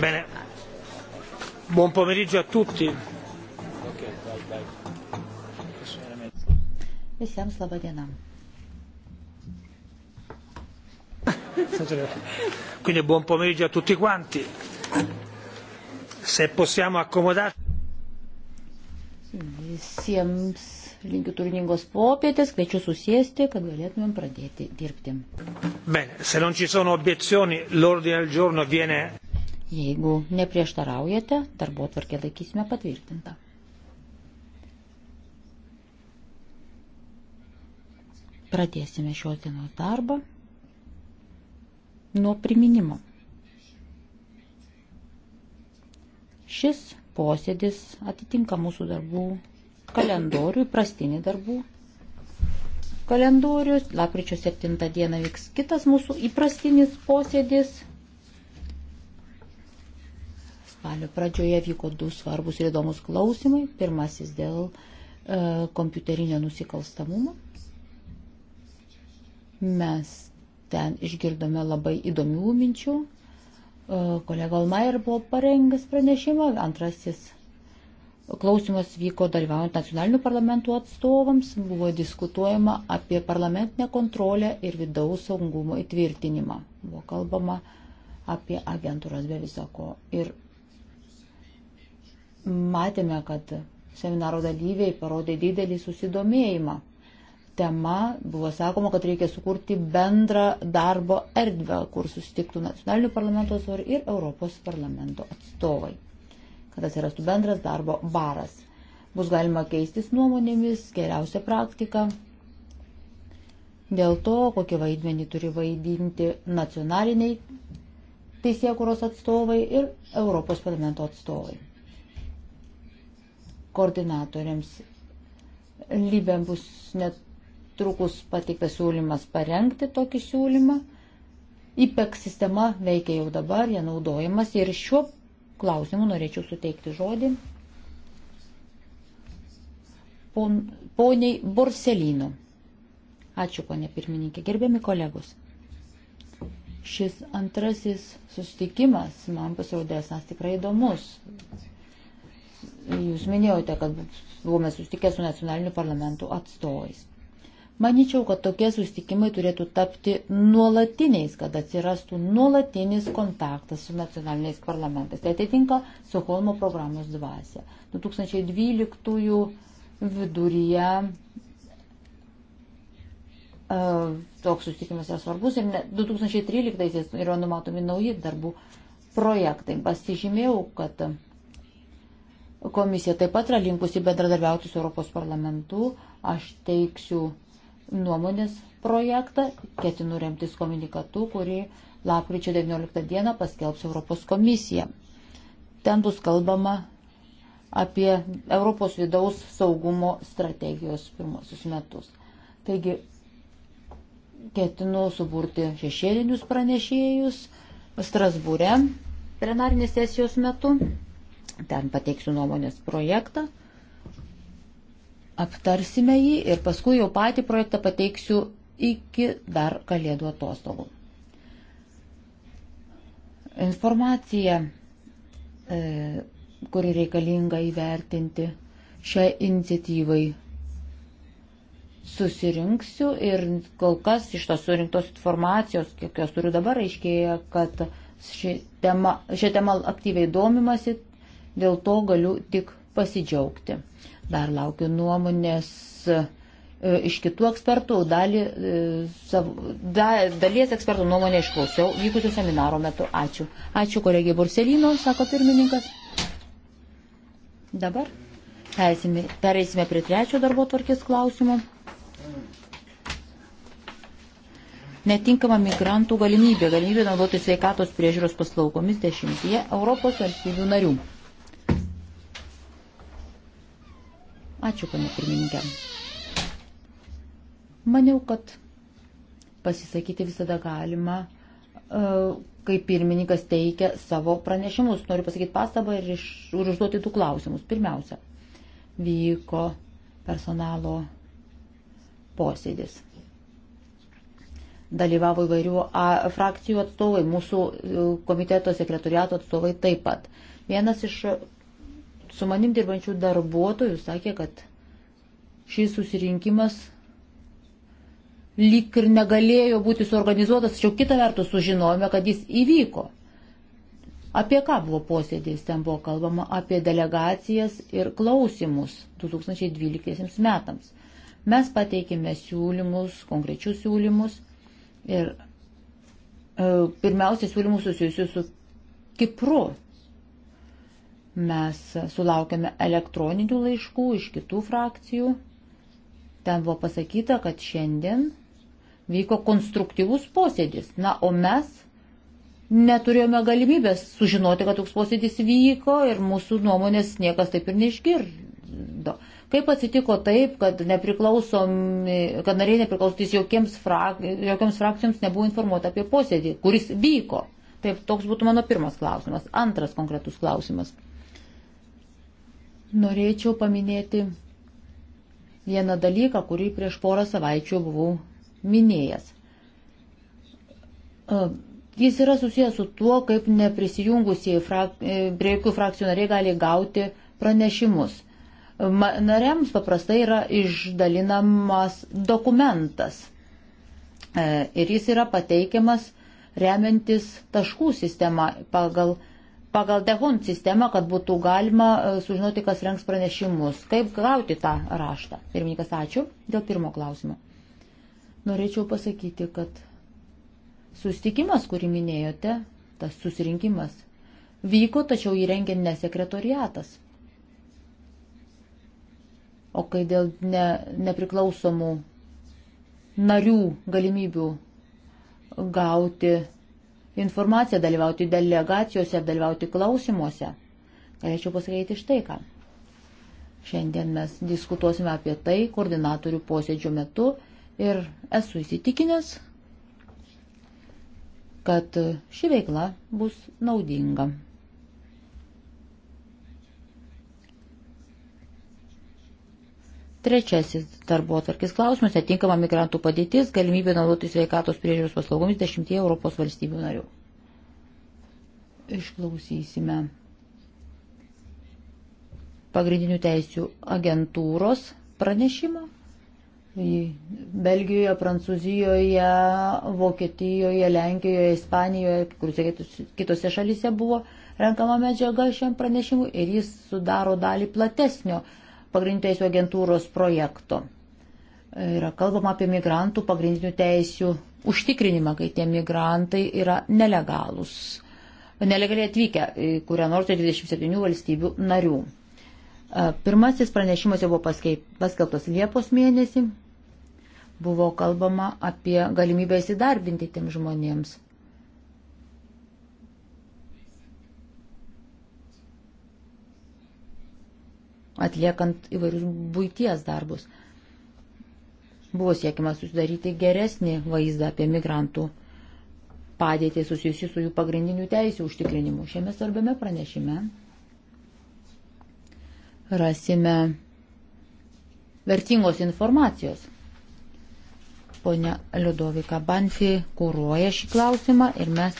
Bene. Buon pomeriggio a tutti. Visiems laba diena. Quindi buon pomeriggio a tutti quanti. Se possiamo accomodarci. Visiems linkiu turiningos popietės, kviečiu susėsti, kad galėtumėm pradėti dirbti. Bene, se non ci sono obiezioni, l'ordine del giorno viene Jeigu neprieštaraujate, darbo tvarkė laikysime patvirtintą. Pradėsime šios dienos darbą nuo priminimo. Šis posėdis atitinka mūsų darbų kalendorių, prastinį darbų kalendorių. Lapkričio 7 dieną vyks kitas mūsų įprastinis posėdis Spalio pradžioje vyko du svarbus ir įdomus klausimai. Pirmasis dėl e, kompiuterinio nusikalstamumo. Mes ten išgirdome labai įdomių minčių. E, kolega Olmaier buvo parengęs pranešimą. Antrasis klausimas vyko dalyvaujant nacionalinių parlamentų atstovams. Buvo diskutuojama apie parlamentinę kontrolę ir vidaus saugumo įtvirtinimą. Buvo kalbama apie agentūras be visako. Ir Matėme, kad seminaro dalyviai parodė didelį susidomėjimą. Tema buvo sakoma, kad reikia sukurti bendrą darbo erdvę, kur susitiktų nacionalinių parlamento atstovai ir Europos parlamento atstovai. Kad atsirastų bendras darbo baras. Bus galima keistis nuomonėmis, geriausia praktika. Dėl to, kokį vaidmenį turi vaidinti nacionaliniai teisėkuros atstovai ir Europos parlamento atstovai koordinatoriams. Lybėm bus netrukus pateiktas siūlymas parengti tokį siūlymą. IPEC sistema veikia jau dabar, jie naudojamas ir šiuo klausimu norėčiau suteikti žodį pon, poniai Borselino. Ačiū, ponė pirmininkė. Gerbiami kolegos. Šis antrasis susitikimas man pasirodė esas tikrai įdomus. Jūs minėjote, kad buvome sustikę su nacionaliniu parlamentu atstovais. Maničiau, kad tokie sustikimai turėtų tapti nuolatiniais, kad atsirastų nuolatinis kontaktas su nacionaliniais parlamentais. Tai atitinka Stokholmo programos dvasia. 2012 viduryje e, toks sustikimas yra svarbus ir 2013 yra numatomi nauji darbų projektai. Pasižymėjau, kad Komisija taip pat yra linkusi bendradarbiauti su Europos parlamentu. Aš teiksiu nuomonės projektą, ketinu remtis komunikatu, kurį lapkričio 19 dieną paskelbs Europos komisija. Ten bus kalbama apie Europos vidaus saugumo strategijos pirmosius metus. Taigi, ketinu suburti šešėlinius pranešėjus Strasbūre plenarinės sesijos metu. Ten pateiksiu nuomonės projektą, aptarsime jį ir paskui jau patį projektą pateiksiu iki dar kalėdų atostogų. Informacija, e, kuri reikalinga įvertinti šią iniciatyvai, susirinksiu ir kol kas iš tos surinktos informacijos, kiek jos turiu dabar, aiškėja, kad ši tema, šia tema aktyviai domimasi, Dėl to galiu tik pasidžiaugti. Dar laukiu nuomonės e, iš kitų ekspertų, dalį, e, da, dalies ekspertų nuomonę išklausiau vykusio seminaro metu. Ačiū. Ačiū kolegė Burselino, sako pirmininkas. Dabar pereisime, pereisime prie trečio darbo tvarkės klausimo. Netinkama migrantų galimybė, galimybė naudoti sveikatos priežiūros paslaugomis dešimtyje Europos valstybių narių. Ačiū, ponė pirmininkė. Maniau, kad pasisakyti visada galima, e, kai pirmininkas teikia savo pranešimus. Noriu pasakyti pastabą ir, iš, ir užduoti du klausimus. Pirmiausia, vyko personalo posėdis. Dalyvavo įvairių a, frakcijų atstovai, mūsų e, komiteto sekretoriato atstovai taip pat. Vienas iš su manim dirbančių darbuotojų sakė, kad šis susirinkimas lyg ir negalėjo būti suorganizuotas, tačiau kitą vertus sužinojome, kad jis įvyko. Apie ką buvo posėdės? Ten buvo kalbama apie delegacijas ir klausimus 2012 metams. Mes pateikėme siūlymus, konkrečius siūlymus ir e, pirmiausia siūlymus susijusius su Kipru. Mes sulaukėme elektroninių laiškų iš kitų frakcijų. Ten buvo pasakyta, kad šiandien vyko konstruktyvus posėdis. Na, o mes neturėjome galimybės sužinoti, kad toks posėdis vyko ir mūsų nuomonės niekas taip ir neišgirdo. Kaip atsitiko taip, kad, kad nariai nepriklausys jokiems, frak, jokiems frakcijoms nebuvo informuota apie posėdį, kuris vyko? Taip, toks būtų mano pirmas klausimas. Antras konkretus klausimas. Norėčiau paminėti vieną dalyką, kurį prieš porą savaičių buvau minėjęs. E, jis yra susijęs su tuo, kaip neprisijungusieji frak, e, prie jokių frakcijų nariai gali gauti pranešimus. E, nariams paprastai yra išdalinamas dokumentas ir jis yra pateikiamas remiantis taškų sistema pagal pagal DEHUN sistemą, kad būtų galima e, sužinoti, kas rengs pranešimus. Kaip gauti tą raštą? Pirmininkas, ačiū dėl pirmo klausimo. Norėčiau pasakyti, kad sustikimas, kurį minėjote, tas susirinkimas, vyko, tačiau jį rengė ne sekretoriatas. O kai dėl ne, nepriklausomų narių galimybių gauti informaciją, dalyvauti delegacijose, dalyvauti klausimuose. Galėčiau pasakyti štai ką. Šiandien mes diskutuosime apie tai koordinatorių posėdžio metu ir esu įsitikinęs, kad ši veikla bus naudinga. Trečiasis darbo atvarkis klausimas - atinkama migrantų padėtis, galimybė naudotis sveikatos priežiūros paslaugomis dešimtie Europos valstybių narių. Išklausysime pagrindinių teisių agentūros pranešimą. Belgijoje, Prancūzijoje, Vokietijoje, Lenkijoje, Ispanijoje, kuriuose kitose šalyse buvo renkama medžiaga šiam pranešimui ir jis sudaro dalį platesnio pagrindinių teisų agentūros projekto. E, yra kalbama apie migrantų pagrindinių teisių užtikrinimą, kai tie migrantai yra nelegalūs, nelegaliai atvykę į kurią nors 27 valstybių narių. E, pirmasis pranešimas jau buvo paskelbtas Liepos mėnesį. Buvo kalbama apie galimybę įsidarbinti tiem žmonėms. atliekant įvairius būties darbus. Buvo siekima susidaryti geresnį vaizdą apie migrantų padėtį susijusi su jų pagrindinių teisų užtikrinimu. Šiame svarbiame pranešime rasime vertingos informacijos. Pone Liudovika Banfi kūruoja šį klausimą ir mes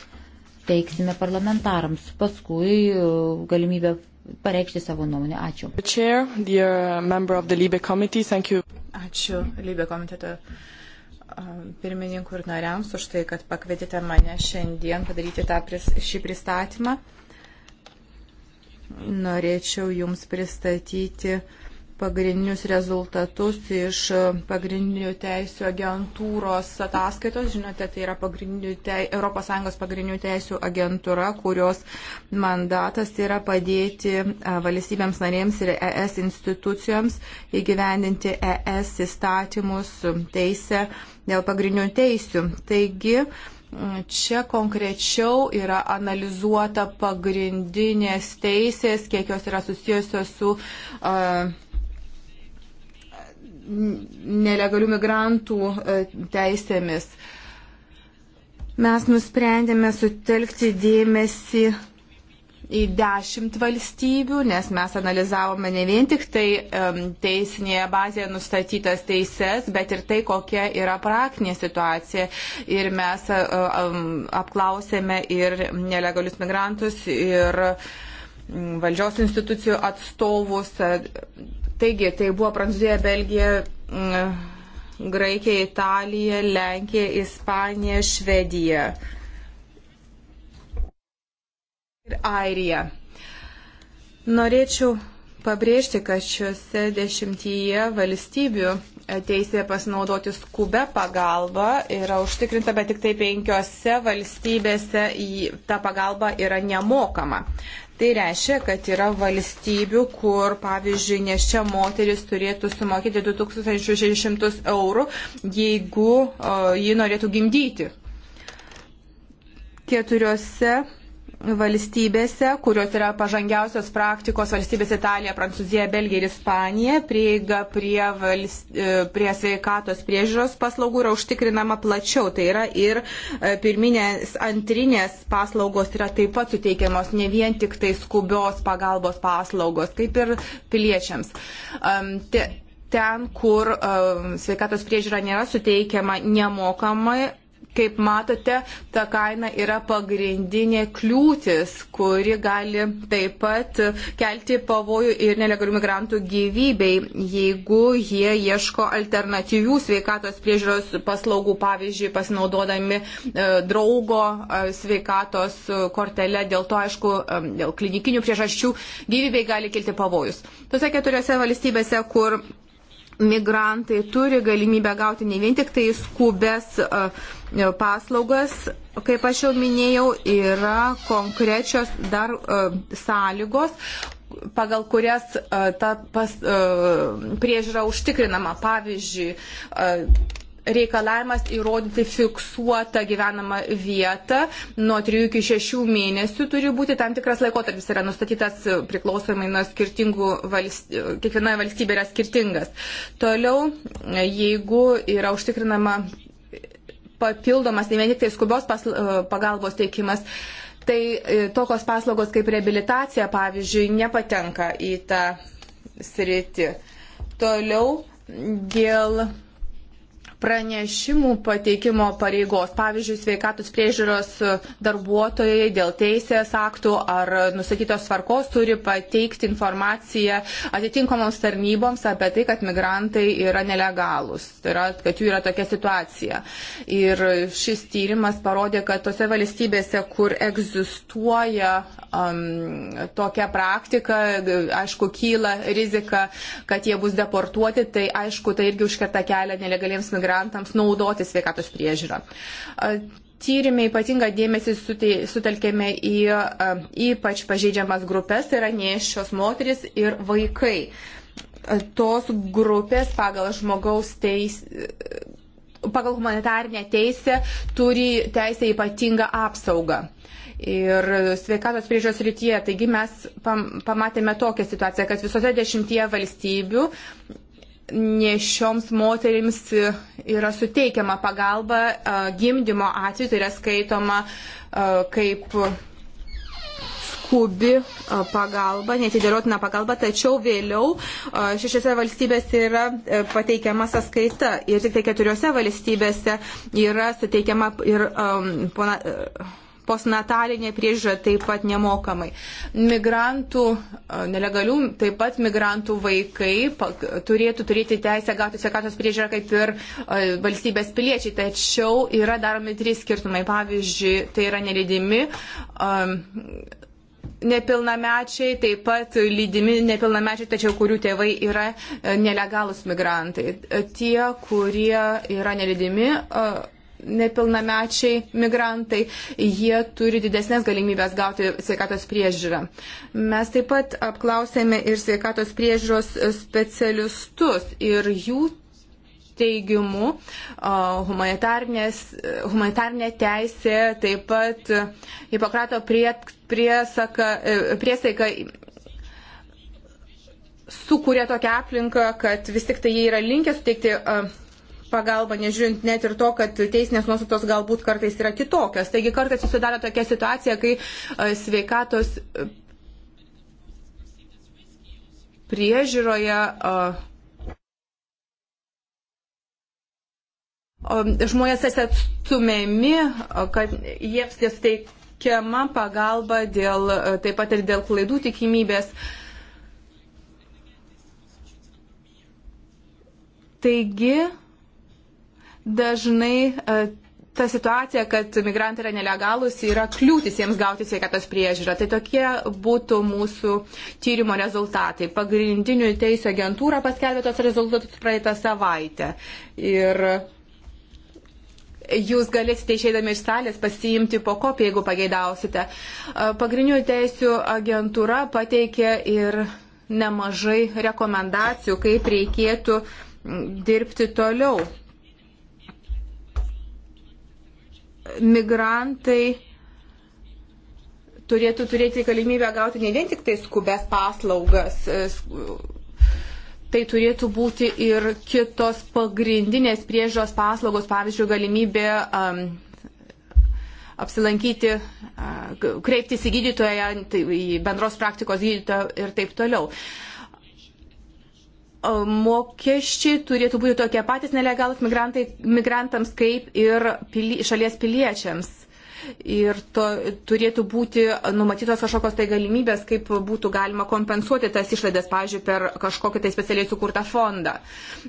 teiksime parlamentarams paskui uh, galimybę pareikšti savo nuomonę. Ačiū. Chair, Libe Ačiū Lybė komiteto pirmininkų ir nariams už tai, kad pakvietėte mane šiandien padaryti tą, šį pristatymą. Norėčiau Jums pristatyti uh, pagrindinius rezultatus iš pagrindinių teisų agentūros ataskaitos. Žinote, tai yra pagrindinių tei, ES pagrindinių teisų agentūra, kurios mandatas yra padėti e, valstybėms narėms ir ES institucijoms įgyvendinti ES įstatymus teisę dėl pagrindinių teisių. Taigi, Čia konkrečiau yra analizuota pagrindinės teisės, kiek jos yra susijusios su uh, nelegalių migrantų e, teisėmis. Mes nusprendėme sutelkti dėmesį į dešimt valstybių, nes mes analizavome ne vien tik tai um, teisinėje bazėje nustatytas teises, bet ir tai, kokia yra praktinė situacija. Ir mes um, apklausėme ir nelegalius migrantus, ir valdžios institucijų atstovus. Uh, Taigi, tai buvo Prancūzija, Belgija, mm, Graikija, Italija, Lenkija, Ispanija, Švedija ir Airija. Norėčiau pabrėžti, kad šiuose dešimtyje valstybių teisė pasinaudoti skubę pagalbą yra užtikrinta, bet tik tai penkiose valstybėse ta pagalba yra nemokama. Tai reiškia, kad yra valstybių, kur, pavyzdžiui, nes čia moteris turėtų sumokėti 2600 eurų, jeigu uh, ji norėtų gimdyti. Keturiose valstybėse, kurios yra pažangiausios praktikos valstybės Italija, Prancūzija, Belgija ir Ispanija, prieiga prie, valst, e, prie sveikatos priežiūros paslaugų yra užtikrinama plačiau. Tai yra ir e, pirminės, antrinės paslaugos yra taip pat suteikiamos, ne vien tik tai skubios pagalbos paslaugos, kaip ir piliečiams. Um, te, ten, kur um, sveikatos priežiūra nėra suteikiama nemokamai, kaip matote, ta kaina yra pagrindinė kliūtis, kuri gali taip pat kelti pavojų ir nelegalių migrantų gyvybei, jeigu jie ieško alternatyvių sveikatos priežiūros paslaugų, pavyzdžiui, pasinaudodami e, draugo e, sveikatos kortelę. Dėl to, aišku, e, dėl klinikinių priežasčių gyvybei gali kilti pavojus. Tose keturiose valstybėse, kur migrantai turi galimybę gauti ne vien tik tai skubes uh, paslaugas, kaip aš jau minėjau, yra konkrečios dar uh, sąlygos, pagal kurias uh, ta pas, uh, priežiūra užtikrinama. Pavyzdžiui, uh, reikalavimas įrodyti fiksuotą gyvenamą vietą nuo 3 iki 6 mėnesių turi būti tam tikras laikotarpis yra nustatytas priklausomai nuo skirtingų valstybių, kiekvienoje valstybėje yra skirtingas. Toliau, jeigu yra užtikrinama papildomas, ne vien tik tai skubios e, pagalbos teikimas, tai e, tokios paslaugos kaip rehabilitacija, pavyzdžiui, nepatenka į tą sritį. Toliau dėl pranešimų pateikimo pareigos, pavyzdžiui, sveikatos priežiūros darbuotojai dėl teisės aktų ar nusakytos tvarkos turi pateikti informaciją atitinkamoms tarnyboms apie tai, kad migrantai yra nelegalūs, tai yra, kad jų yra tokia situacija. Ir šis tyrimas parodė, kad tose valstybėse, kur egzistuoja um, tokia praktika, aišku, kyla rizika, kad jie bus deportuoti, tai aišku, tai irgi užkerta kelią nelegaliems migrantams migrantams naudoti sveikatos priežiūrą. Tyrimė ypatinga dėmesį sutelkėme į ypač pažeidžiamas grupės, tai yra nėščios moteris ir vaikai. Tos grupės pagal žmogaus teis, pagal humanitarinę teisę turi teisę ypatingą apsaugą ir sveikatos priežiūros rytyje. Taigi mes pamatėme tokią situaciją, kad visose dešimtyje valstybių nešioms moterims yra suteikiama pagalba gimdymo atveju, tai yra skaitoma kaip skubi pagalba, netidėliotina pagalba, tačiau vėliau šešiose valstybėse yra e, pateikiama sąskaita ir tik tai keturiose valstybėse yra suteikiama ir um, pona, e, posnatalinė priežiūra taip pat nemokamai. Migrantų, e, nelegalių, taip pat migrantų vaikai turėtų turėti teisę gauti sveikatos priežiūrą kaip ir e, valstybės piliečiai, tačiau yra daromi trys skirtumai. Pavyzdžiui, tai yra nelydimi. Um, nepilnamečiai, taip pat lydimi nepilnamečiai, tačiau kurių tėvai yra e, nelegalus migrantai. Tie, kurie yra nelydimi, uh, nepilnamečiai migrantai, jie turi didesnės galimybės gauti sveikatos priežiūrą. Mes taip pat apklausėme ir sveikatos priežiūros specialistus ir jų teigimu humanitarnė teisė, taip pat Hipokrato e, priesaika sukuria tokią aplinką, kad vis tik tai jie yra linkę suteikti pagalba, nežiūrint net ir to, kad teisinės nuostatos galbūt kartais yra kitokios. Taigi kartais susidaro tokia situacija, kai e, sveikatos e, priežiūroje e, žmonės atstumiami, kad jiems nesteikiama pagalba dėl, taip pat ir dėl klaidų tikimybės. Taigi, dažnai e, ta situacija, kad migrantai yra nelegalūs, yra kliūtis jiems gauti sveikatos priežiūrą. Tai tokie būtų mūsų tyrimo rezultatai. Pagrindinių teisų agentūra paskelbė tos rezultatus praeitą savaitę. Ir jūs galėsite išeidami iš salės pasiimti po kopiją, jeigu pageidausite. E, pagrindinių teisų agentūra pateikė ir nemažai rekomendacijų, kaip reikėtų dirbti toliau. migrantai turėtų turėti galimybę gauti ne vien tik tai skubės paslaugas, e, tai turėtų būti ir kitos pagrindinės priežios paslaugos, pavyzdžiui, galimybė um, apsilankyti, uh, kreiptis į gydytoją, tai, į bendros praktikos gydytoją ir taip toliau. Uh, mokesčiai turėtų būti tokie patys nelegalus migrantams kaip ir pili, šalies piliečiams. Ir to, turėtų būti numatytos kažkokios tai galimybės, kaip būtų galima kompensuoti tas išlaidas, pavyzdžiui, per kažkokį tai specialiai sukurtą fondą.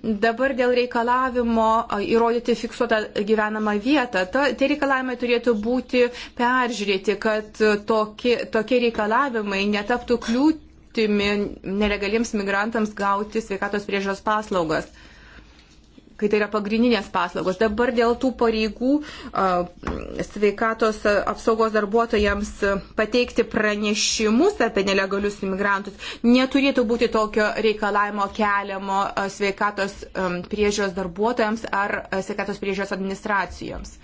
Dabar dėl reikalavimo įrodyti fiksuotą gyvenamą vietą, ta, tie reikalavimai turėtų būti peržiūrėti, kad tokie, tokie reikalavimai netaptų kliūtį kliūtimi nelegaliems migrantams gauti sveikatos priežiūros paslaugas kai tai yra pagrindinės paslaugos. Dabar dėl tų pareigų sveikatos apsaugos darbuotojams pateikti pranešimus apie nelegalius imigrantus neturėtų būti tokio reikalavimo keliamo sveikatos priežiūros darbuotojams ar sveikatos priežiūros administracijoms.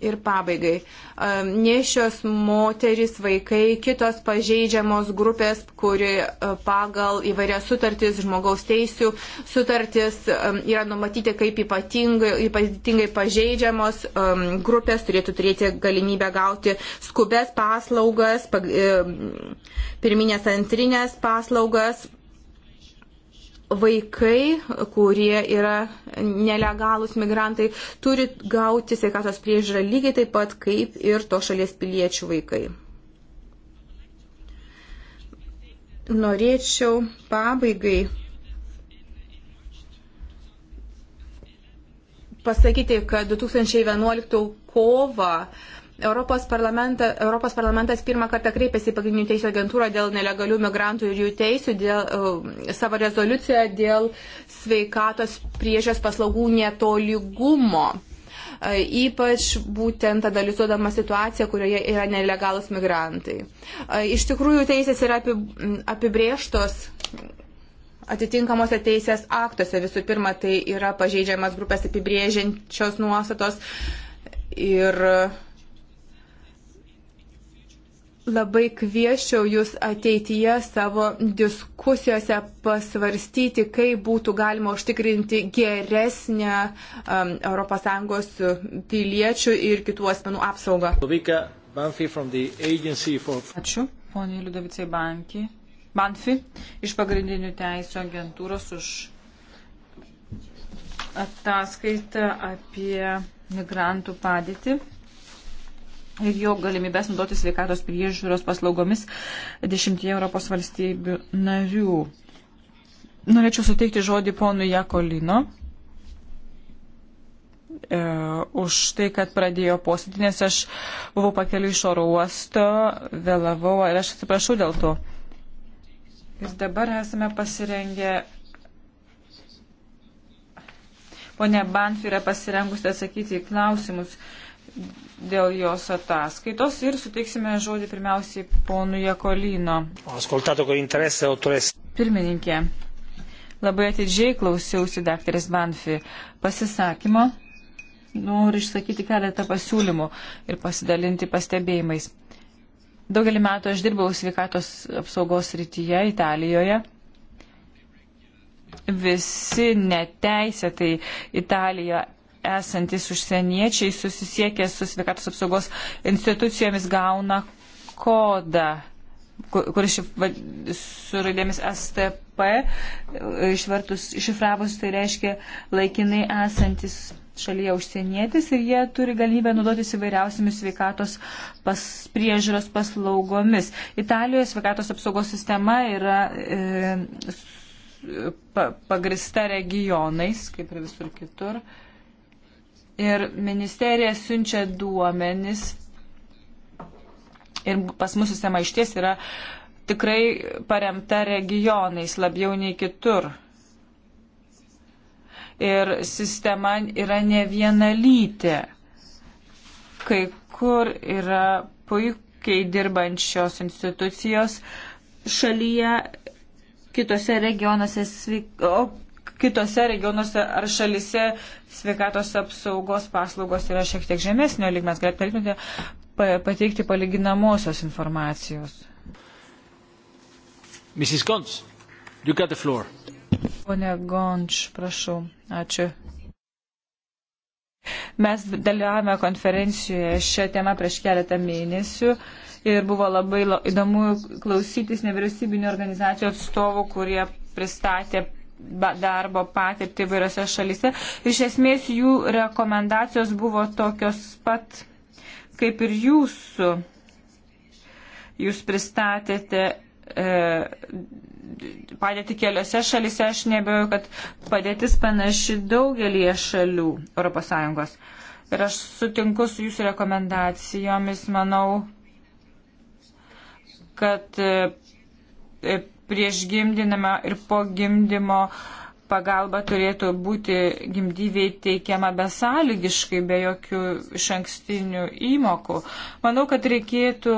Ir pabaigai, nešios moteris, vaikai, kitos pažeidžiamos grupės, kuri e, pagal įvairias sutartis, žmogaus teisų sutartis yra numatyti kaip ypatingai, ypatingai pažeidžiamos grupės, turėtų turėti galimybę gauti skubes paslaugas, pirminės antrinės paslaugas, vaikai, kurie yra nelegalūs migrantai, turi gauti sveikatos priežiūrą lygiai taip pat kaip ir to šalies piliečių vaikai. Norėčiau pabaigai pasakyti, kad 2011 kovą Europos, parlamentą, Europos parlamentas pirmą kartą kreipėsi į pagrindinių teisų agentūrą dėl nelegalių migrantų ir jų teisų, dėl uh, savo rezoliuciją dėl sveikatos priežios paslaugų netolygumo. Uh, ypač būtent analizuodama situaciją, kurioje yra nelegalus migrantai. Uh, iš tikrųjų, teisės yra apibrieštos atitinkamuose teisės aktuose. Visų pirma, tai yra pažeidžiamas grupės apibrėžiančios nuostatos ir uh, labai kvieščiau jūs ateityje savo diskusijose pasvarstyti, kaip būtų galima užtikrinti geresnę um, ES piliečių ir kitų asmenų apsaugą. Ačiū, ponė Liudovicai Banki. Banfi iš pagrindinių teisų agentūros už ataskaitą apie migrantų padėtį ir jo galimybės naudoti sveikatos priežiūros paslaugomis dešimtyje Europos valstybių narių. Norėčiau suteikti žodį ponui Jakolino e, už tai, kad pradėjo posėdį, nes aš buvau pakeliu iš oro uosto, vėlavau ir aš atsiprašau dėl to. Ir dabar esame pasirengę. Pone Banfi yra pasirengusi atsakyti į klausimus. E, dėl jos ataskaitos ir suteiksime žodį pirmiausiai ponui Jekolino. Pirmininkė, labai atidžiai klausiausi daktarės Banfi pasisakymo. Noriu išsakyti keletą pasiūlymų ir pasidalinti pastebėjimais. Daugelį metų aš dirbau sveikatos apsaugos rytyje Italijoje visi neteisėtai Italiją esantis užsieniečiai susisiekia su sveikatos apsaugos institucijomis gauna kodą kuris su raidėmis STP e, išvertus, iššifravus tai reiškia laikinai esantis šalyje užsienietis ir jie turi galimybę naudotis įvairiausiamis sveikatos pas, priežiūros paslaugomis. Italijoje sveikatos apsaugos sistema yra e, pa, pagrista regionais, kaip ir visur kitur. E, ir ministerija siunčia duomenis ir pas mūsų sistema išties yra tikrai paremta regionais labiau nei kitur. Ir sistema yra ne vienalytė. Kai kur yra puikiai dirbančios institucijos šalyje, kitose regionuose, o kitose regionuose ar šalise sveikatos apsaugos paslaugos yra šiek tiek žemesnio lygmens. Galėtumėte pateikti palyginamosios informacijos. Mrs. Gons, you got the floor. Pone Gonč, prašau. Ačiū. Mes dalyvavome konferencijoje šią temą prieš keletą mėnesių ir buvo labai įdomu klausytis nevyriausybinio organizacijų atstovų, kurie pristatė darbo patirtį vairiose šalise. Iš esmės jų rekomendacijos buvo tokios pat kaip ir jūsų. Jūs pristatėte e, padėti keliose šalise, aš nebejoju, kad padėtis panaši daugelį šalių ES. Ir aš sutinku su jūsų rekomendacijomis, manau, kad e, e prieš gimdinamą ir po gimdymo pagalba turėtų būti gimdyviai teikiama besąlygiškai, be jokių iš ankstinių įmokų. Manau, kad reikėtų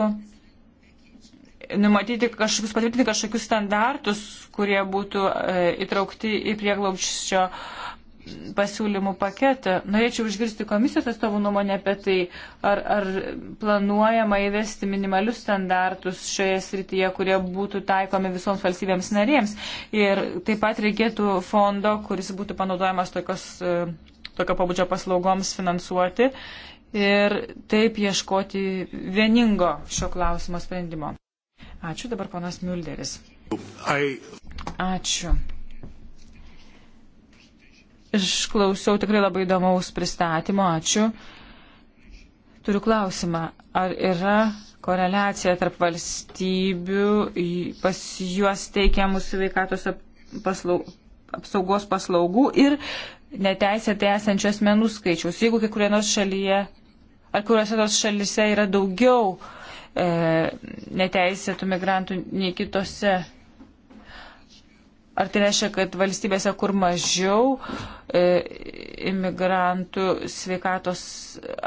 numatyti kažkokius, patvirtinti kažkokius standartus, kurie būtų e, įtraukti į prieglaučio e, pasiūlymų paketą. Norėčiau išgirsti komisijos atstovų nuomonę apie tai, ar, ar planuojama įvesti minimalius standartus šioje srityje, kurie būtų taikomi visoms valstybėms narėms. Ir taip pat reikėtų fondo, kuris būtų panaudojamas tokios, e, tokio pabudžio paslaugoms finansuoti ir taip ieškoti vieningo šio klausimo sprendimo. Ačiū dabar ponas Mülderis. Ačiū. Išklausiau tikrai labai įdomaus pristatymo, ačiū. Turiu klausimą, ar yra koreliacija tarp valstybių pas juos teikiamų sveikatos paslaug, apsaugos paslaugų ir neteisėtai esančių asmenų skaičiaus. Jeigu kiekvienoje nors šalyje ar kuriuose nors šalyse yra daugiau e, neteisėtų migrantų nei kitose, Ar tai reiškia, kad valstybėse, kur mažiau e, imigrantų sveikatos,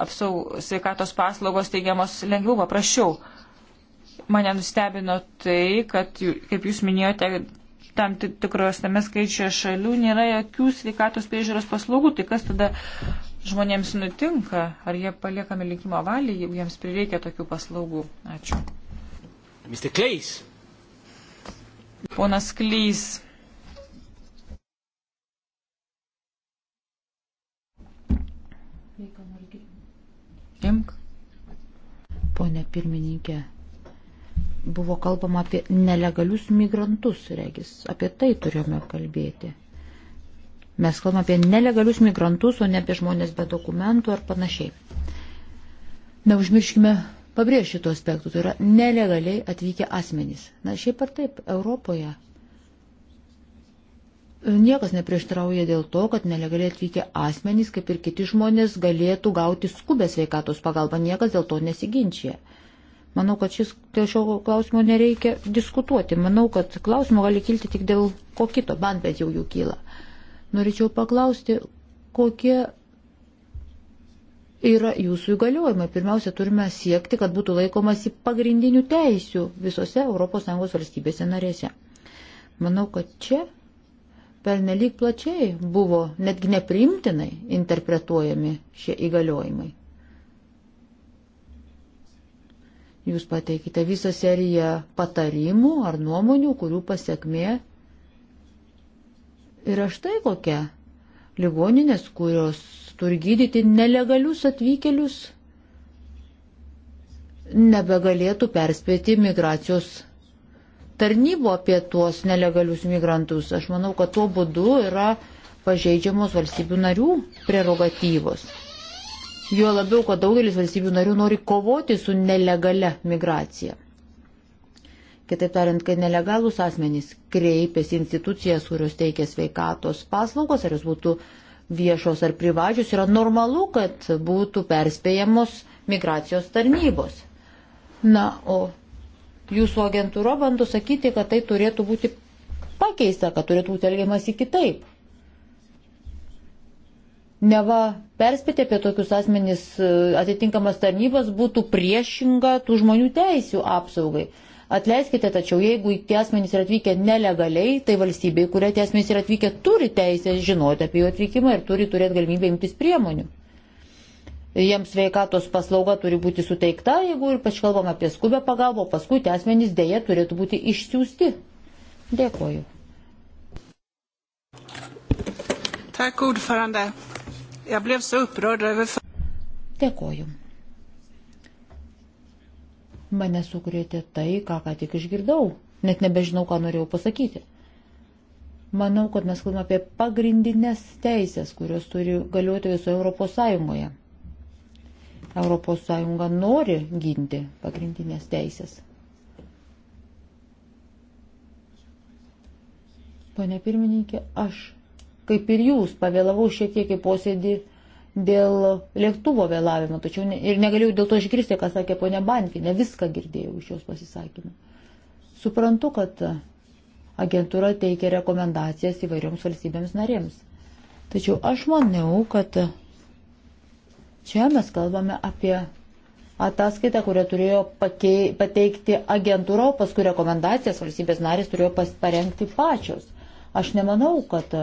apsaug, sveikatos paslaugos teigiamos lengviau, paprasčiau? Mane nustebino tai, kad, kaip jūs minėjote, tam tikros tame skaičiuje šalių nėra jokių sveikatos priežiūros paslaugų. Tai kas tada žmonėms nutinka? Ar jie paliekami likimo valiai, jeigu jiems prireikia tokių paslaugų? Ačiū. Mr. Kleis. Ponas Kleis. Imk. Pone pirmininkė, buvo kalbama apie nelegalius migrantus, regis. Apie tai turėjome kalbėti. Mes kalbame apie nelegalius migrantus, o ne apie žmonės be dokumentų ar panašiai. Neužmirškime pabrėžti šitų aspektų. Tai yra nelegaliai atvykę asmenys. Na, šiaip ar taip, Europoje Niekas neprieštrauja dėl to, kad nelegaliai atvykę asmenys, kaip ir kiti žmonės, galėtų gauti skubę sveikatos pagalbą. Niekas dėl to nesiginčia. Manau, kad šis, dėl šio klausimo nereikia diskutuoti. Manau, kad klausimo gali kilti tik dėl ko kito, man bent jau jų kyla. Norėčiau paklausti, kokie yra jūsų įgaliojimai. Pirmiausia, turime siekti, kad būtų laikomasi pagrindinių teisių visose ES valstybėse narėse. Manau, kad čia pernelyg plačiai buvo netgi neprimtinai interpretuojami šie įgaliojimai. Jūs pateikite visą seriją patarimų ar nuomonių, kurių pasiekmė yra štai kokia. Ligoninės, kurios turi gydyti nelegalius atvykėlius, nebegalėtų perspėti migracijos tarnybų apie tuos nelegalius migrantus. Aš manau, kad tuo būdu yra pažeidžiamos valstybių narių prerogatyvos. Jo labiau, kad daugelis valstybių narių nori kovoti su nelegale migracija. Kitaip tariant, kai nelegalus asmenys kreipiasi institucijas, kurios teikia sveikatos paslaugos, ar jos būtų viešos ar privačios, yra normalu, kad būtų perspėjamos migracijos tarnybos. Na, o jūsų agentūra bando sakyti, kad tai turėtų būti pakeista, kad turėtų būti elgiamasi kitaip. Neva perspėti apie tokius asmenys e, atitinkamas tarnybas būtų priešinga tų žmonių teisių apsaugai. Atleiskite, tačiau jeigu tie asmenys yra atvykę nelegaliai, tai valstybė, į kurią tie asmenys yra atvykę, turi teisę žinoti apie jų atvykimą ir turi turėti galimybę imtis priemonių jiems sveikatos paslauga turi būti suteikta, jeigu ir pač kalbam apie skubę pagalbą, paskui tie asmenys dėja turėtų būti išsiųsti. Dėkoju. Dėkoju. Mane sukrėtė tai, ką ką tik išgirdau. Net nebežinau, ką norėjau pasakyti. Manau, kad mes kalbame apie pagrindinės teisės, kurios turi galioti visoje Europos Sąjungoje ES nori ginti pagrindinės teisės. Pane pirmininkė, aš, kaip ir jūs, pavėlavau šiek tiek į posėdį dėl lėktuvo vėlavimo, tačiau ne, ir negalėjau dėl to išgirsti, ką sakė ponia Bankinė, viską girdėjau iš jos pasisakymų. Suprantu, kad agentūra teikia rekomendacijas įvairioms valstybėms narėms. Tačiau aš maniau, kad Čia mes kalbame apie ataskaitą, kurią turėjo pakei, pateikti agentūra, o paskui rekomendacijas valstybės narės turėjo parengti pačios. Aš nemanau, kad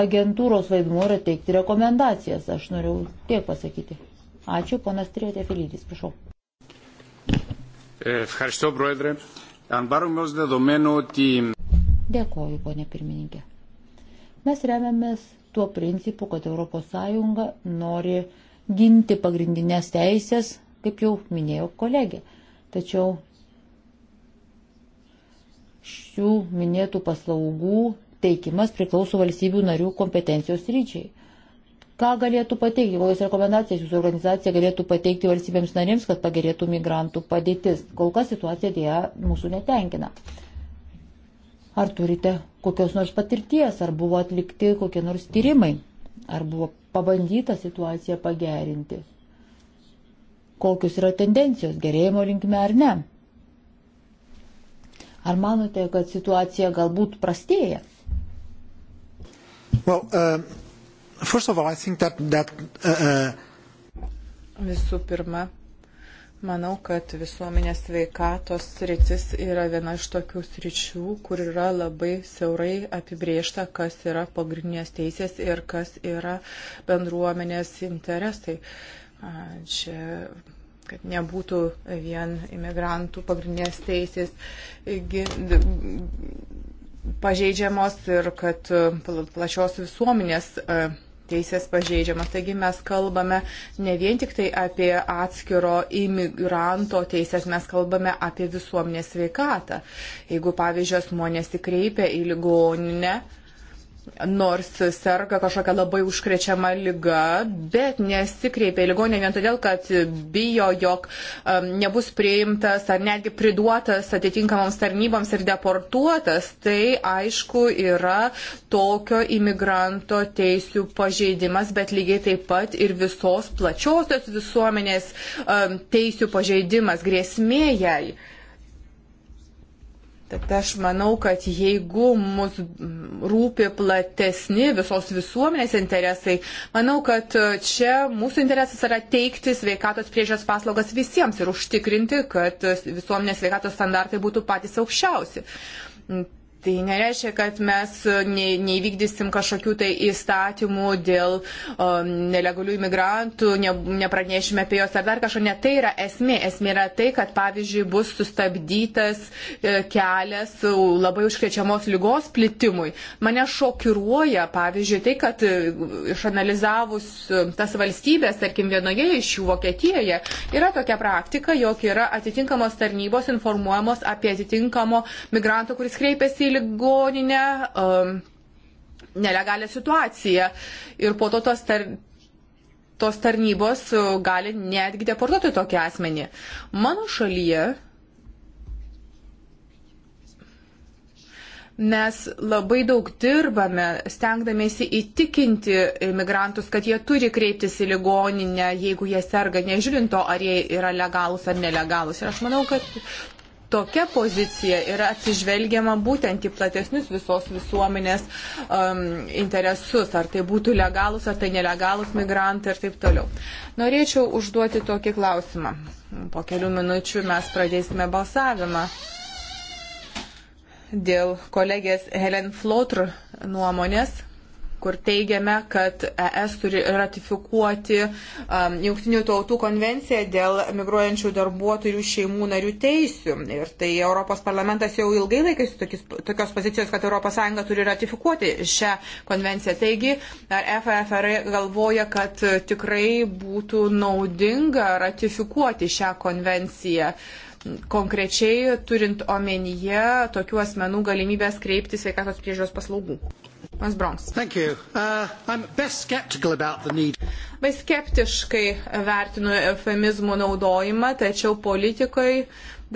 agentūros vaidmuo yra teikti rekomendacijas. Aš noriu tiek pasakyti. Ačiū, ponas Trijotė Filidis, prašau. Ευχαριστώ, Πρόεδρε. Αν πάρουμε ως δεδομένο ότι... Dėkoju, ponė pirmininkė. Mes remiamės tuo principu, kad ES nori ginti pagrindinės teisės, kaip jau minėjo kolegė. Tačiau šių minėtų paslaugų teikimas priklauso valstybių narių kompetencijos ryčiai. Ką galėtų pateikti, kokias rekomendacijas jūsų organizacija galėtų pateikti valstybėms narėms, kad pagerėtų migrantų padėtis? Kol kas situacija dėja mūsų netenkina. Ar turite kokios nors patirties, ar buvo atlikti kokie nors tyrimai? Ar buvo pabandyta situaciją pagerinti? Kokios yra tendencijos gerėjimo linkme ar ne? Ar manote, kad situacija galbūt prastėja? Well, uh, all, that, that, uh, uh Visų pirma, Manau, kad visuomenės sveikatos sritis yra viena iš tokių sričių, kur yra labai siaurai apibriešta, kas yra pagrindinės teisės ir kas yra bendruomenės interesai. Čia kad nebūtų vien imigrantų pagrindinės teisės pažeidžiamos ir kad plačios visuomenės teisės pažeidžiamas. Taigi mes kalbame ne vien tik tai apie atskiro imigranto teisės, mes kalbame apie visuomenės sveikatą. Jeigu, pavyzdžiui, asmonės įkreipia į ligoninę, nors serga kažkokia labai užkrečiama lyga, bet nesikreipia į ligonę vien todėl, kad bijo, jog um, nebus priimtas ar netgi priduotas atitinkamoms tarnyboms ir deportuotas, tai aišku yra tokio imigranto teisių pažeidimas, bet lygiai taip pat ir visos plačiosios visuomenės um, teisių pažeidimas grėsmė jai. Tad aš manau, kad jeigu mus rūpi platesni visos visuomenės interesai, manau, kad čia mūsų interesas yra teikti sveikatos priežios paslaugas visiems ir užtikrinti, kad visuomenės sveikatos standartai būtų patys aukščiausi. Tai nereiškia, kad mes e, neįvykdysim kažkokių tai įstatymų dėl um, nelegalių imigrantų, ne, nepranešime apie juos ar dar kažko. Ne tai yra esmė. Esmė yra tai, kad pavyzdžiui bus sustabdytas e, kelias labai užkrečiamos lygos plitimui. Mane šokiruoja, pavyzdžiui, tai, kad išanalizavus tas valstybės, tarkim, vienoje iš jų Vokietijoje, yra tokia praktika, jog yra atitinkamos tarnybos informuojamos apie atitinkamo migrantų, kuris kreipiasi į ligoninę um, nelegalią situaciją. Ir po to tos, tar, tos tarnybos uh, gali netgi deportuoti tokį asmenį. Mano šalyje mes labai daug dirbame, stengdamėsi įtikinti imigrantus, kad jie turi kreiptis į ligoninę, jeigu jie serga, nežiūrint to, ar jie yra legalus ar nelegalus. Ir aš manau, kad tokia pozicija yra atsižvelgiama būtent į platesnius visos visuomenės um, interesus, ar tai būtų legalus, ar tai nelegalus migrantai ir taip toliau. Norėčiau užduoti tokį klausimą. Po kelių minučių mes pradėsime balsavimą dėl kolegės Helen Flotr nuomonės kur teigiame, kad ES turi ratifikuoti um, Junktinių tautų konvenciją dėl migruojančių darbuotojų šeimų narių teisių. Ir tai Europos parlamentas jau ilgai laikėsi tokis, tokios pozicijos, kad ES turi ratifikuoti šią konvenciją. Taigi, ar FFR galvoja, kad tikrai būtų naudinga ratifikuoti šią konvenciją? Uh, konkrečiai turint omenyje tokių asmenų galimybės kreipti sveikatos priežiūros paslaugų. Mas Bronks. Uh, Bai skeptiškai vertinu eufemizmų naudojimą, tačiau politikai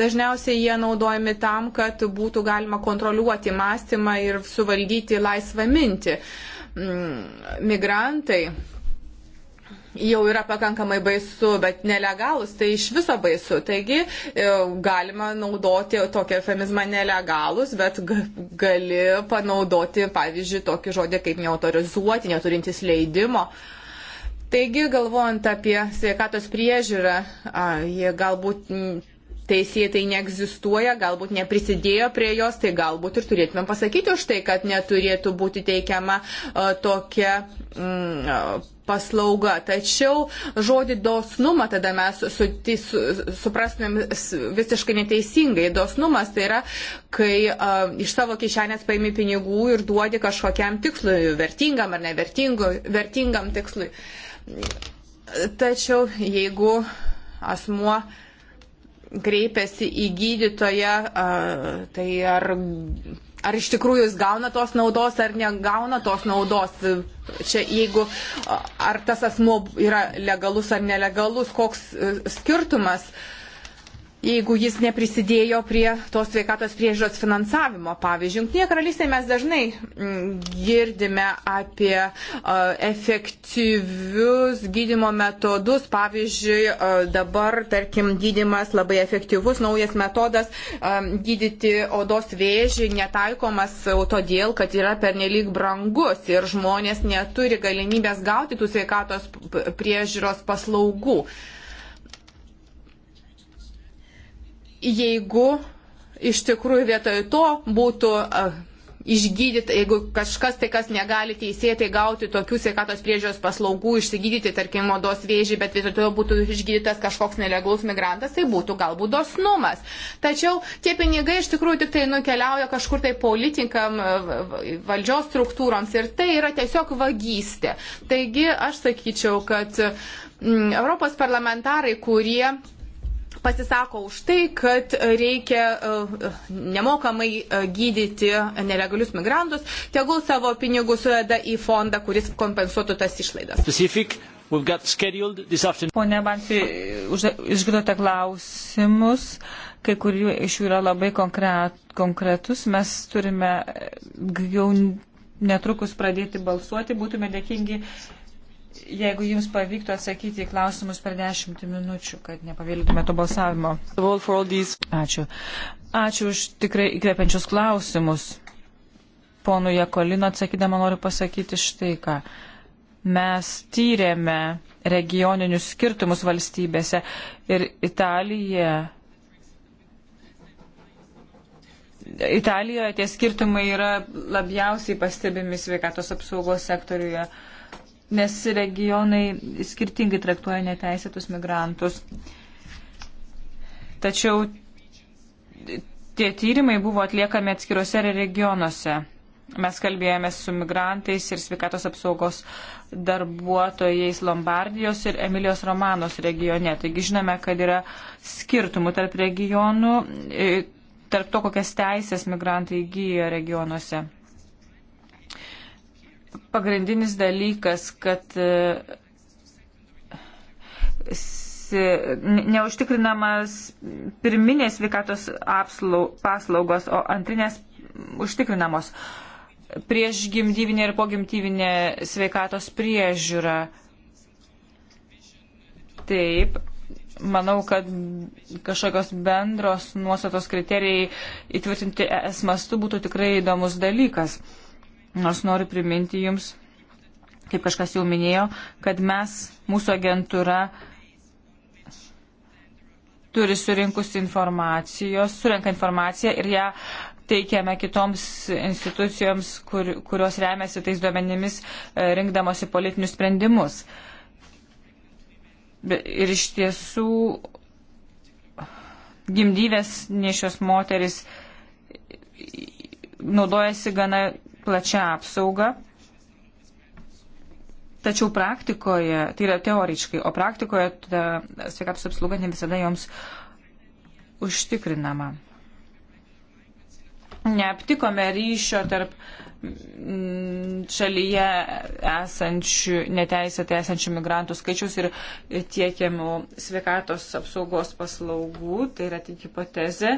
dažniausiai jie naudojami tam, kad būtų galima kontroliuoti mąstymą ir suvaldyti laisvą mintį. Mm, migrantai jau yra pakankamai baisu, bet nelegalus tai iš viso baisu. Taigi e, galima naudoti tokį eufemizmą nelegalus, bet gali panaudoti, pavyzdžiui, tokį žodį kaip neautorizuoti, neturintis leidimo. Taigi, galvojant apie sveikatos priežiūrą, jie galbūt teisėtai neegzistuoja, galbūt neprisidėjo prie jos, tai galbūt ir turėtumėm pasakyti už tai, kad neturėtų būti teikiama e, tokia mm, e, paslauga. Tačiau žodį dosnumą tada mes su, su, suprastumėm visiškai neteisingai. Dosnumas tai yra, kai uh, iš savo kišenės paimi pinigų ir duodi kažkokiam tikslui, vertingam ar nevertingam tikslui. Tačiau jeigu asmuo uh, kreipiasi į gydytoją, tai ar, ar iš tikrųjų jis gauna tos naudos ar negauna tos naudos. Čia jeigu ar tas asmo yra legalus ar nelegalus, koks e, skirtumas. Uh, jeigu jis neprisidėjo prie tos sveikatos priežiūros finansavimo. Pavyzdžiui, Junktinėje karalystėje mes dažnai mm, girdime apie uh, efektyvius gydimo metodus. Pavyzdžiui, uh, dabar, tarkim, gydimas labai efektyvus, naujas metodas um, gydyti odos vėžį netaikomas todėl, kad yra pernelyg brangus ir žmonės neturi galimybės gauti tų sveikatos priežiūros paslaugų. Uh, jeigu iš tikrųjų vietoj to būtų išgydyti, jeigu kažkas tai, kas negali teisėtai gauti tokių sveikatos priežiūros paslaugų, išsigydyti, tarkim, odos vėžį, bet vietoj to būtų išgydytas kažkoks nelegalus migrantas, tai būtų galbūt dosnumas. Tačiau tie pinigai iš tikrųjų tik tai nukeliauja kažkur tai politikam, valdžios struktūroms ir tai yra tiesiog vagystė. Taigi aš sakyčiau, kad m, mm, Europos parlamentarai, kurie pasisako už tai, kad reikia e, nemokamai e, gydyti nelegalius migrantus, tegul savo pinigus suėda į fondą, kuris kompensuotų tas išlaidas. Specific. Pone Banfi, išgirdote klausimus, kai kurių iš jų yra labai konkretus. Mes turime e, jau netrukus pradėti balsuoti, būtume dėkingi jeigu jums pavyktų atsakyti į klausimus per dešimt minučių, kad nepavėlintume to balsavimo. Ačiū. Ačiū už tikrai įkvepiančius klausimus. Ponu Jekolino atsakydama noriu pasakyti štai ką. Mes tyrėme regioninius skirtumus valstybėse ir Italija Italijoje tie skirtumai yra labiausiai pastebimi sveikatos apsaugos sektoriuje nes regionai skirtingai traktuoja neteisėtus migrantus. Tačiau tie tyrimai buvo atliekami atskiruose regionuose. Mes kalbėjome su migrantais ir sveikatos apsaugos darbuotojais Lombardijos ir Emilijos Romanos regione. Taigi žinome, kad yra skirtumų tarp regionų, e, tarp to, kokias teisės migrantai įgyja regionuose pagrindinis dalykas, kad e, neužtikrinamas pirminės sveikatos paslaugos, o antrinės užtikrinamos prieš gimdyvinę ir pogimdyvinę sveikatos priežiūrą. Taip, manau, kad kažkokios bendros nuostatos kriterijai įtvirtinti es mastu būtų tikrai įdomus dalykas. Nors noriu priminti Jums, kaip kažkas jau minėjo, kad mes, mūsų agentūra, turi surinkus informacijos, surenka informaciją ir ją teikiame kitoms institucijoms, kur, kurios remiasi tais duomenimis, e, rinkdamosi politinius sprendimus. Ir iš tiesų gimdyvės nešios moteris naudojasi gana plačia apsauga. Tačiau praktikoje, tai yra teoriškai, o praktikoje sveikatos apsauga ne visada joms užtikrinama. Neaptikome ryšio tarp mm, šalyje esančių, neteisėtai esančių migrantų skaičius ir tiekiamų sveikatos apsaugos paslaugų, tai yra tik hipotezė,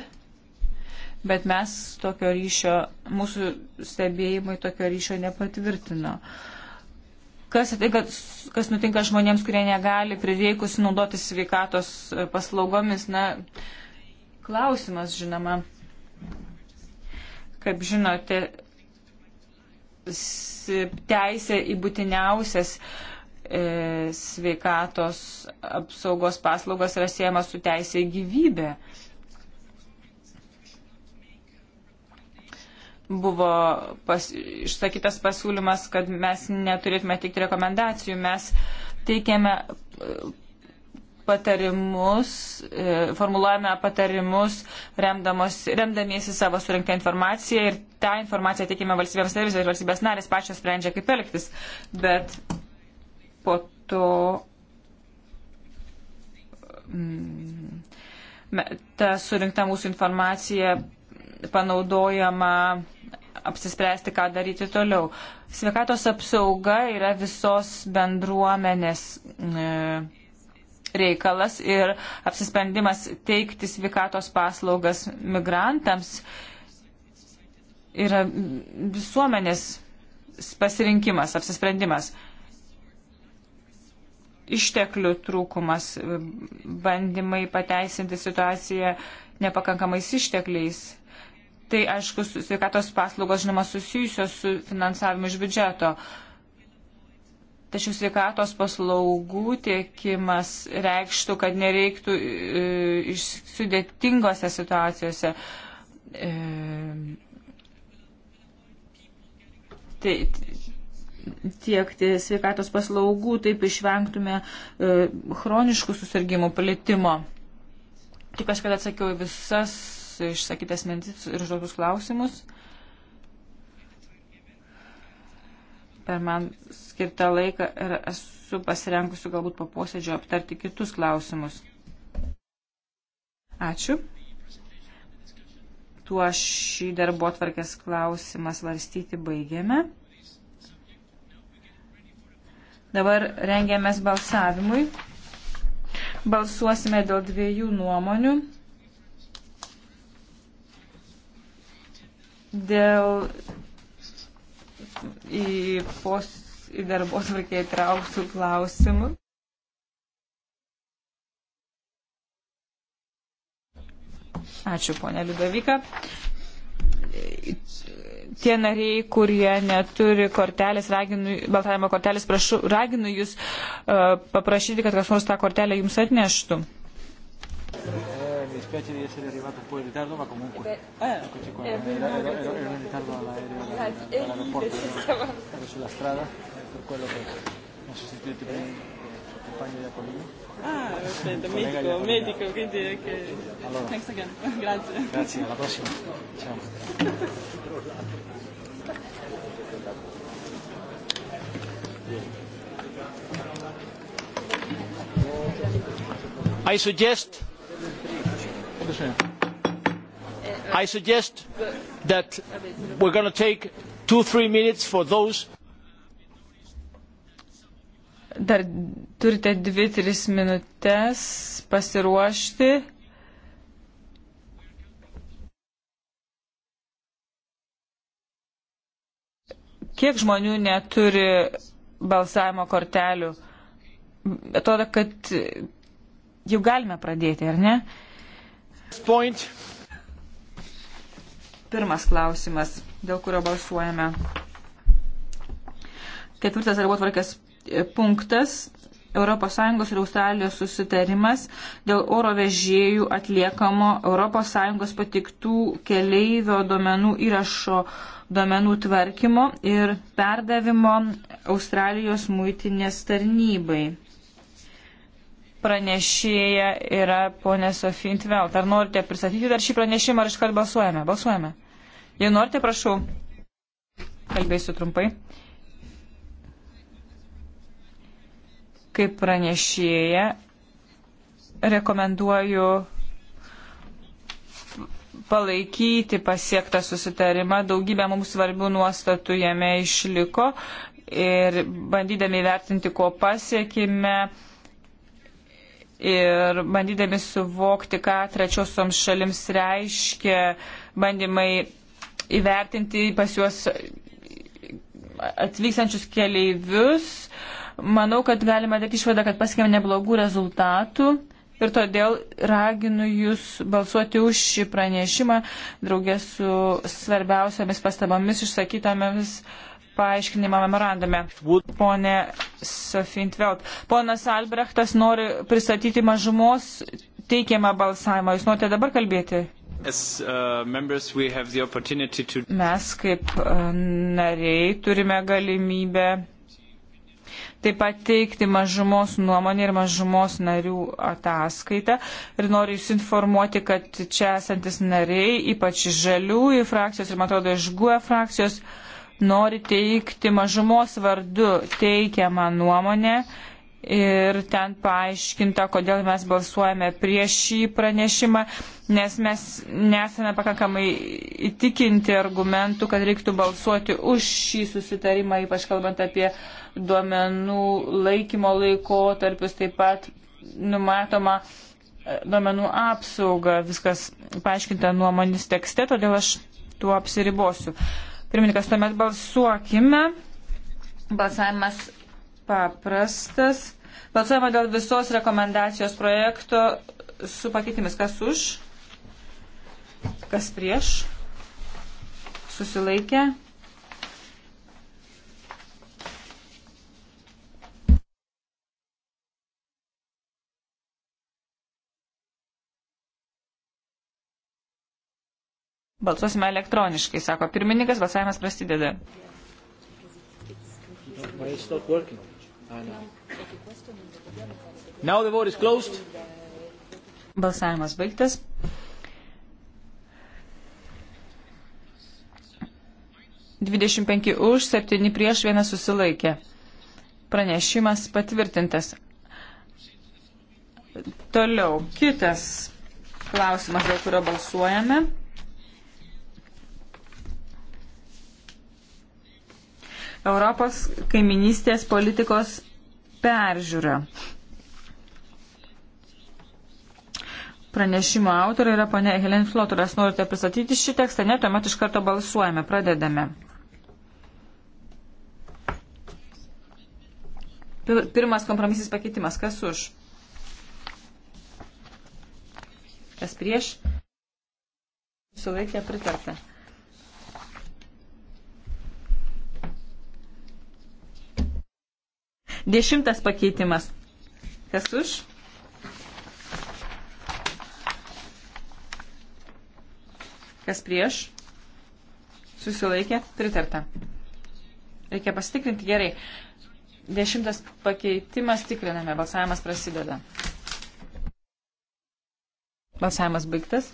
bet mes tokio ryšio, mūsų stebėjimai tokio ryšio nepatvirtino. Kas, atinka, kas nutinka žmonėms, kurie negali prireikus naudoti sveikatos paslaugomis, na, klausimas, žinoma, kaip žinote, teisė į būtiniausias e, sveikatos apsaugos paslaugas yra siejama su teisė į gyvybę. E, buvo pas, išsakytas pasiūlymas, kad mes neturėtume teikti rekomendacijų, mes teikiame e, patarimus, e, formuluojame patarimus, remdamiesi savo surinktą informaciją ir tą informaciją teikime valstybėms narėms ir valstybės narės pačios sprendžia, kaip elgtis. Bet po to mm, ta surinkta mūsų informacija panaudojama apsispręsti, ką daryti toliau. Sveikatos apsauga yra visos bendruomenės e, reikalas ir apsisprendimas teikti sveikatos paslaugas migrantams yra visuomenės pasirinkimas, apsisprendimas. Išteklių trūkumas, bandymai pateisinti situaciją nepakankamais ištekliais tai aišku, sveikatos paslaugos, žinoma, susijusios su finansavimu iš biudžeto. Tačiau sveikatos paslaugų tiekimas reikštų, kad nereiktų e, iš sudėtingose situacijose. E, tai, tiekti sveikatos paslaugų, taip išvengtume e, chroniškų susirgymų plitimo. Tikiuosi, kad atsakiau visas išsakytas mintis ir žodžius klausimus. Per man skirtą laiką ir esu pasirengusi galbūt po posėdžio aptarti kitus klausimus. Ačiū. Tuo šį darbo atvarkės klausimą svarstyti baigėme. Dabar rengiamės balsavimui. Balsuosime dėl dviejų nuomonių. Dėl į, pos, į darbo tvarkę įtrauksiu klausimų. Ačiū, ponė Liudovika. Tie nariai, kurie neturi kortelės, raginu, baltavimo kortelės, prašau, raginu jūs uh, paprašyti, kad kas nors tą kortelę jums atneštų. Thank you mi dispiace di essere arrivato un po' in ritardo, ma comunque. Eh beh, eccoci qua, era, era, era, era in ritardo all'aereo, all'aeroporto, ero, ero sulla strada, per quello che mi ha sostituito per il compagno Iacolino. Ah, perfetto, medico, medico, quindi è che. Allora, Thanks again. grazie. Grazie, alla prossima. Ciao. i suggest I suggest that we're going to take two, three minutes for those. Dar turite dvi, tris minutės pasiruošti. Kiek žmonių neturi balsavimo kortelių? Atrodo, kad jau galime pradėti, ar ne? Pirmas klausimas, dėl kurio balsuojame. Ketvirtas darbo tvarkės e, punktas. ES ir Australijos susitarimas dėl oro vežėjų atliekamo ES patiktų keleivio domenų įrašo domenų tvarkymo ir perdavimo Australijos muitinės tarnybai pranešėja yra ponė Sofija Intvelt. Ar norite pristatyti dar šį pranešimą, ar iškart balsuojame? Balsuojame. Jei norite, prašau. Kalbėsiu trumpai. Kaip pranešėja, rekomenduoju palaikyti pasiektą susitarimą. Daugybė mums svarbių nuostatų jame išliko ir bandydami vertinti, ko pasiekime ir bandydami suvokti, ką trečiosioms šalims reiškia bandymai įvertinti pas juos atvykstančius keleivius. Manau, kad galima daryti išvadą, kad pasiekėme neblogų rezultatų ir todėl raginu Jūs balsuoti už šį pranešimą draugės su svarbiausiamis pastabomis išsakytomis uh, paaiškinimą memorandume. Pone Sofintveld, ponas Albrechtas nori pristatyti mažumos teikiamą balsavimą. Jūs norite dabar kalbėti? As, uh, members, to... Mes kaip uh, nariai turime galimybę taip pat teikti mažumos nuomonę ir mažumos narių ataskaitą. Ir noriu Jūs informuoti, kad čia esantis nariai, ypač žaliųjų frakcijos ir, man atrodo, iš GUE frakcijos, uh, nori teikti mažumos vardu teikiamą nuomonę ir ten paaiškinta, kodėl mes balsuojame prieš šį pranešimą, nes mes nesame pakankamai įtikinti argumentų, kad reiktų balsuoti už šį susitarimą, ypač kalbant apie duomenų laikymo laikotarpius, taip pat numatoma e, duomenų apsauga, viskas paaiškinta nuomonės tekste, todėl aš tuo apsiribosiu. Uh, Pirmininkas, tuomet balsuokime. Balsavimas paprastas. Balsuojama dėl visos rekomendacijos projekto su pakeitimis. Kas už? Kas prieš? Susilaikė? Balsuosime elektroniškai, sako pirmininkas, balsavimas prasideda. Balsavimas baigtas. Dvidešimt penki už, septyni prieš, vienas susilaikė. Pranešimas patvirtintas. Toliau, kitas klausimas, dėl kurio balsuojame. Europos kaiminystės politikos peržiūra. Pranešimo autorė yra ponė Helen Flotur. Ar norite pristatyti šį tekstą? Ne, tuomet iš karto balsuojame. Pradedame. Pirmas kompromisis pakeitimas. Kas už? Kas prieš? Sulaikė pritartę. Dešimtas pakeitimas. Kas už? Kas prieš? Susilaikė? Pritarta. Reikia pasitikrinti gerai. Dešimtas pakeitimas tikriname. Balsavimas prasideda. Balsavimas baigtas.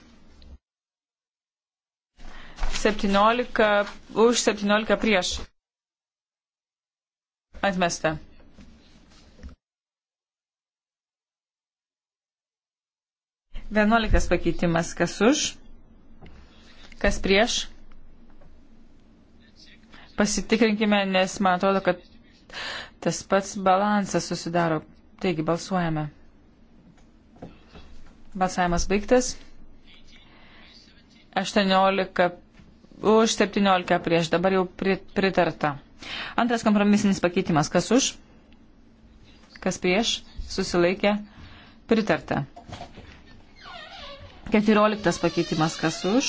17 už 17 prieš. Atmesta. Vienuoliktas pakeitimas. Kas už? Kas prieš? Pasitikrinkime, nes man atrodo, kad tas pats balansas susidaro. Taigi, balsuojame. Balsavimas baigtas. 18 už 17 prieš. Dabar jau pritarta. Antras kompromisinis pakeitimas. Kas už? Kas prieš? Susilaikė. Pritarta. Keturioliktas pakeitimas kas už,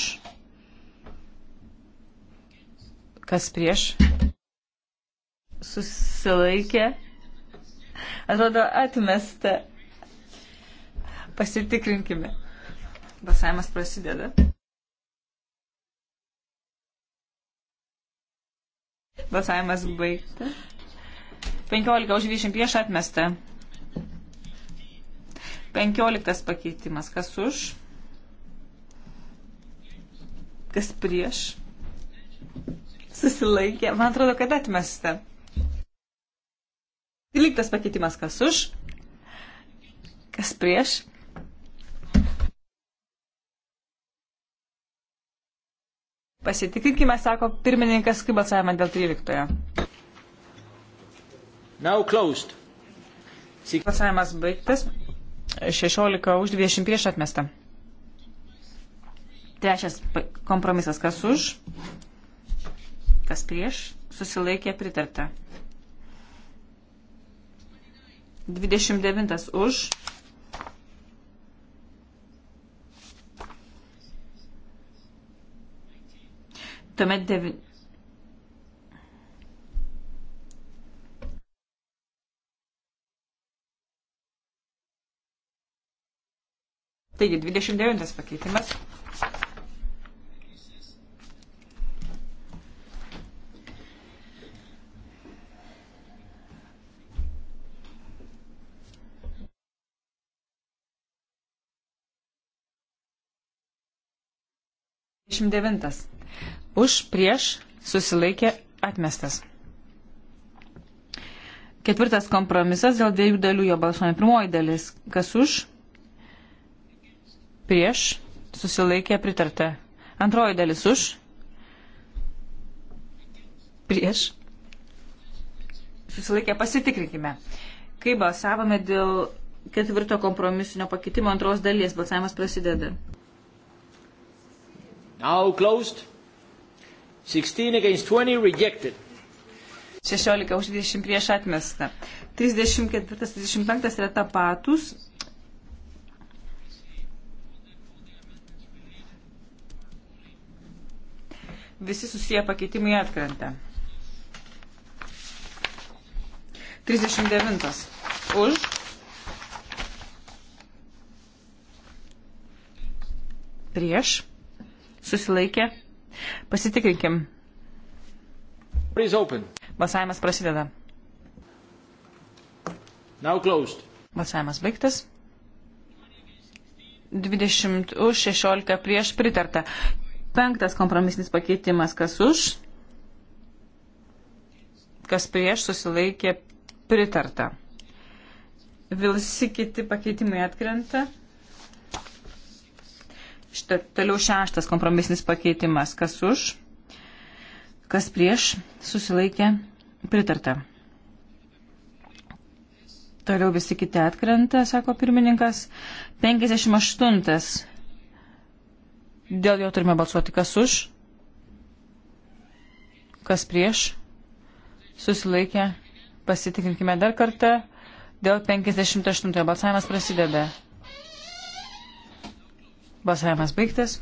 kas prieš, susilaikė, atrodo atmesta. Pasitikrinkime. Basavimas prasideda. Balsavimas baigta. 15 už 20 prieš atmestą. 15 pakeitimas. Kas už? Kas prieš? Susilaikė. Man atrodo, kad atmesta. 12 pakeitimas. Kas už? Kas prieš? Pasitikrinkime, sako pirmininkas, kaip balsavimą dėl 13. Now closed. Balsavimas baigtas. 16 už 20 prieš atmestą. Trečias kompromisas, kas už, kas prieš, susilaikė pritarta. 29 už. Tuomet 9. Taigi 29 pakeitimas. 29. Už prieš susilaikė atmestas. Ketvirtas kompromisas dėl dviejų dalių jo balsuojame. Pirmoji dalis. Kas už? Prieš. Susilaikė pritarta. Antroji dalis už. Prieš. Susilaikė pasitikrinkime. Kai balsavome dėl ketvirto kompromisinio pakeitimo antros dalies, balsavimas prasideda. Now closed. 16 against 20 rejected. 16 už 20 prieš atmestą. 34-35 yra tapatus. Visi susiję pakeitimai atkrenta. 39 už. Prieš. Susilaikė. Pasitikrinkim. Balsavimas prasideda. Balsavimas baigtas. 20 už, 16 prieš pritarta. Penktas kompromisinis pakeitimas, kas už, kas prieš susilaikė pritarta. Visi kiti pakeitimai atkrenta. Šitą, toliau šeštas kompromisinis pakeitimas. Kas už, kas prieš, susilaikė, pritarta. Toliau visi kiti atkrenta, sako pirmininkas. 58. Dėl jo turime balsuoti. Kas už, kas prieš, susilaikė, pasitikrinkime dar kartą. Dėl 58 balsavimas prasideda. Balsavimas baigtas.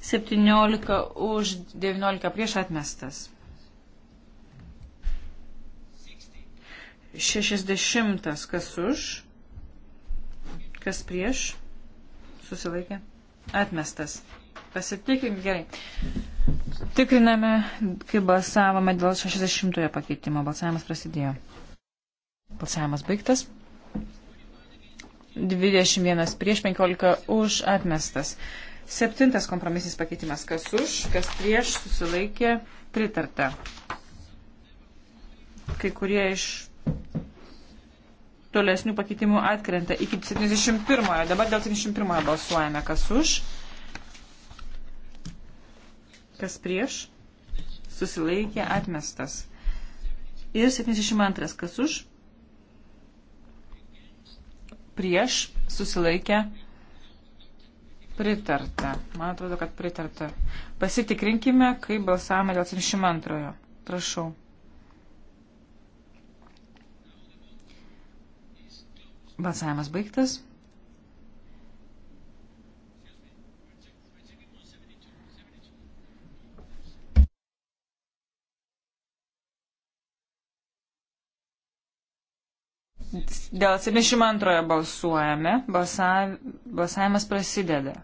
17 už 19 prieš atmestas. 60 kas už, kas prieš, susilaikė, atmestas. Pasitikim gerai. Tikriname, kai balsavome dėl 60 pakeitimo. Balsavimas prasidėjo. Balsavimas baigtas. 21 prieš 15 už atmestas. Septintas kompromisis pakeitimas. Kas už, kas prieš susilaikė pritarta. Kai kurie iš tolesnių pakeitimų atkrenta iki 71-ojo. Dabar dėl 71-ojo balsuojame. Kas už, kas prieš susilaikė atmestas. Ir 72 kas už, prieš, susilaikę, pritarta. Man atrodo, kad pritarta. Pasitikrinkime, kaip balsavome dėl 72. Prašau. Balsavimas baigtas. Dėl 72 balsuojame. Balsav... Balsavimas prasideda.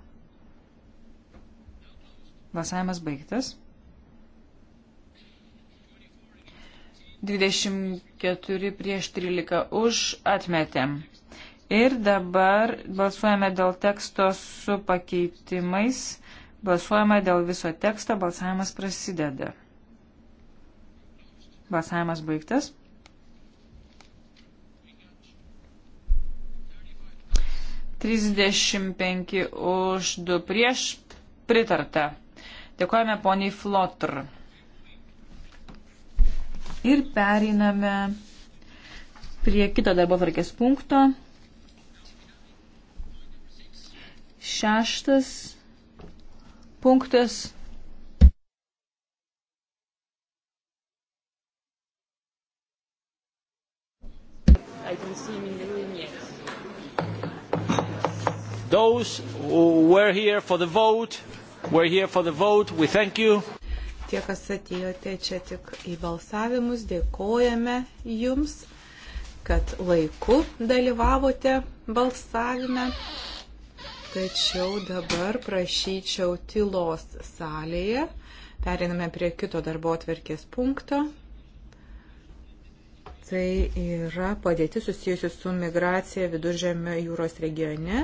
Balsavimas baigtas. 24 prieš 13 už atmetėm. Ir dabar balsuojame dėl teksto su pakeitimais. Balsuojame dėl viso teksto. Balsavimas prasideda. Balsavimas baigtas. 35 už 2 prieš pritarta. Dėkojame poniai Flotr. Ir periname prie kito darbo tvarkės punkto. Šeštas punktas. I can see him in the room. Those who were here for the vote, were here for the vote, we thank you. Tie, kas atėjote čia tik į balsavimus, dėkojame jums, kad laiku dalyvavote balsavime. Tačiau dabar prašyčiau tylos salėje. Periname prie kito darbo atverkės punkto tai yra padėti susijusi su migracija viduržėmio jūros regione,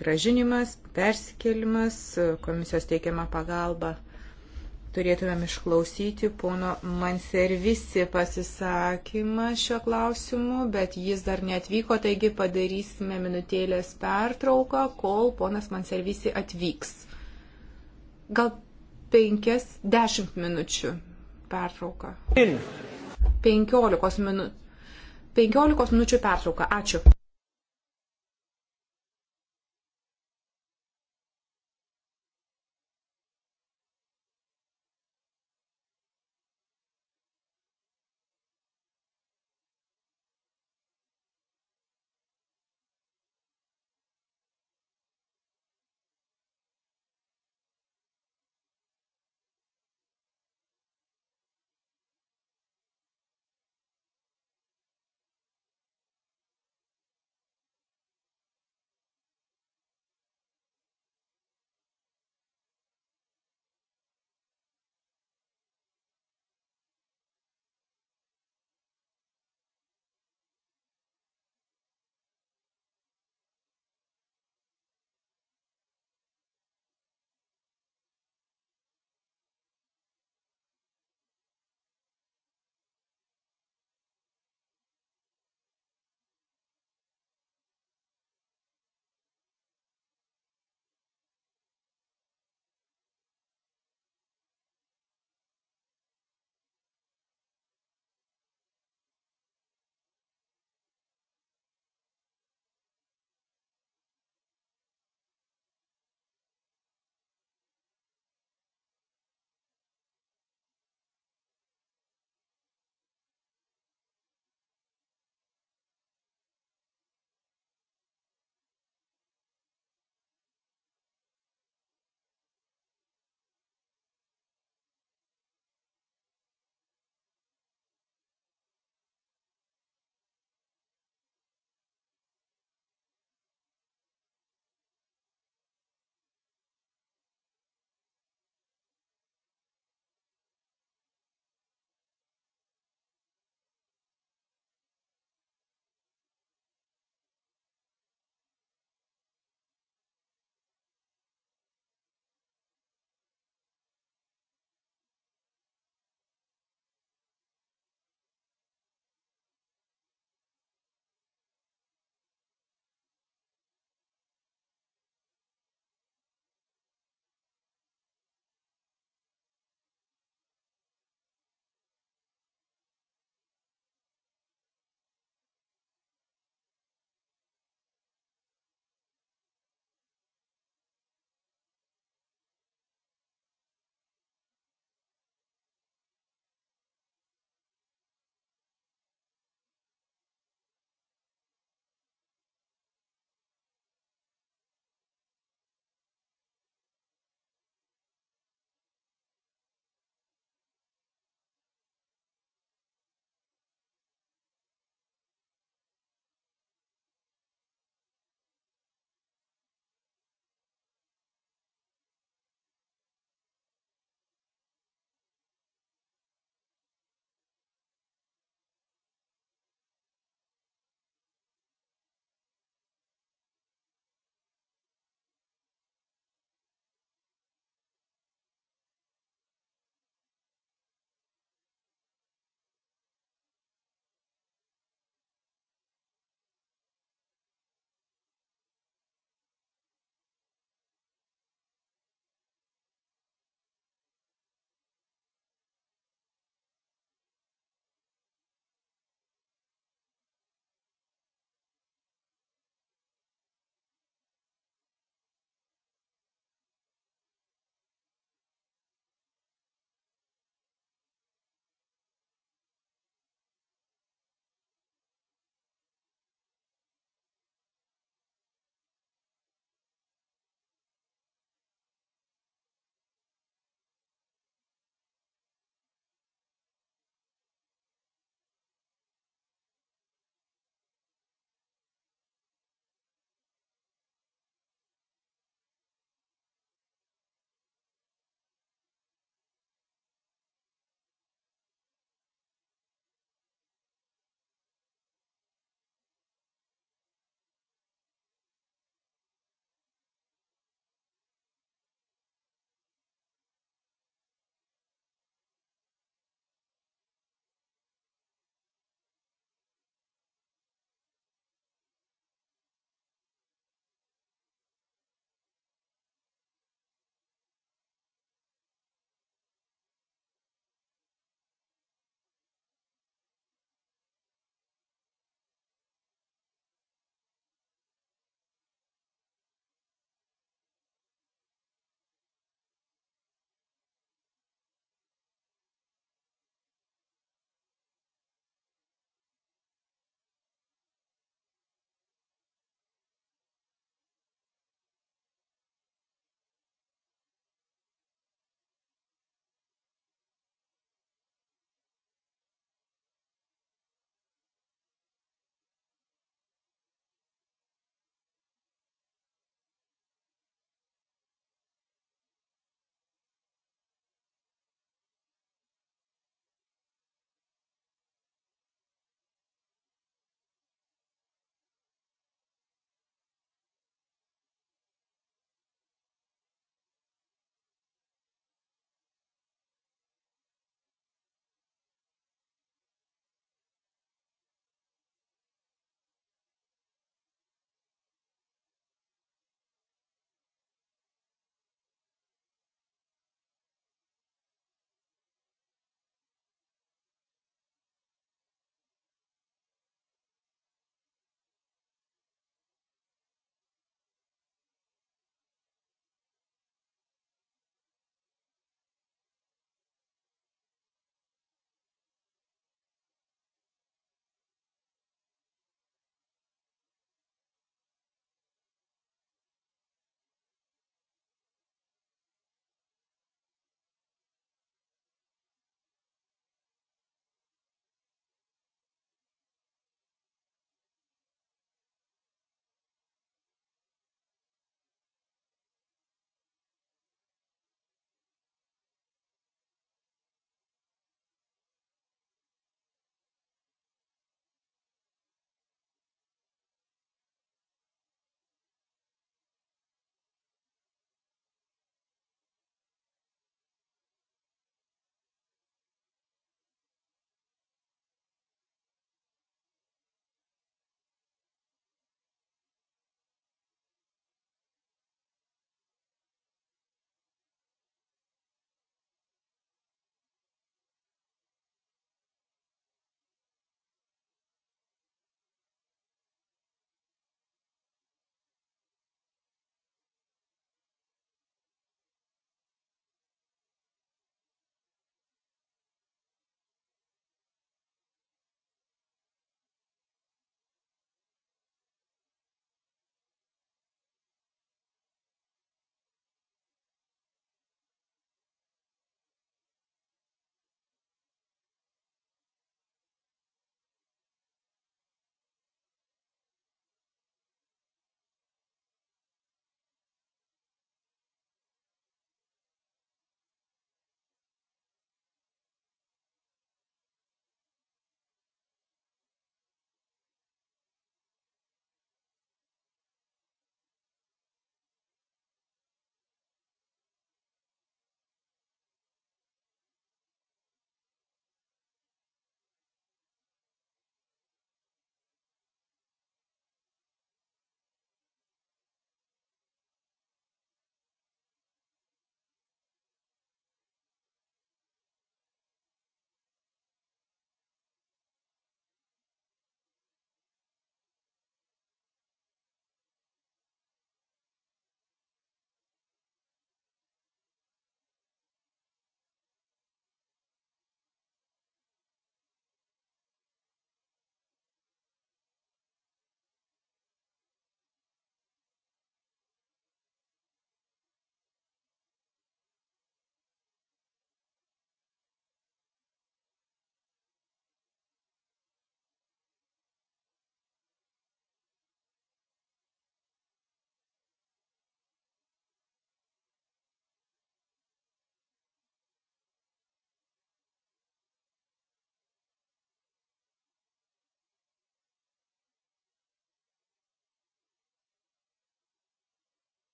gražinimas, persikėlimas, komisijos teikiama pagalba. Turėtumėm išklausyti pono Manservisi pasisakymą šio klausimu, bet jis dar netvyko, taigi padarysime minutėlės pertrauką, kol ponas Manservisi atvyks. Gal penkias, dešimt minučių pertrauką. In. 15 minučių, 15 minučių pertrauką. Ačiū.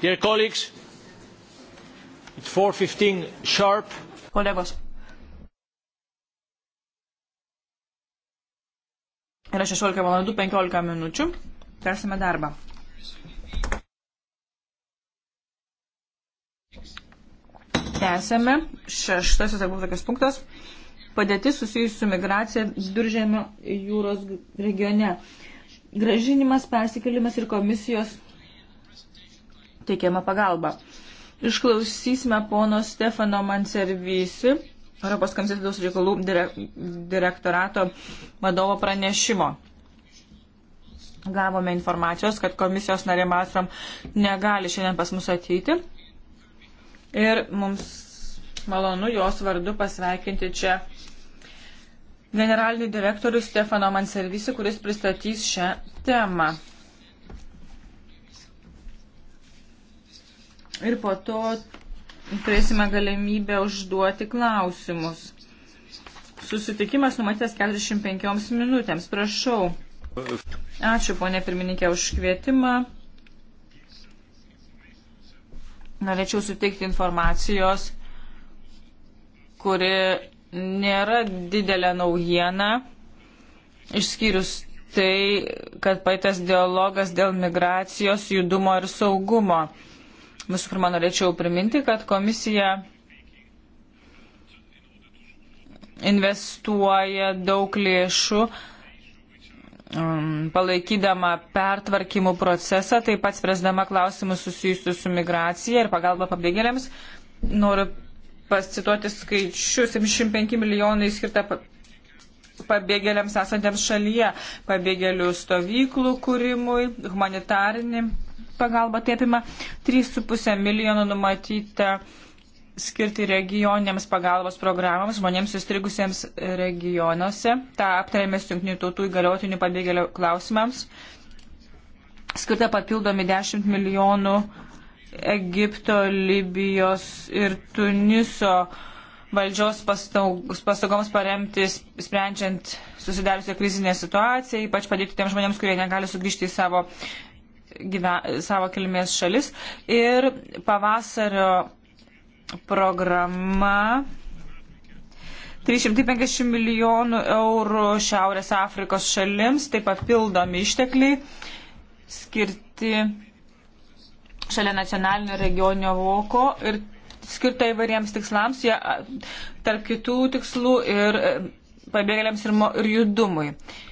Dear colleagues, it's 4.15 sharp. Kolegos. Yra 16 valandų 15 minučių. Persime darbą. Tęsėme. Šeštasis tai buvo tokias punktas. Padėtis susijusi su migracija viduržėmio jūros regione. Gražinimas, persikėlimas ir komisijos teikiama pagalba. Išklausysime pono Stefano Manservisi, Europos komisijos vidaus reikalų direktorato vadovo pranešimo. Gavome informacijos, kad komisijos narė Mastram negali šiandien pas mus ateiti. Ir mums malonu jos vardu pasveikinti čia generalinį direktorių Stefano Manservisi, kuris pristatys šią temą. ir po to turėsime galimybę užduoti klausimus. Susitikimas numatytas 45 minutėms. Prašau. Ačiū, ponė pirmininkė, už kvietimą. Norėčiau suteikti informacijos, kuri nėra didelė naujiena, išskyrus tai, kad paėtas dialogas dėl migracijos, judumo ir saugumo. Visų pirma, norėčiau priminti, kad komisija investuoja daug lėšų um, palaikydama pertvarkymų procesą, taip pat spręsdama klausimus susijusius su migracija ir pagalba pabėgėliams. Noriu pasituoti skaičių 75 milijonai skirta pabėgėliams esantiems šalyje, pabėgėlių stovyklų kūrimui, humanitarinį pagalbą, tai apima 3,5 milijonų numatyta skirti regioniniams pagalbos programams žmonėms įstrigusiems regionuose. Ta aptarėme su jungtinių tautų įgaliotinių pabėgėlių klausimams. Skirta papildomi 10 milijonų Egipto, Libijos ir Tuniso valdžios pastogoms paremti, sprendžiant susidariusią krizinę situaciją, ypač padėti tiems žmonėms, kurie negali sugrįžti į savo gyven, savo kilmės šalis ir pavasario programa 350 milijonų eurų Šiaurės Afrikos šalims, tai papildomi ištekliai skirti šalia nacionalinio regioninio voko ir skirta įvariems tikslams, jie, tarp kitų tikslų ir e, pabėgėliams ir, ir judumui. Uh,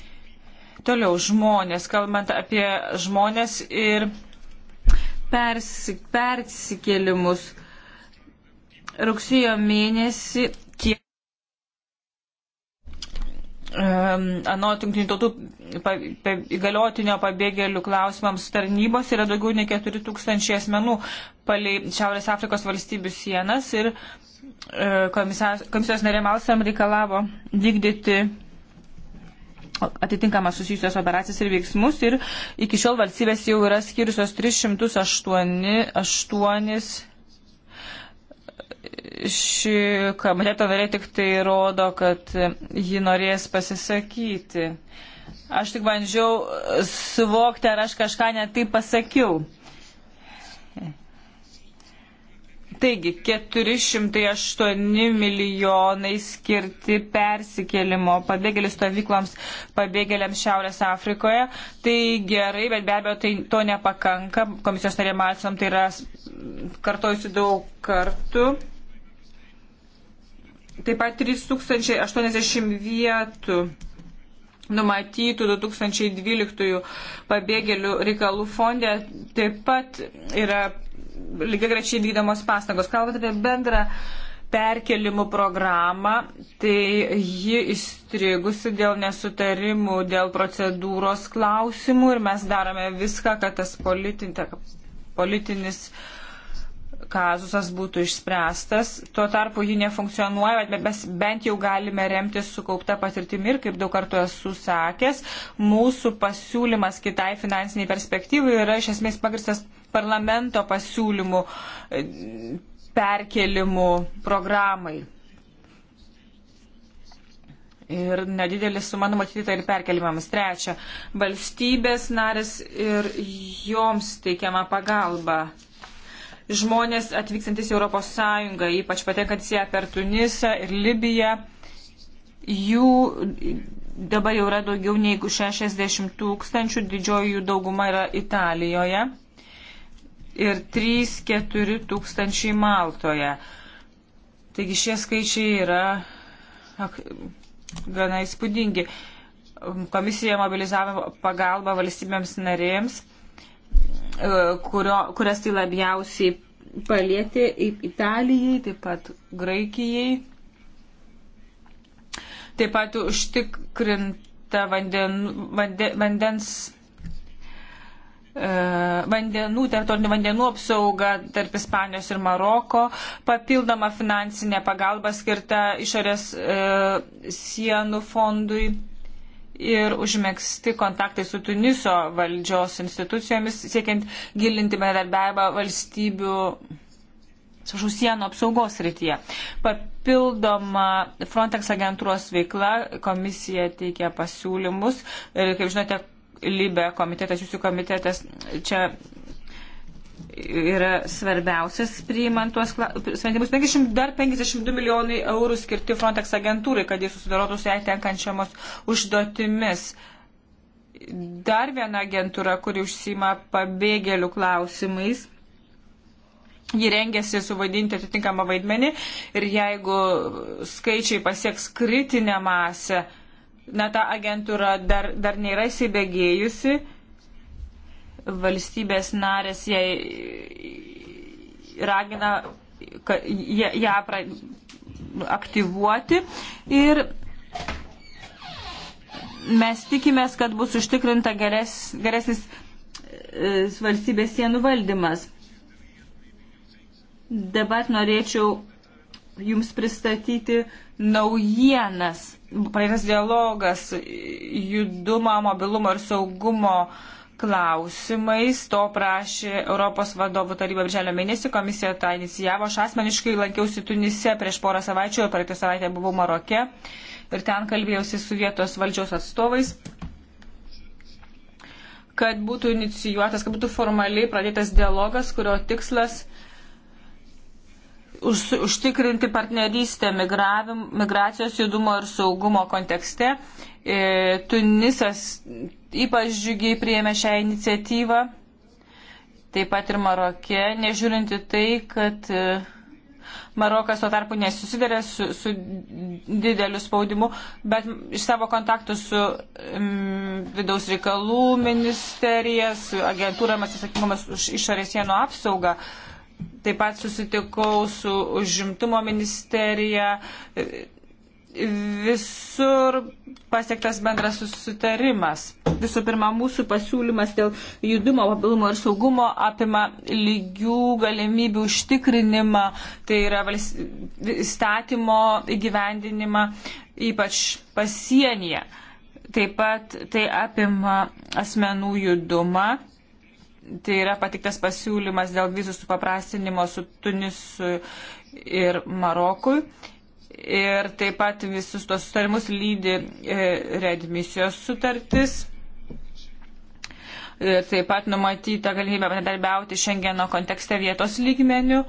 Toliau žmonės, kalbant apie žmonės ir persik, persikėlimus. Rugsėjo mėnesį kiek anot jungtinių tautų įgaliotinio pabėgėlių klausimams tarnybos yra daugiau nei 4 tūkstančiai asmenų palei Šiaurės Afrikos valstybių sienas ir e, komisijos, komisijos narė Malsam reikalavo vykdyti atitinkamas susijusios operacijas ir veiksmus ir iki šiol valstybės jau yra skiriusios 308 ši kabineto narė tik tai rodo, kad ji norės pasisakyti. Aš tik bandžiau suvokti, ar aš kažką netai pasakiau. Taigi, 408 milijonai skirti persikėlimo pabėgėlių stovykloms pabėgėliams Šiaurės Afrikoje. Tai gerai, bet be abejo, tai to nepakanka. Komisijos narė Malsom tai yra kartojusi daug kartų. Taip pat 3080 vietų numatytų 2012 pabėgėlių reikalų fonde taip pat yra lygiai grečiai vykdomos pastangos. Kalbant apie bendrą perkelimų programą, tai ji įstrigusi dėl nesutarimų, dėl procedūros klausimų ir mes darome viską, kad tas politinė, politinis kazusas būtų išspręstas. Tuo tarpu ji nefunkcionuoja, bet mes bent jau galime remtis sukaupta patirtimi ir, kaip daug kartų esu sakęs, mūsų pasiūlymas kitai finansiniai perspektyvai yra iš esmės pagristas parlamento pasiūlymų e, perkelimų programai. Ir nedidelis suma numatyta ir perkelimams. Trečia, valstybės narės ir joms teikiama pagalba žmonės atvykstantis į Europos Sąjungą, ypač patenkantys ją per Tunisą ir Libiją, jų dabar jau yra daugiau negu 60 tūkstančių, didžioji jų dauguma yra Italijoje ir 3-4 tūkstančiai Maltoje. Taigi šie skaičiai yra ak, gana įspūdingi. Komisija mobilizavo pagalbą valstybėms narėms E, kurio, kurias tai labiausiai palėtė Italijai, taip pat Graikijai. Taip pat užtikrinta vanden, vande, vandens e, vandenų, teritorinių vandenų apsauga tarp Ispanijos ir Maroko, papildoma finansinė pagalba skirta išorės e, sienų fondui ir užmėgsti kontaktai su Tuniso valdžios institucijomis, siekiant gilinti bendradarbiavimą valstybių sažų sienų apsaugos rytyje. Papildoma Frontex agentūros veikla, komisija teikia pasiūlymus ir, kaip žinote, Libė komitetas, jūsų komitetas čia yra svarbiausias priimant tuos sprendimus. 50, dar 52 milijonai eurų skirti Frontex agentūrai, kad jis susidarotų su jai tenkančiamos užduotimis. Dar viena agentūra, kuri užsima pabėgėlių klausimais. Ji rengėsi suvaidinti atitinkamą vaidmenį ir jeigu skaičiai pasieks kritinę masę, na ta agentūra dar, dar nėra įsibėgėjusi valstybės narės jai ragina ją ja, pra, aktyvuoti ir mes tikimės, kad bus užtikrinta geres, geresnis e, valstybės sienų valdymas. Dabar norėčiau Jums pristatyti naujienas, praeitas dialogas judumo, mobilumo ir saugumo uh, klausimais. To prašė Europos vadovų taryba birželio mėnesį, komisija tą inicijavo. Aš asmeniškai lankiausi Tunise prieš porą savaičių, o praeitą savaitę buvau Maroke ir ten kalbėjausi su vietos valdžios atstovais kad būtų inicijuotas, kad būtų formaliai pradėtas dialogas, kurio tikslas už, užtikrinti partnerystę migravim, migracijos judumo ir saugumo kontekste. E, Tunisas ypač džiugiai priėmė šią iniciatyvą, taip pat ir Marokė, nežiūrinti tai, kad e, Marokas tuo tarpu nesusidarė su, su dideliu spaudimu, bet iš savo kontaktų su mm, vidaus reikalų ministerija, su agentūromis atsakymomis už išorės sienų apsaugą, e, Taip pat susitikau su užimtumo ministerija. Visur pasiektas bendras susitarimas. Visų pirma, mūsų pasiūlymas dėl judumo, mobilumo ir saugumo apima lygių galimybių užtikrinimą, tai yra įstatymo įgyvendinimą, ypač pasienyje. Taip pat tai apima asmenų judumą tai yra patiktas pasiūlymas dėl vizų supaprastinimo su Tunisu ir Marokui. Ir taip pat visus tos sutarimus lydi e, readmisijos sutartis. Ir taip pat numatyta galimybė bendarbiauti Šengeno kontekste vietos lygmenių.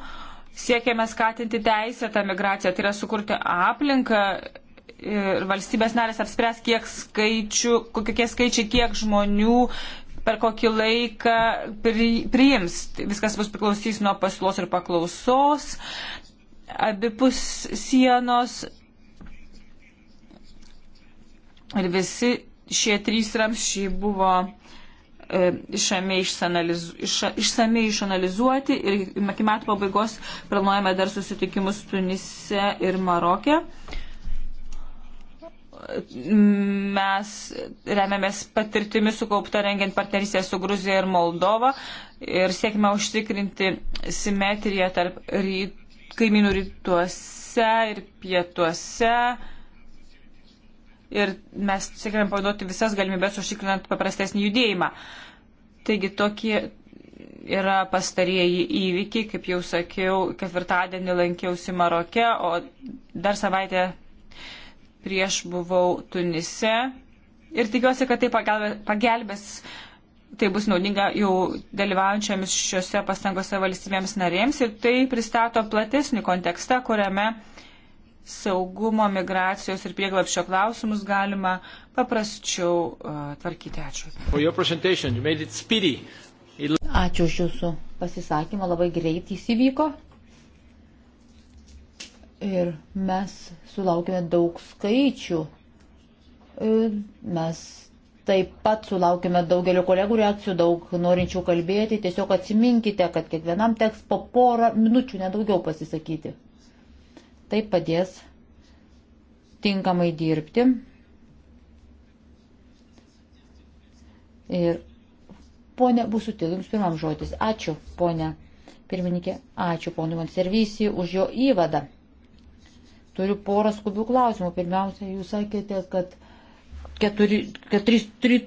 Siekėme skatinti teisę tą migraciją, tai yra sukurti aplinką ir valstybės narės apspręs, kiek skaičių, kokie skaičiai, kiek žmonių per kokį laiką pri, priims. Tai viskas bus priklausys nuo pasiūlos ir paklausos, abipus sienos ir visi šie trys ramščiai buvo e, išsamei išanalizuoti ir iki metų pabaigos planuojame dar susitikimus Tunise ir Marokė mes remiamės patirtimi sukaupta rengiant partnerystę su Gruzija ir Moldova ir siekime užtikrinti simetriją tarp ryt, kaimynų rytuose ir pietuose. Ir mes siekime panaudoti visas galimybės užtikrinant paprastesnį judėjimą. Taigi tokie yra pastarieji įvykiai, kaip jau sakiau, ketvirtadienį lankiausi Maroke, o dar savaitę prieš buvau Tunise ir tikiuosi, kad tai pagelbės, tai bus naudinga jau dalyvaujančiamis šiuose pastangose valstybėms narėms ir tai pristato platesnį kontekstą, kuriame saugumo, migracijos ir prieglapščio klausimus galima paprasčiau uh, tvarkyti. Ačiū. Ačiū už Jūsų pasisakymą, labai greitai įsivyko. Ir mes sulaukime daug skaičių. Mes taip pat sulaukime daugelio kolegų reakcijų, daug norinčių kalbėti. Tiesiog atsiminkite, kad kiekvienam teks po porą minučių nedaugiau pasisakyti. Tai padės tinkamai dirbti. Ir ponė Busutil, jums pirmam žodis. Ačiū, ponė pirmininkė. Ačiū, ponui Manservisi, už jo įvadą. Turiu porą skubių klausimų. Pirmiausia, jūs sakėte, kad, 4, kad 3, 3,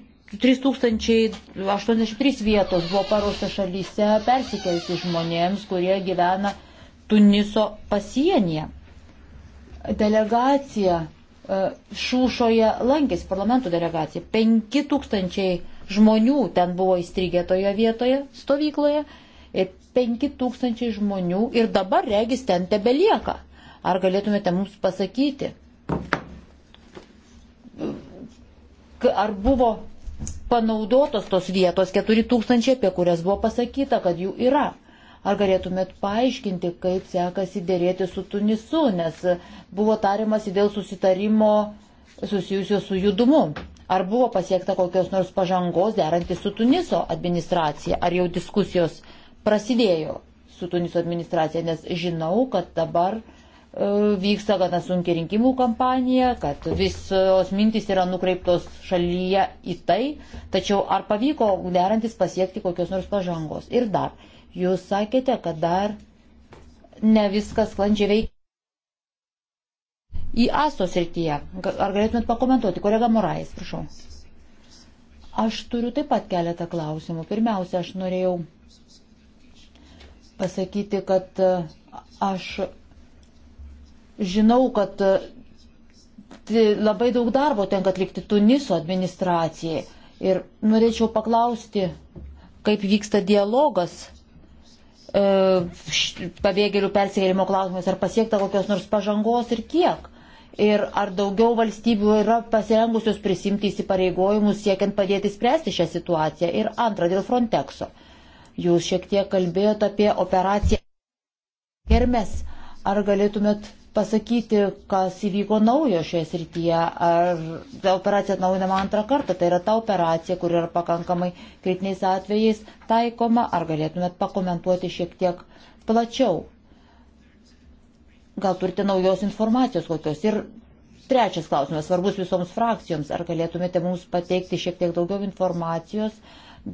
3083 vietos buvo paruošta šalyse persikelti žmonėms, kurie gyvena Tuniso pasienyje. Delegacija e, Šūšoje lankėsi parlamento delegacija. 5000 žmonių ten buvo įstrigę toje vietoje, stovykloje. 5000 žmonių ir dabar regis ten tebelieka. Ar galėtumėte mums pasakyti, ar buvo panaudotos tos vietos 4000, apie kurias buvo pasakyta, kad jų yra? Ar galėtumėt paaiškinti, kaip sekasi dėrėti su Tunisu, nes buvo tariamasi dėl susitarimo susijusio su judumu? Ar buvo pasiekta kokios nors pažangos derantys su Tuniso administracija? Ar jau diskusijos prasidėjo su Tuniso administracija? Nes žinau, kad dabar uh, vyksta gana sunki rinkimų kampanija, kad visos mintys yra nukreiptos šalyje į tai, tačiau ar pavyko derantis pasiekti kokios nors pažangos? Ir dar, jūs sakėte, kad dar ne viskas sklandžiai veikia. Į ASO srityje, ar galėtumėt pakomentuoti, kolega Morais, prašau. Aš turiu taip pat keletą klausimų. Pirmiausia, aš norėjau pasakyti, kad aš Žinau, kad e, tai labai daug darbo tenka atlikti Tuniso administracijai. Ir norėčiau paklausti, kaip vyksta dialogas e, pabėgėlių persikėlimo klausimais, ar pasiekta kokios nors pažangos ir kiek. Ir ar daugiau valstybių yra pasirengusios prisimti įsipareigojimus siekiant padėti spręsti šią situaciją. Ir antra, dėl Frontexo. Jūs šiek tiek kalbėjote apie operaciją Hermes. Ar galėtumėt pasakyti, kas įvyko naujo šioje srityje, ar ta operacija atnaujinama antrą kartą, tai yra ta operacija, kur yra pakankamai kritiniais atvejais taikoma, ar galėtumėt pakomentuoti šiek tiek plačiau. Gal turite naujos informacijos kokios. Ir trečias klausimas, svarbus visoms frakcijoms, ar galėtumėte mums pateikti šiek tiek daugiau informacijos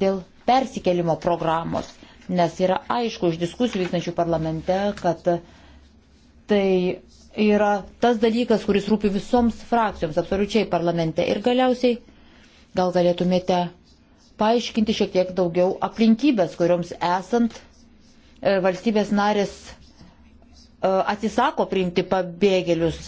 dėl persikelimo programos, nes yra aišku iš diskusijų vykstančių parlamente, kad uh, tai yra tas dalykas, kuris rūpi visoms frakcijoms, absoliučiai parlamente. Ir galiausiai gal galėtumėte paaiškinti šiek tiek daugiau aplinkybės, kurioms esant e, valstybės narės e, atsisako priimti pabėgėlius.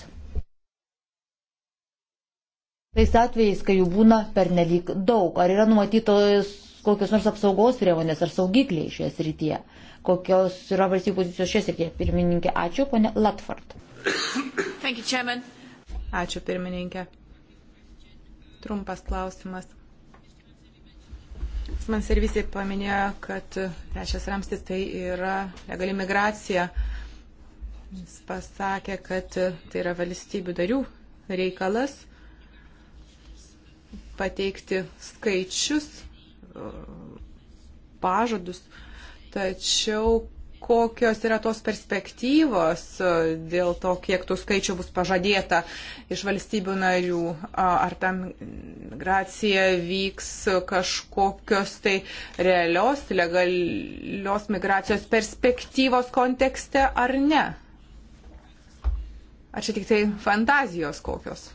Tais atvejais, kai jų būna pernelyg daug, ar yra numatytos kokios nors apsaugos priemonės ar saugikliai šioje srityje kokios yra valstybių pozicijos šios ir tie pirmininkė. Ačiū, ponė Latford. You, Ačiū, pirmininkė. Trumpas klausimas. Man servisai paminėjo, kad trečias ramstis tai yra legali migracija. Jis pasakė, kad tai yra valstybių darių reikalas pateikti skaičius, pažadus, Tačiau kokios yra tos perspektyvos e, dėl to, kiek tų skaičių bus pažadėta iš valstybių narių, ar ta migracija vyks kažkokios tai realios, legalios migracijos perspektyvos kontekste ar ne. Ar čia tik tai fantazijos kokios?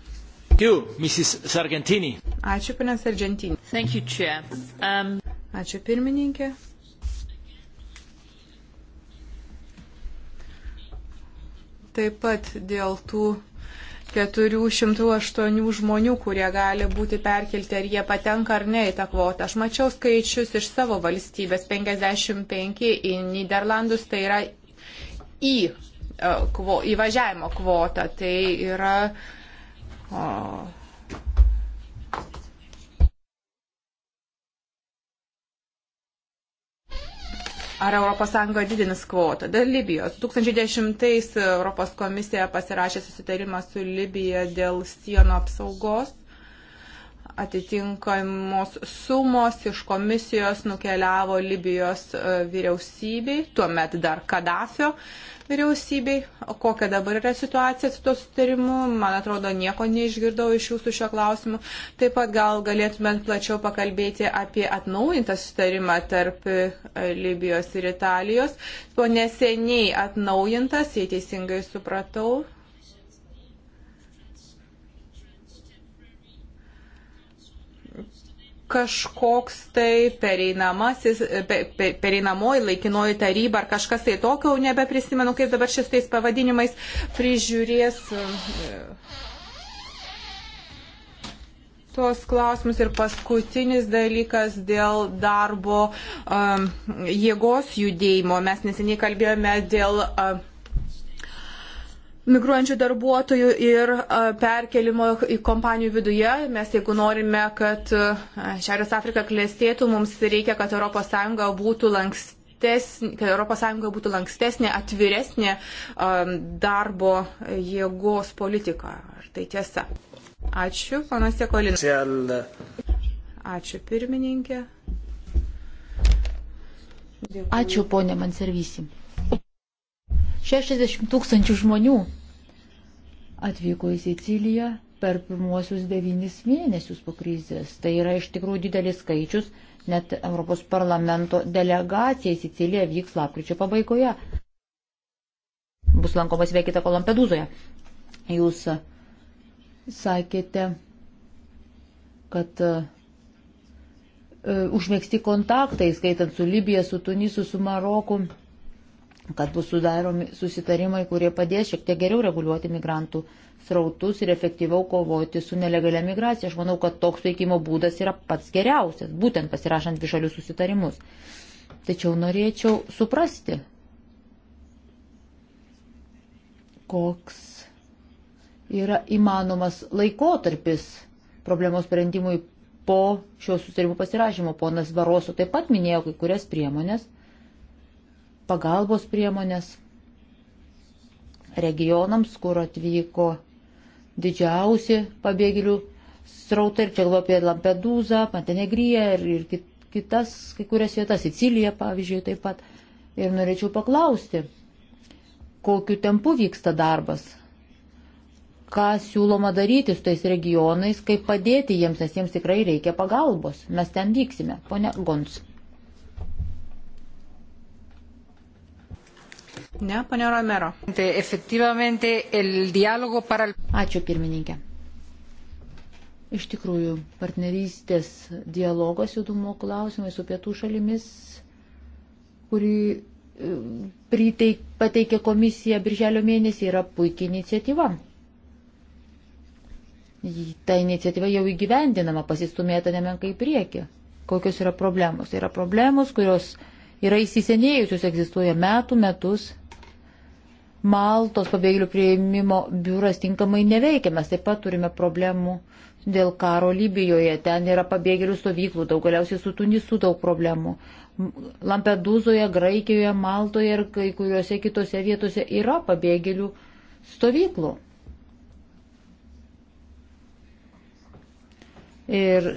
You, Mrs. Sargentini. Ačiū, panas Sargentini. Thank you, Chair. Um... Ačiū, pirmininkė. Taip pat dėl tų 408 žmonių, kurie gali būti perkelti, ar jie patenka ar ne į tą kvotą. Aš mačiau skaičius iš savo valstybės - 55 į Niderlandus, tai yra į e, kvo, įvažiavimo kvotą. Tai yra o, ar ES didinis kvotą. Dėl Libijos. 2010-ais ES komisija pasirašė susitarimą su Libija dėl sienų apsaugos atitinkamos sumos iš komisijos nukeliavo Libijos e, vyriausybei, tuomet dar Kadafio vyriausybei. O kokia dabar yra situacija su to sutarimu? Man atrodo, nieko neišgirdau iš jūsų šio klausimu. Taip pat gal galėtumėt plačiau pakalbėti apie atnaujintą sutarimą tarp e, Libijos ir Italijos. Po neseniai atnaujintas, jei teisingai supratau, kažkoks tai pereinamoji laikinoji taryba ar kažkas tai tokio, nebeprisimenu, kaip dabar šis tais pavadinimais prižiūrės e, tuos klausimus. Ir paskutinis dalykas dėl darbo um, jėgos judėjimo. Mes neseniai kalbėjome dėl. Um, migruojančių darbuotojų ir perkelimo į kompanijų viduje. Mes jeigu norime, kad Šiaurės Afrika klėstėtų, mums reikia, kad ES būtų lanksti kad ES būtų lankstesnė, atviresnė um, darbo jėgos politika. Ar tai tiesa? Ačiū, panas Jekolinas. Ačiū, pirmininkė. Dėkui. Ačiū, ponė Manservisi. 60 tūkstančių žmonių atvyko į Siciliją per pirmuosius devynis mėnesius po krizės. Tai yra iš tikrųjų didelis skaičius, net Europos parlamento delegacija į Siciliją vyks lapkričio pabaigoje. Bus lankomas veikita Kolampedūzoje. Jūs e, sakėte, kad uh, užmėgsti kontaktai, skaitant su Libija, su Tunisu, su Maroku, kad bus sudaromi susitarimai, kurie padės šiek tiek geriau reguliuoti migrantų srautus ir efektyviau kovoti su nelegalia migracija. Aš manau, kad toks veikimo būdas yra pats geriausias, būtent pasirašant višalių susitarimus. Tačiau norėčiau suprasti, koks yra įmanomas laikotarpis problemos sprendimui po šio susitarimų pasirašymo. Ponas Baroso taip pat minėjo kai kurias priemonės pagalbos priemonės regionams, kur atvyko didžiausi pabėgėlių srautai, ir čia galvo apie Lampedūzą, Montenegriją ir, ir kitas, kai kurias vietas, Siciliją pavyzdžiui taip pat. Ir norėčiau paklausti, kokiu tempu vyksta darbas, ką siūloma daryti su tais regionais, kaip padėti jiems, nes jiems tikrai reikia pagalbos. Mes ten vyksime, ponia Gons. Ne, ponė Romero. Ačiū pirmininkė. Iš tikrųjų, partnerystės dialogas judumo klausimai su pietų šalimis, kurį e, priteik, pateikė komisija birželio mėnesį, yra puikia iniciatyva. Ta iniciatyva jau įgyvendinama, pasistumėta nemenkai į priekį. Kokios yra problemos? Tai yra problemos, kurios yra įsisenėjusios, egzistuoja metų metus. Maltos pabėgėlių prieimimo biuras tinkamai neveikia. Mes taip pat turime problemų dėl karo Libijoje. Ten yra pabėgėlių stovyklų, daug galiausiai su Tunisu daug problemų. Lampedūzoje, Graikijoje, Maltoje ir kai kuriuose kitose vietose yra pabėgėlių stovyklų. Ir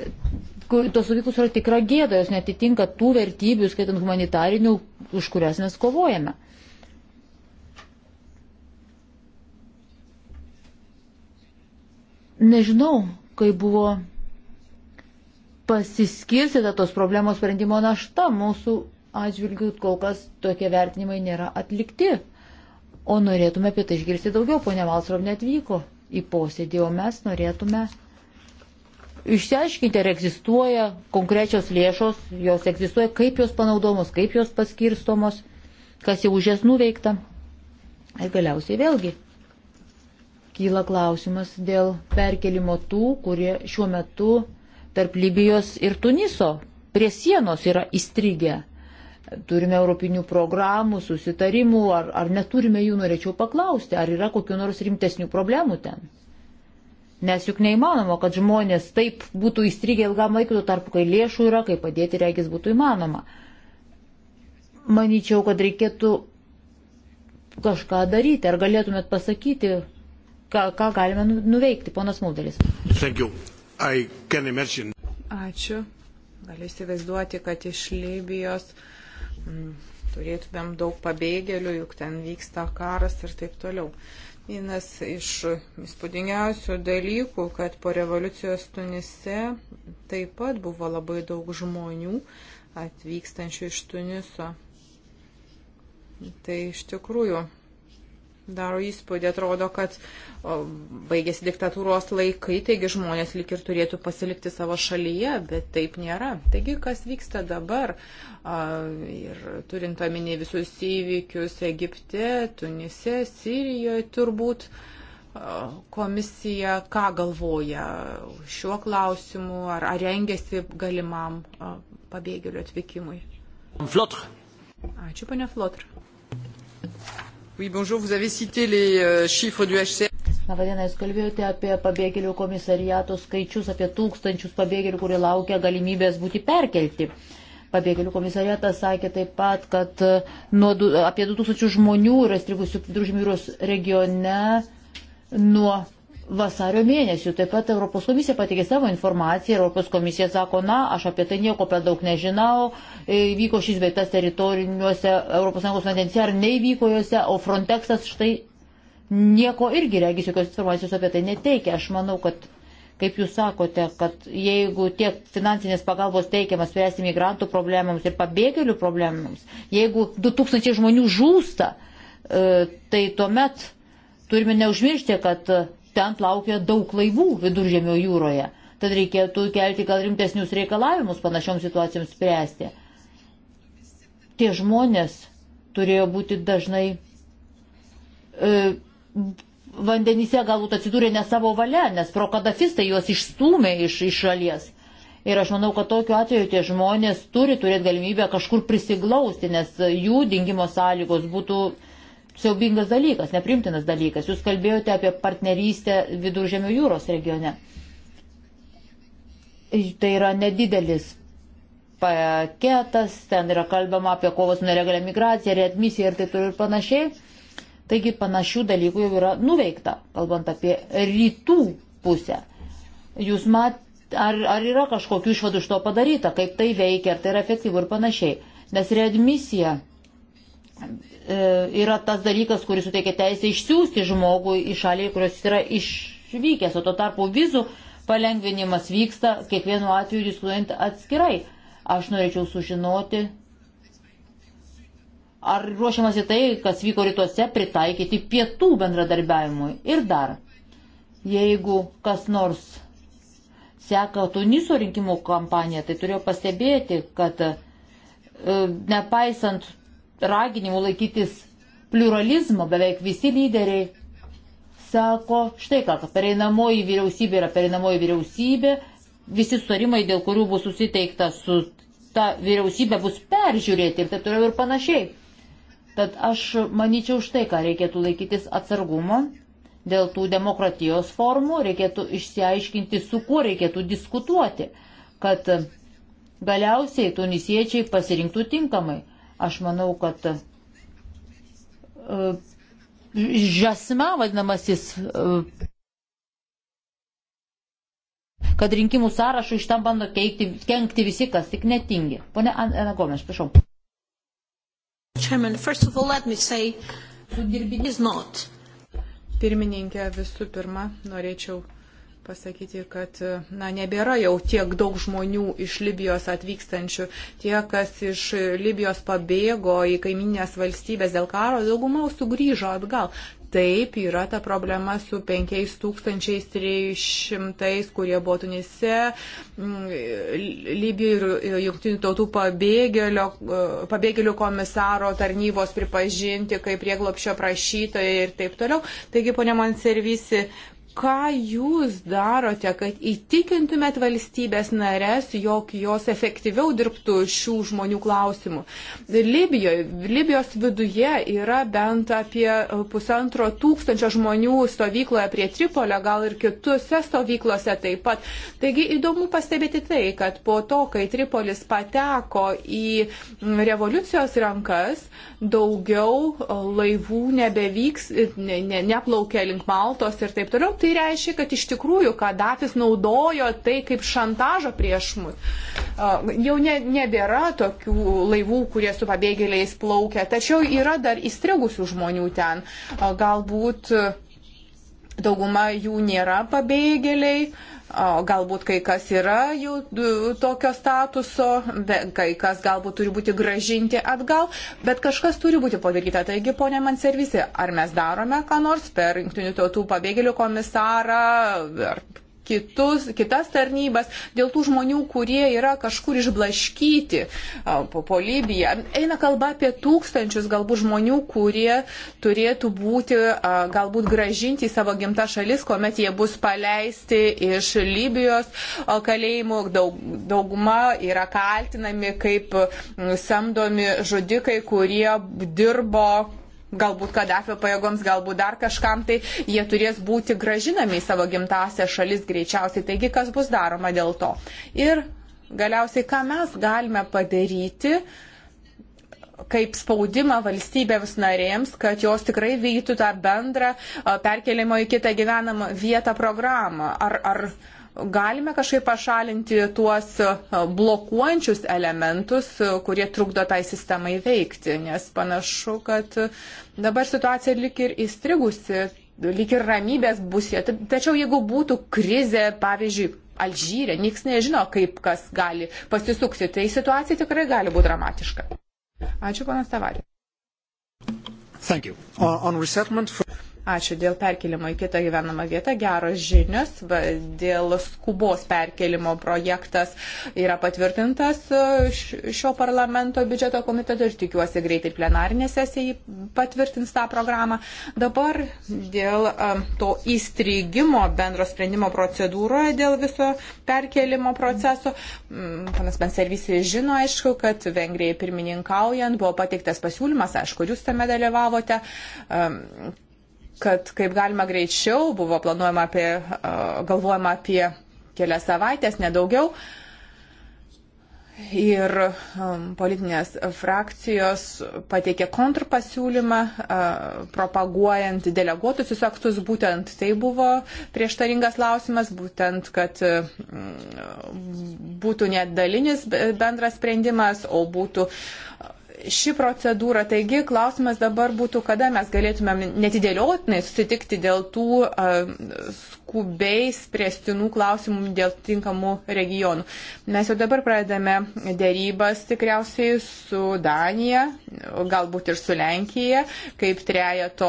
tos stovyklos yra tikra gėda, jos netitinka tų vertybių, skaitant humanitarinių, už kurias mes kovojame. Nežinau, kai buvo pasiskirstyta tos problemos sprendimo našta, mūsų atžvilgių kol kas tokie vertinimai nėra atlikti. O norėtume apie tai išgirsti daugiau, ponia Valsrov netvyko į posėdį, o mes norėtume išsiaiškinti, ar egzistuoja konkrečios lėšos, jos egzistuoja, kaip jos panaudomos, kaip jos paskirstomos, kas jau už jas nuveikta. Ir galiausiai vėlgi kyla klausimas dėl perkelimo tų, kurie šiuo metu tarp Libijos ir Tuniso prie sienos yra įstrigę. Turime europinių programų, susitarimų, ar, ar neturime jų, norėčiau paklausti, ar yra kokiu nors rimtesnių problemų ten. Nes juk neįmanoma, kad žmonės taip būtų įstrigę ilgam laikui, tuo tarpu, kai lėšų yra, kai padėti reikės būtų įmanoma. Manyčiau, kad reikėtų kažką daryti. Ar galėtumėt pasakyti, ką, ką galime nu, nuveikti, ponas Mulderis? Ačiū. Galiu įsivaizduoti, kad iš Libijos m, mm, turėtumėm daug pabėgėlių, juk ten vyksta karas ir taip toliau. Uh, Vienas iš įspūdingiausių dalykų, kad po revoliucijos Tunise taip pat buvo labai daug žmonių atvykstančių iš Tuniso. Tai iš tikrųjų daro įspūdį, atrodo, kad baigėsi diktatūros laikai, taigi žmonės lik ir turėtų pasilikti savo šalyje, bet taip nėra. Taigi, kas vyksta dabar ir turint omeny visus įvykius Egipte, Tunise, Sirijoje turbūt komisija ką galvoja šiuo klausimu, ar, ar rengiasi galimam pabėgėlių atvykimui. Flotr. Ačiū, pane Flotr. Oui, bonjour, vous avez cité les euh, chiffres du HCR. Labadiena, jūs kalbėjote apie pabėgėlių komisariato skaičius, apie tūkstančius pabėgėlių, kurie laukia galimybės būti perkelti. Pabėgėlių komisariatas sakė taip pat, kad e, nuo, apie 2000 žmonių yra strigusių viduržmyros regione nuo Vasario mėnesių taip pat Europos komisija pateikė savo informaciją ir Europos komisija sako, na, aš apie tai nieko per daug nežinau, e, vyko šis veitas teritoriniuose ES vandense ar neįvyko juose, o Frontexas štai nieko irgi regis jokios informacijos apie tai neteikia. Aš manau, kad, kaip jūs sakote, kad jeigu tiek finansinės pagalbos teikiamas spręsti migrantų problemams ir pabėgėlių problemams, jeigu 2000 žmonių žūsta, e, tai tuomet turime neužmiršti, kad ten plaukia daug laivų viduržėmio jūroje. Tad reikėtų kelti gal rimtesnius reikalavimus panašioms situacijoms spręsti. Tie žmonės turėjo būti dažnai e, vandenyse galbūt atsidūrė ne savo valia, nes prokadafistai juos išstūmė iš, iš šalies. Ir aš manau, kad tokiu atveju tie žmonės turi turėti galimybę kažkur prisiglausti, nes jų dingimo sąlygos būtų siaubingas dalykas, neprimtinas dalykas. Jūs kalbėjote apie partnerystę Viduržėmio jūros regione. Tai yra nedidelis paketas, ten yra kalbama apie kovos neregalę migraciją, readmisiją ir taip toliau ir panašiai. Taigi panašių dalykų jau yra nuveikta, kalbant apie rytų pusę. Jūs mat, ar, ar yra kažkokių išvadų iš to padaryta, kaip tai veikia, ar tai yra efektyvu ir panašiai. Nes readmisija E, yra tas dalykas, kuris suteikia teisę išsiųsti žmogų į šalį, kurios jis yra išvykęs, o tuo tarpu vizų palengvinimas vyksta kiekvienu atveju diskutuojant atskirai. Aš norėčiau sužinoti, ar ruošiamasi tai, kas vyko rytuose, pritaikyti pietų bendradarbiavimui. Ir dar, jeigu kas nors seka Tuniso rinkimų kampaniją, tai turėjo pastebėti, kad e, nepaisant raginimų laikytis pluralizmo beveik visi lyderiai sako, štai ką, pereinamoji vyriausybė yra pereinamoji vyriausybė, visi sutarimai, dėl kurių bus susiteikta su ta vyriausybė, bus peržiūrėti ir taip toliau ir panašiai. Tad aš manyčiau štai ką, reikėtų laikytis atsargumo dėl tų demokratijos formų, reikėtų išsiaiškinti, su kuo reikėtų diskutuoti, kad galiausiai tunisiečiai pasirinktų tinkamai. Aš manau, kad uh, e, žasma vadinamasis, uh, kad rinkimų sąrašų iš tam bando keikti, kenkti visi, kas tik netingi. Pone Anagomė, aš prašau. Chairman, first of all, let me say, dirbinys not. Pirmininkė, visų pirma, norėčiau pasakyti, kad na, nebėra jau tiek daug žmonių iš Libijos atvykstančių. Tie, kas iš Libijos pabėgo į kaiminės valstybės dėl karo, dauguma sugrįžo atgal. Taip, yra ta problema su 5300, kurie buvo Tunise, Libijoje ir Junktinių tautų pabėgėlio, e, pabėgėlių komisaro tarnybos pripažinti kaip prieglopšio prašytojai ir taip toliau. Taigi, ponia Manservisi, ką jūs darote, kad įtikintumėt valstybės narės, jog jos efektyviau dirbtų šių žmonių klausimų. Libijoje, Libijos viduje yra bent apie pusantro tūkstančio žmonių stovykloje prie Tripolio, gal ir kitose stovyklose taip pat. Taigi įdomu pastebėti tai, kad po to, kai Tripolis pateko į revoliucijos rankas, daugiau laivų nebevyks, ne, ne, neplaukia link Maltos ir taip toliau. Tai tai reiškia, kad iš tikrųjų Kadafis naudojo tai kaip šantažą prieš mus. Jau ne, nebėra tokių laivų, kurie su pabėgėliais plaukia, tačiau yra dar įstrigusių žmonių ten. Galbūt dauguma jų nėra pabėgėliai, Galbūt kai kas yra jau tokio statuso, kai kas galbūt turi būti gražinti atgal, bet kažkas turi būti padaryta. Taigi, ponė man servisi, ar mes darome ką nors per Junktinių tautų pabėgėlių komisarą, ar kitus, kitas tarnybas, dėl tų žmonių, kurie yra kažkur išblaškyti po, po Libiją. Eina kalba apie tūkstančius galbūt žmonių, kurie turėtų būti galbūt gražinti į savo gimtą šalis, kuomet jie bus paleisti iš Libijos kalėjimų. Daug, dauguma yra kaltinami kaip samdomi žudikai, kurie dirbo galbūt Kadafio pajėgoms, galbūt dar kažkam, tai jie turės būti gražinami į savo gimtąsią šalis greičiausiai. Taigi, kas bus daroma dėl to? Ir galiausiai, ką mes galime padaryti, kaip spaudimą valstybėms narėms, kad jos tikrai vykdytų tą bendrą perkelimo į kitą gyvenamą vietą programą. Ar, ar, galime kažkaip pašalinti tuos e, blokuojančius elementus, e, kurie trukdo tai sistemai veikti, nes panašu, kad dabar situacija lik ir įstrigusi, lik ir ramybės busė. Tačiau jeigu būtų krizė, pavyzdžiui, Alžyrė, nieks nežino, kaip kas gali pasisukti, tai situacija tikrai gali būti dramatiška. Ačiū, panas Tavarė. Uh, for... Ačiū dėl perkelimo į kitą gyvenamą vietą. Geros žinios. Dėl skubos perkelimo projektas yra patvirtintas e, šio parlamento biudžeto komiteto ir tikiuosi greitai plenarinė sesija patvirtins tą programą. Dabar dėl e, to įstrigimo bendro sprendimo procedūroje dėl viso perkelimo proceso. Mm, panas Benservisi žino, aišku, kad Vengrijai pirmininkaujant buvo pateiktas pasiūlymas, aišku, jūs tame dalyvavote e, kad kaip galima greičiau buvo planuojama apie, galvojama apie kelias savaitės, nedaugiau. Ir um, politinės frakcijos pateikė kontrpasiūlymą, propaguojant deleguotusius aktus, būtent tai buvo prieštaringas klausimas, būtent, kad mm, būtų net dalinis bendras sprendimas, o būtų ši procedūra. Taigi klausimas dabar būtų, kada mes galėtumėm netidėliotinai susitikti dėl tų skubiai spręstinų klausimų dėl tinkamų regionų. Mes jau dabar pradedame dėrybas tikriausiai su Danija, galbūt ir su Lenkija, kaip trejato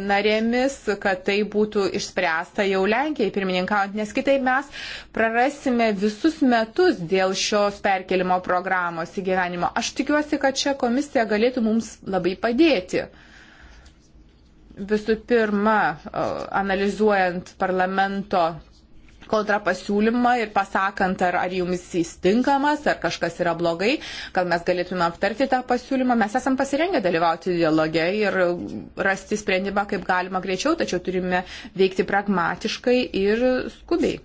narėmis, kad tai būtų išspręsta jau Lenkijai pirmininkaujant, nes kitaip mes prarasime visus metus dėl šios perkelimo programos įgyvenimo. Aš tikiuosi, kad čia komisija galėtų mums labai padėti. Visų pirma, analizuojant parlamento kontrapasiūlymą ir pasakant, ar, ar jums jis tinkamas, ar kažkas yra blogai, gal mes galėtume aptarti tą pasiūlymą. Mes esam pasirengę dalyvauti dialoge ir rasti sprendimą kaip galima greičiau, tačiau turime veikti pragmatiškai ir skubiai.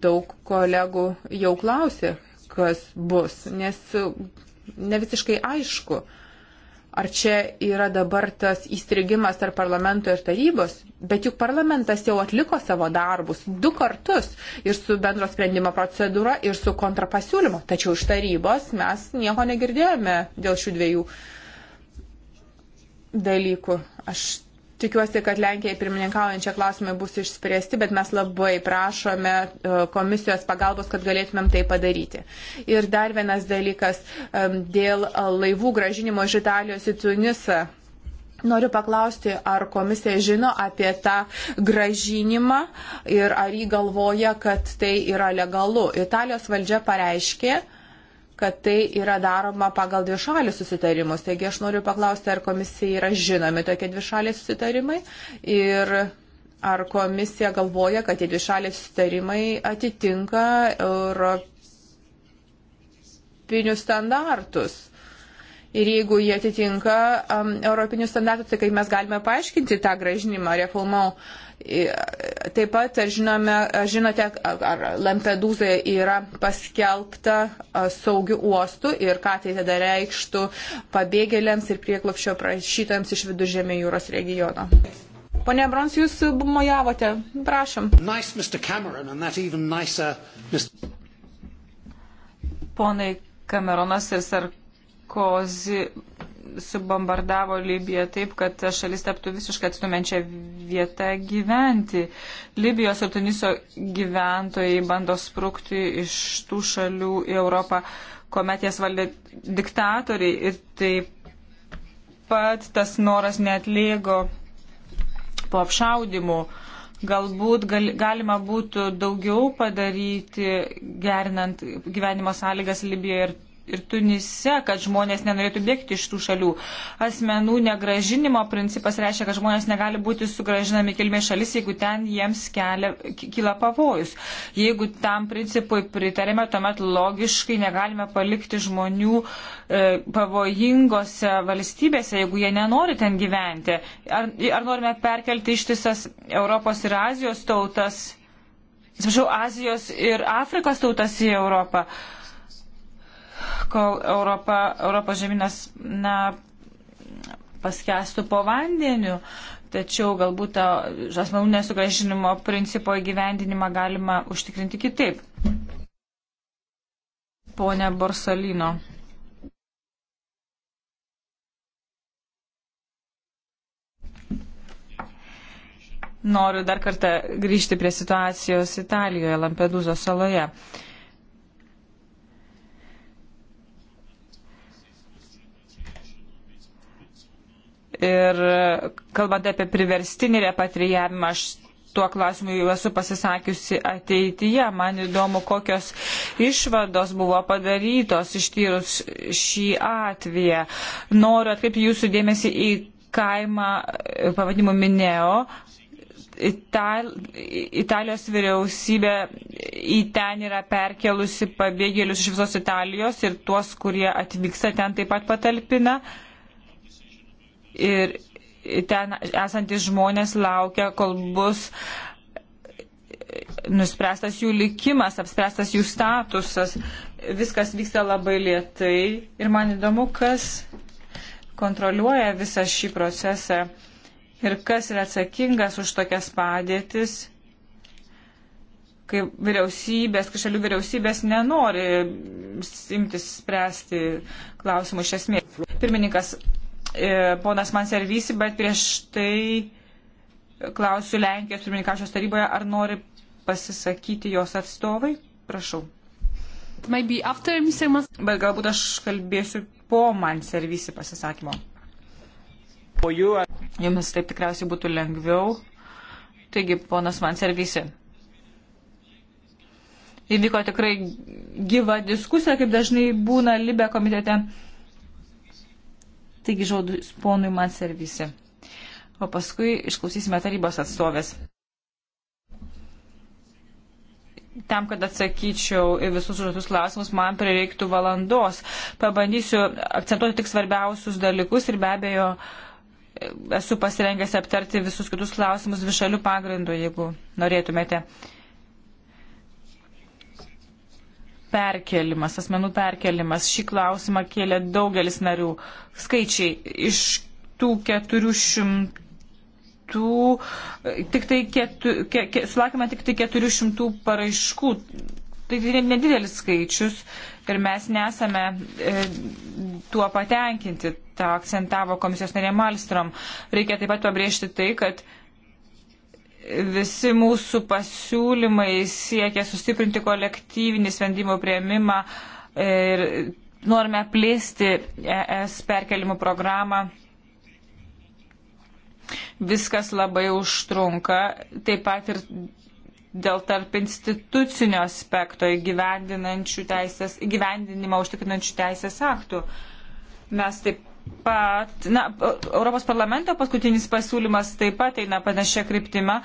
Daug kolegų jau klausė, kas bus, nes ne visiškai aišku, ar čia yra dabar tas įstrigimas tarp parlamento ir tarybos, bet juk parlamentas jau atliko savo darbus du kartus ir su bendro sprendimo procedūra, ir su kontrapasiūlymu, tačiau iš tarybos mes nieko negirdėjome dėl šių dviejų dalykų. Aš Tikiuosi, kad Lenkijai pirmininkaujančia klausimai bus išspręsti, bet mes labai prašome e, komisijos pagalbos, kad galėtumėm tai padaryti. Ir dar vienas dalykas e, dėl laivų gražinimo iš Italijos į Tunisą. Noriu paklausti, ar komisija žino apie tą gražinimą ir ar jį galvoja, kad tai yra legalu. Italijos valdžia pareiškė, kad tai yra daroma pagal dvišalį susitarimus. Taigi aš noriu paklausti, ar komisija yra žinomi tokie dvišaliai susitarimai ir ar komisija galvoja, kad tie dvišaliai susitarimai atitinka europinius standartus. Ir jeigu jie atitinka um, europinių standartų, tai kaip mes galime paaiškinti tą gražinimą refulmau. Taip pat, ar, žinome, ar žinote, ar Lampedūza yra paskelbta saugių uostų ir ką tai tada reikštų pabėgėliams ir prieklopšio prašytams iš viduržėmė jūros regiono. Pone Brons, jūs mojavote. Prašom. Nice Mr. Cameron, nicer, Mr. Ponai Cameronas ir Sarkozy Kozi subombardavo Libiją taip, kad ta šalis taptų visiškai atstumenčia vieta gyventi. Libijos ir Tuniso gyventojai bando sprukti iš tų šalių į Europą, kuomet jas valdė diktatoriai ir taip pat tas noras netlėgo po apšaudimų. Galbūt gal, galima būtų daugiau padaryti, gerinant gyvenimo sąlygas Libijoje ir ir Tunise, kad žmonės nenorėtų bėgti iš tų šalių. Asmenų negražinimo principas reiškia, kad žmonės negali būti sugražinami kilmės šalis, jeigu ten jiems kelia, kyla pavojus. Jeigu tam principui pritarėme, tuomet logiškai negalime palikti žmonių e, pavojingose valstybėse, jeigu jie nenori ten gyventi. Ar, ar norime perkelti ištisas Europos ir Azijos tautas? Atsiprašau, Azijos ir Afrikos tautas į Europą. Uh, kol Europa, Europos žemynas na, paskestų po vandeniu. Tačiau galbūt tą asmenų nesugražinimo principo įgyvendinimą galima užtikrinti kitaip. Pone Borsalino. Noriu dar kartą grįžti prie situacijos Italijoje, Lampedūzos saloje. Uh, Ir kalbant apie priverstinį repatrijavimą, aš tuo klausimu jau esu pasisakiusi ateityje. Man įdomu, kokios išvados buvo padarytos ištyrus šį atveją. Noriu atkreipti jūsų dėmesį į kaimą pavadinimu Mineo. Ital, Italijos vyriausybė į ten yra perkelusi pabėgėlius iš visos Italijos ir tuos, kurie atvyksta ten taip pat patalpina. Uh, ir ten esantis žmonės laukia, kol bus nuspręstas jų likimas, apspręstas jų statusas. Viskas vyksta labai lietai ir man įdomu, kas kontroliuoja visą šį procesą ir kas yra atsakingas už tokias padėtis, kai vyriausybės, kai šalių vyriausybės nenori imtis spręsti klausimų iš esmės. Pirmininkas, E, ponas Manservysi, bet prieš tai klausiu Lenkijos pirmininkašios taryboje, ar nori pasisakyti jos atstovai. Prašau. Bet galbūt aš kalbėsiu po Manservysi pasisakymo. Jums taip tikriausiai būtų lengviau. Taigi, ponas Manservysi įvyko tikrai gyva diskusija, kaip dažnai būna Libė komitete. Taigi žodis ponui man servisi. O paskui išklausysime tarybos atstovės. Tam, kad atsakyčiau į visus užduotus klausimus, man prireiktų valandos. Pabandysiu akcentuoti tik svarbiausius dalykus ir be abejo esu pasirengęs aptarti visus kitus klausimus dvišalių pagrindų, jeigu norėtumėte. Uh, perkelimas, asmenų perkelimas. Šį klausimą kėlė daugelis narių. Skaičiai iš tų 400. Tik tai ketu, ke, ke, sulaukime tik tai 400 paraiškų. Tai nedidelis skaičius ir mes nesame e, tuo patenkinti. Ta akcentavo komisijos narė Malstrom. Reikia taip pat pabrėžti tai, kad e, visi mūsų pasiūlymai siekia sustiprinti kolektyvinį sprendimų prieimimą e, ir norime plėsti ES perkelimų programą. Viskas labai užtrunka, taip pat ir dėl tarp institucinio aspekto įgyvendinimo užtikrinančių teisės aktų. Mes taip pat, na, Europos parlamento paskutinis pasiūlymas taip pat eina panašia kryptima,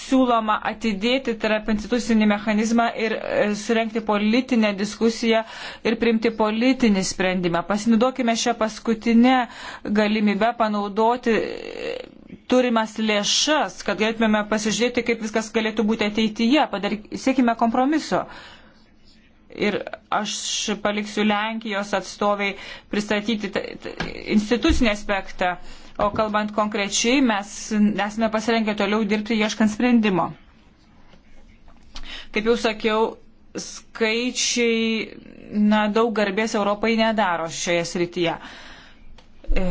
siūloma atidėti tarp institucinį mechanizmą ir e, surenkti politinę diskusiją ir priimti politinį sprendimą. Pasinaudokime šią paskutinę galimybę panaudoti e, turimas lėšas, kad galėtume pasižiūrėti, kaip viskas galėtų būti ateityje. Padar... Siekime kompromiso. Uh, ir aš paliksiu Lenkijos atstoviai pristatyti institucinį aspektą, o kalbant konkrečiai, mes esame pasirengę toliau dirbti ieškant sprendimo. Kaip jau sakiau, skaičiai na, daug garbės Europai nedaro šioje srityje. E,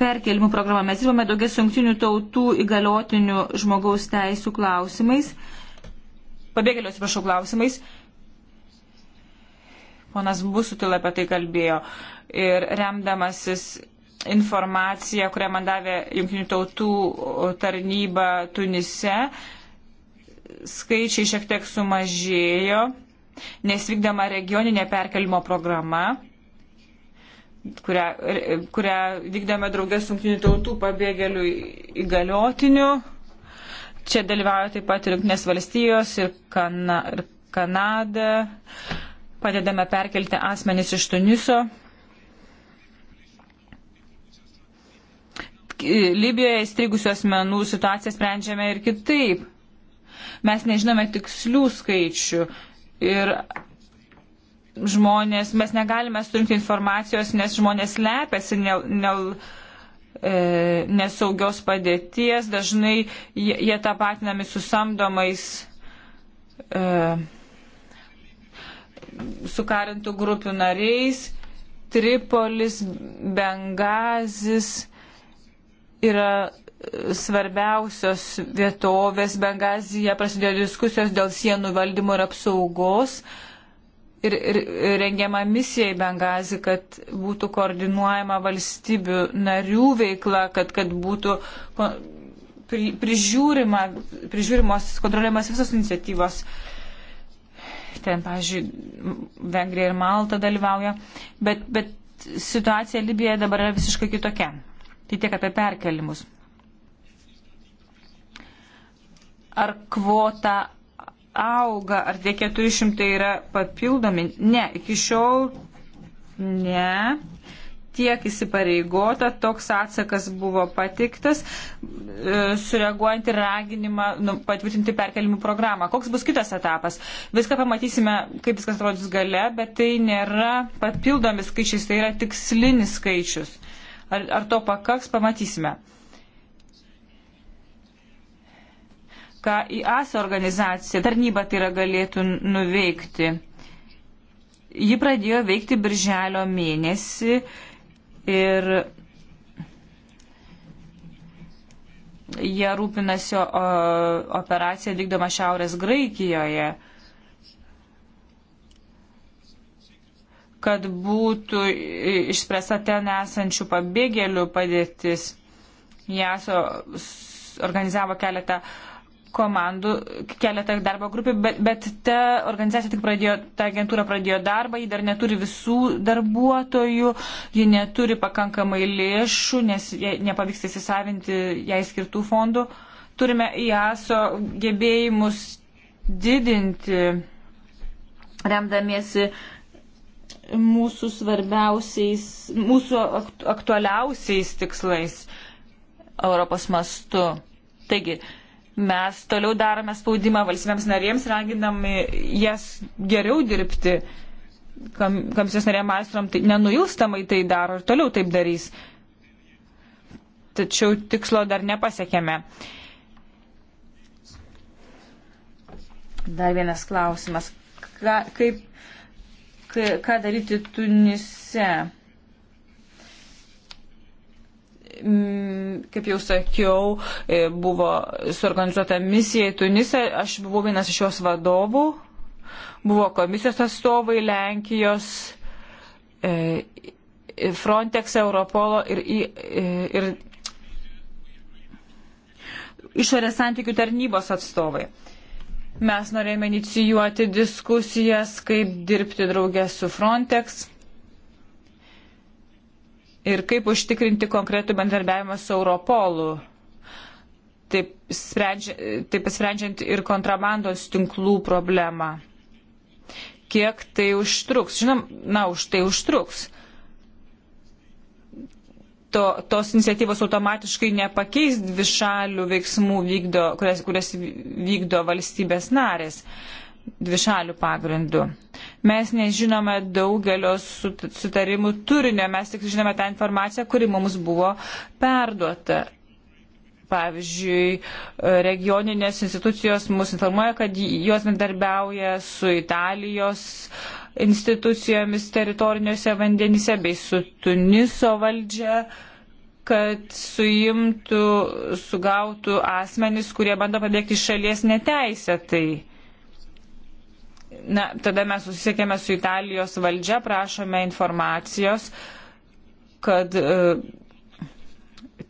perkelimų programą mes dirbame daugia su jungtinių tautų įgaliotinių žmogaus teisų klausimais, pabėgėlių atsiprašau klausimais Ponas Busutil apie tai kalbėjo. Ir remdamasis informacija, kurią man davė Junktinių tautų tarnyba Tunise, skaičiai šiek tiek sumažėjo, nes vykdama regioninė perkelimo programa, kurią, kurią vykdame draugės Junktinių tautų pabėgėlių įgaliotinių. Čia dalyvauja taip pat ir Junktinės valstijos, ir, Kana, ir Kanada padedame perkelti asmenys iš Tuniso. Libijoje įstrigusių asmenų situaciją sprendžiame ir kitaip. Mes nežinome tikslių skaičių ir žmonės, mes negalime surinkti informacijos, nes žmonės lepiasi, ne, ne, e, nesaugios padėties, dažnai jie, jie tapatinami su samdomais. E, sukarintų grupių nariais. Tripolis, Bengazis yra e, svarbiausios vietovės. Bengazija prasidėjo diskusijos dėl sienų valdymo ir apsaugos. Ir, ir rengiama misija į Bengazį, kad būtų koordinuojama valstybių narių veikla, kad, kad būtų prižiūrima, prižiūrimos, kontroliuojamas visos iniciatyvos uh, ten, pavyzdžiui, Vengrija ir Malta dalyvauja, bet, bet situacija Libijoje dabar yra visiškai kitokia. Tai tiek apie perkelimus. Ar kvota auga, ar tie 400 yra papildomi? Ne, iki šiol ne tiek įsipareigota, toks atsakas buvo patiktas, e, sureaguojant ir raginimą nu, patvirtinti perkelimų programą. Koks bus kitas etapas? Viską pamatysime, kaip viskas atrodys gale, bet tai nėra papildomi skaičiai, tai yra tikslinis skaičius. Ar, ar to pakaks, pamatysime. Ką IAS organizacija, tarnyba tai yra galėtų nuveikti. Ji pradėjo veikti birželio mėnesį. Uh, ir jie rūpinasi operaciją vykdomą Šiaurės Graikijoje, kad būtų išspręsta ten esančių pabėgėlių padėtis. Jaso organizavo keletą uh, komandų, keletą darbo grupių, bet, bet ta organizacija tik pradėjo, ta agentūra pradėjo darbą, ji dar neturi visų darbuotojų, ji neturi pakankamai lėšų, nes nepavyksta įsisavinti jai skirtų fondų. Turime IASO gebėjimus didinti, remdamiesi mūsų svarbiausiais, mūsų aktualiausiais tikslais Europos mastu. Taigi, Mes toliau darome spaudimą valstybėms narėms, raginami jas geriau dirbti. Kam, komisijos narė Maistrom tai nenuilstamai tai daro ir toliau taip darys. Tačiau tikslo dar nepasiekėme. Dar vienas klausimas. Ka, kaip, ka, ką daryti Tunise? Mm, kaip jau sakiau, e, buvo suorganizuota misija į Tunisą, aš buvau vienas iš jos vadovų, buvo komisijos atstovai Lenkijos, e, Frontex, Europolo ir, e, ir išorės santykių tarnybos atstovai. Mes norėjome inicijuoti diskusijas, kaip dirbti draugę su Frontex ir kaip užtikrinti konkretų bendradarbiavimą su Europolu, taip, sprendžia, taip sprendžiant ir kontrabandos tinklų problemą. Kiek tai užtruks? Žinom, na, už tai užtruks. To, tos iniciatyvos automatiškai nepakeis dvišalių veiksmų, vykdo, kurias, kurias vykdo valstybės narės. Uh, dvišalių pagrindų. Mes nežinome daugelio sutarimų turinio, mes tik žinome tą informaciją, kuri mums buvo perduota. Pavyzdžiui, regioninės institucijos mus informuoja, kad jos bendarbiauja su Italijos institucijomis teritoriniuose vandenyse bei su Tuniso valdžia kad suimtų, sugautų asmenys, kurie bando pabėgti iš šalies neteisėtai na, tada mes susisiekėme su Italijos valdžia, prašome informacijos, kad e,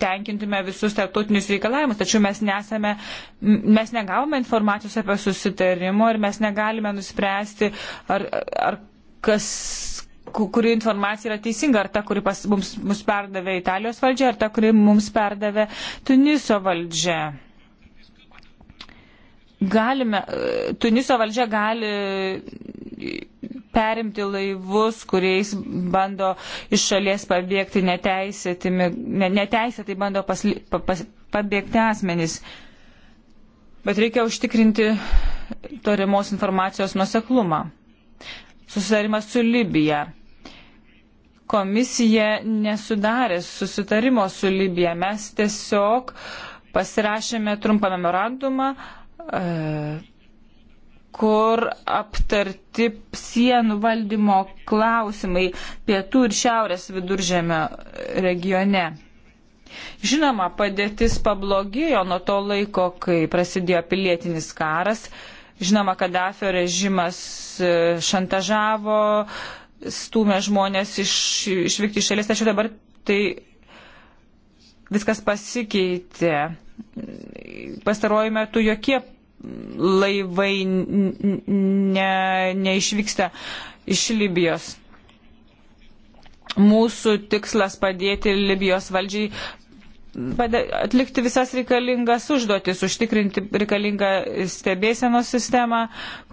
tenkintume visus tarptautinius reikalavimus, tačiau mes, nesame, mes negavome informacijos apie susitarimo ir mes negalime nuspręsti, ar, ar kas, kuri informacija yra teisinga, ar ta, kuri pas, mums, mums perdavė Italijos valdžia, ar ta, kuri mums perdavė Tuniso valdžia galime, e, Tuniso valdžia gali perimti laivus, kuriais bando iš šalies pabėgti neteisėtai, neteisėtai bando pasli, pa, pas, pabėgti asmenys. Bet reikia užtikrinti torimos informacijos nuseklumą. Susitarimas su Libija. Komisija nesudarė susitarimo su Libija. Mes tiesiog pasirašėme trumpą memorandumą, uh, E, kur aptarti sienų valdymo klausimai pietų ir šiaurės viduržėme regione. Žinoma, padėtis pablogėjo nuo to laiko, kai prasidėjo pilietinis karas. Žinoma, Kadafio režimas e, šantažavo, stumė žmonės iš, išvykti iš šalies, tačiau dabar tai viskas pasikeitė. Pastaruoju metu jokie laivai ne, neišvyksta iš Libijos. Mūsų tikslas padėti Libijos valdžiai atlikti visas reikalingas užduotis, užtikrinti reikalingą stebėsenos sistemą,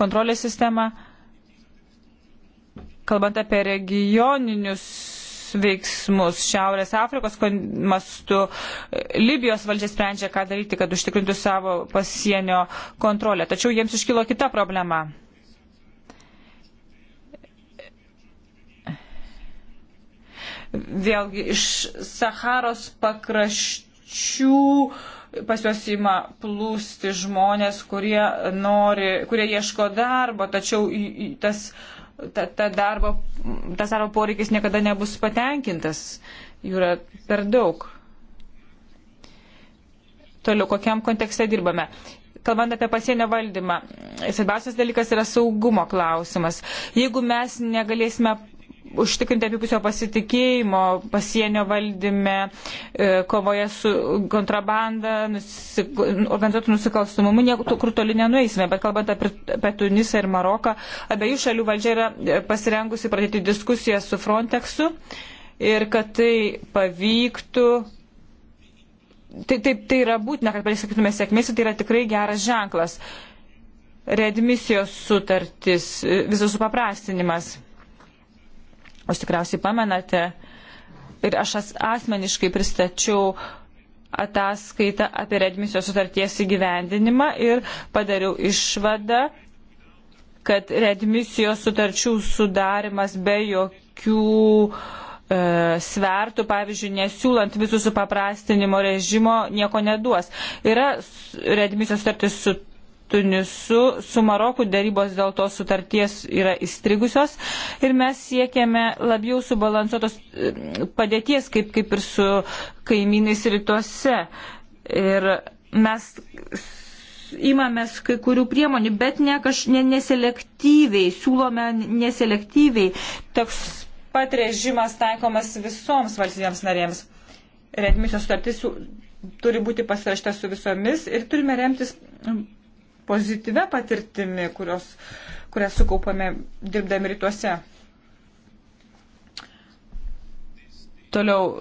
kontrolės sistemą. Kalbant apie regioninius veiksmus. Šiaurės Afrikos mastu Libijos valdžia sprendžia, ką daryti, kad užtikrintų savo pasienio kontrolę. Tačiau jiems iškilo kita problema. Vėlgi iš Saharos pakraščių pas juos ima plūsti žmonės, kurie, nori, kurie ieško darbo, tačiau tas uh, ta, ta darbo, tas darbo poreikis niekada nebus patenkintas. Jų yra per daug. Toliau, kokiam kontekste dirbame kalbant apie pasienio valdymą, svarbiausias dalykas yra saugumo klausimas. Jeigu mes negalėsime užtikrinti abipusio pasitikėjimo pasienio valdyme, e, kovoje su kontrabanda, nusik, organizuotų nusikalstumumu, kur toli nenueisime. Bet kalbant apie, apie Tunisą ir Maroką, abiejų šalių valdžia yra e, pasirengusi pradėti diskusiją su Frontexu ir kad tai pavyktų. Tai, tai, tai yra būtina, kad pasiektume sėkmės, tai yra tikrai geras ženklas. Redmisijos sutartis, e, visų supaprastinimas Jūs tikriausiai pamenate ir aš asmeniškai pristačiau ataskaitą apie redmisijos sutarties įgyvendinimą ir padariau išvadą, kad redmisijos sutarčių sudarimas be jokių e, svertų, pavyzdžiui, nesiūlant visų supaprastinimo režimo, nieko neduos. Yra redmisijos sutartis su Tunisu, su Maroku dėrybos dėl tos sutarties yra įstrigusios ir mes siekiame labiau subalansuotos e, padėties, kaip, kaip ir su kaimynais rytuose. Ir mes imamės kai kurių priemonių, bet ne, kaž, ne neselektyviai, siūlome neselektyviai. Toks pat režimas taikomas visoms valstybėms narėms. Redmisijos sutartis turi būti pasirašta su visomis ir turime remtis pozityvę patirtimi, kurios, kurią sukaupame dirbdami rytuose. Toliau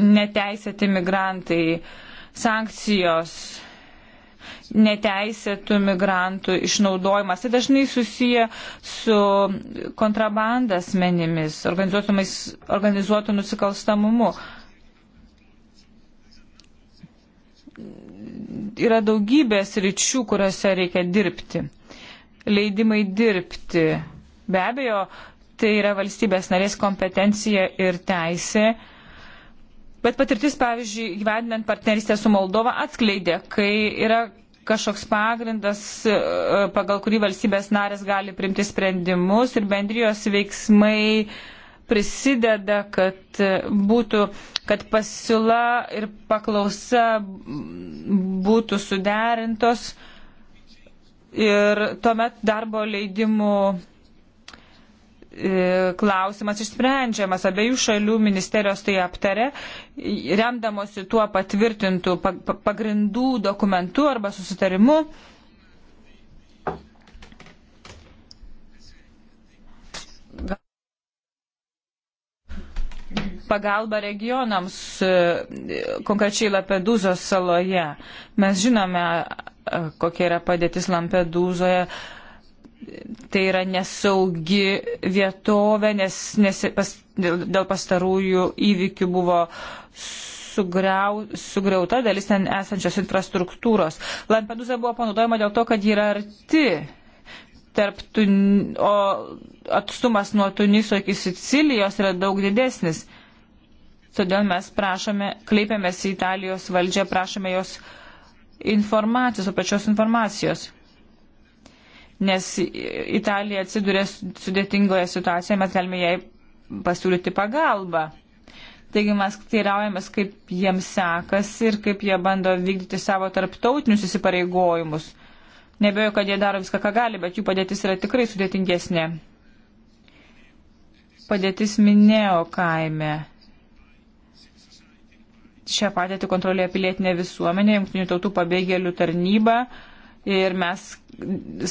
neteisėti migrantai, sankcijos, neteisėtų migrantų išnaudojimas. Tai dažnai susiję su kontrabandas menimis, organizuotų nusikalstamumu. yra daugybės ryčių, kuriuose reikia dirbti. Leidimai dirbti. Be abejo, tai yra valstybės narės kompetencija ir teisė. Bet patirtis, pavyzdžiui, gyvendinant partnerystę su Moldova atskleidė, kai yra kažkoks pagrindas, e, pagal kurį valstybės narės gali primti sprendimus ir bendrijos veiksmai uh, prisideda, kad būtų, kad pasiūla ir paklausa būtų suderintos ir tuomet darbo leidimų e, klausimas išsprendžiamas. Abiejų šalių ministerijos tai aptarė, remdamosi tuo patvirtintų pagrindų dokumentu arba susitarimu. pagalbą regionams, e, konkrečiai Lampedūzos saloje. Mes žinome, e, kokia yra padėtis Lampedūzoje. Tai yra nesaugi vietovė, nes, nes pas, dėl, dėl pastarųjų įvykių buvo sugriau, sugriauta dalis ten esančios infrastruktūros. Lampedūza buvo panaudojama dėl to, kad ji yra arti tarp tun, o atstumas nuo Tuniso iki Sicilijos yra daug didesnis. Todėl mes prašome, kreipiamės į Italijos valdžią, prašome jos informacijos, apačios informacijos. Nes Italija atsiduria sudėtingoje situacijoje, mes galime jai pasiūlyti pagalbą. Taigi mes teiraujamės, kaip jiems sekasi ir kaip jie bando vykdyti savo tarptautinius įsipareigojimus. Nebejoju, kad jie daro viską, ką gali, bet jų padėtis yra tikrai sudėtingesnė. Padėtis minėjo kaime šią patėtį kontroliuoja pilietinė visuomenė, jungtinių tautų pabėgėlių tarnyba ir mes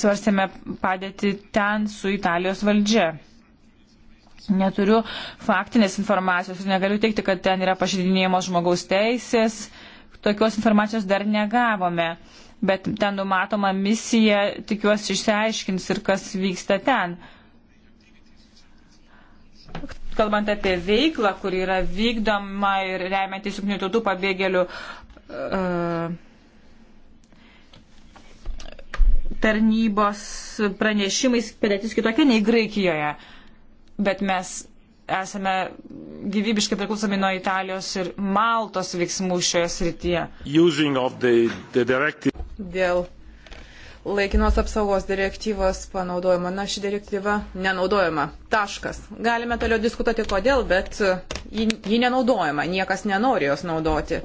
svarstėme padėti ten su Italijos valdžia. Neturiu faktinės informacijos ir negaliu teikti, kad ten yra pažydinėjamos žmogaus teisės. Tokios informacijos dar negavome, bet ten numatoma misija, tikiuosi, išsiaiškins ir kas vyksta ten. Uh, kalbant apie veiklą, kur yra vykdoma ir remiantis jungtinių tautų pabėgėlių uh, tarnybos pranešimais padėtis kitokia nei Graikijoje. Bet mes esame gyvybiškai priklausomi nuo Italijos ir Maltos veiksmų šioje srityje. Dėl laikinos apsaugos direktyvos panaudojimo. Na, ši direktyva nenaudojama. Taškas. Galime toliau diskutuoti kodėl, bet e, ji, ji nenaudojama. Niekas nenori jos naudoti.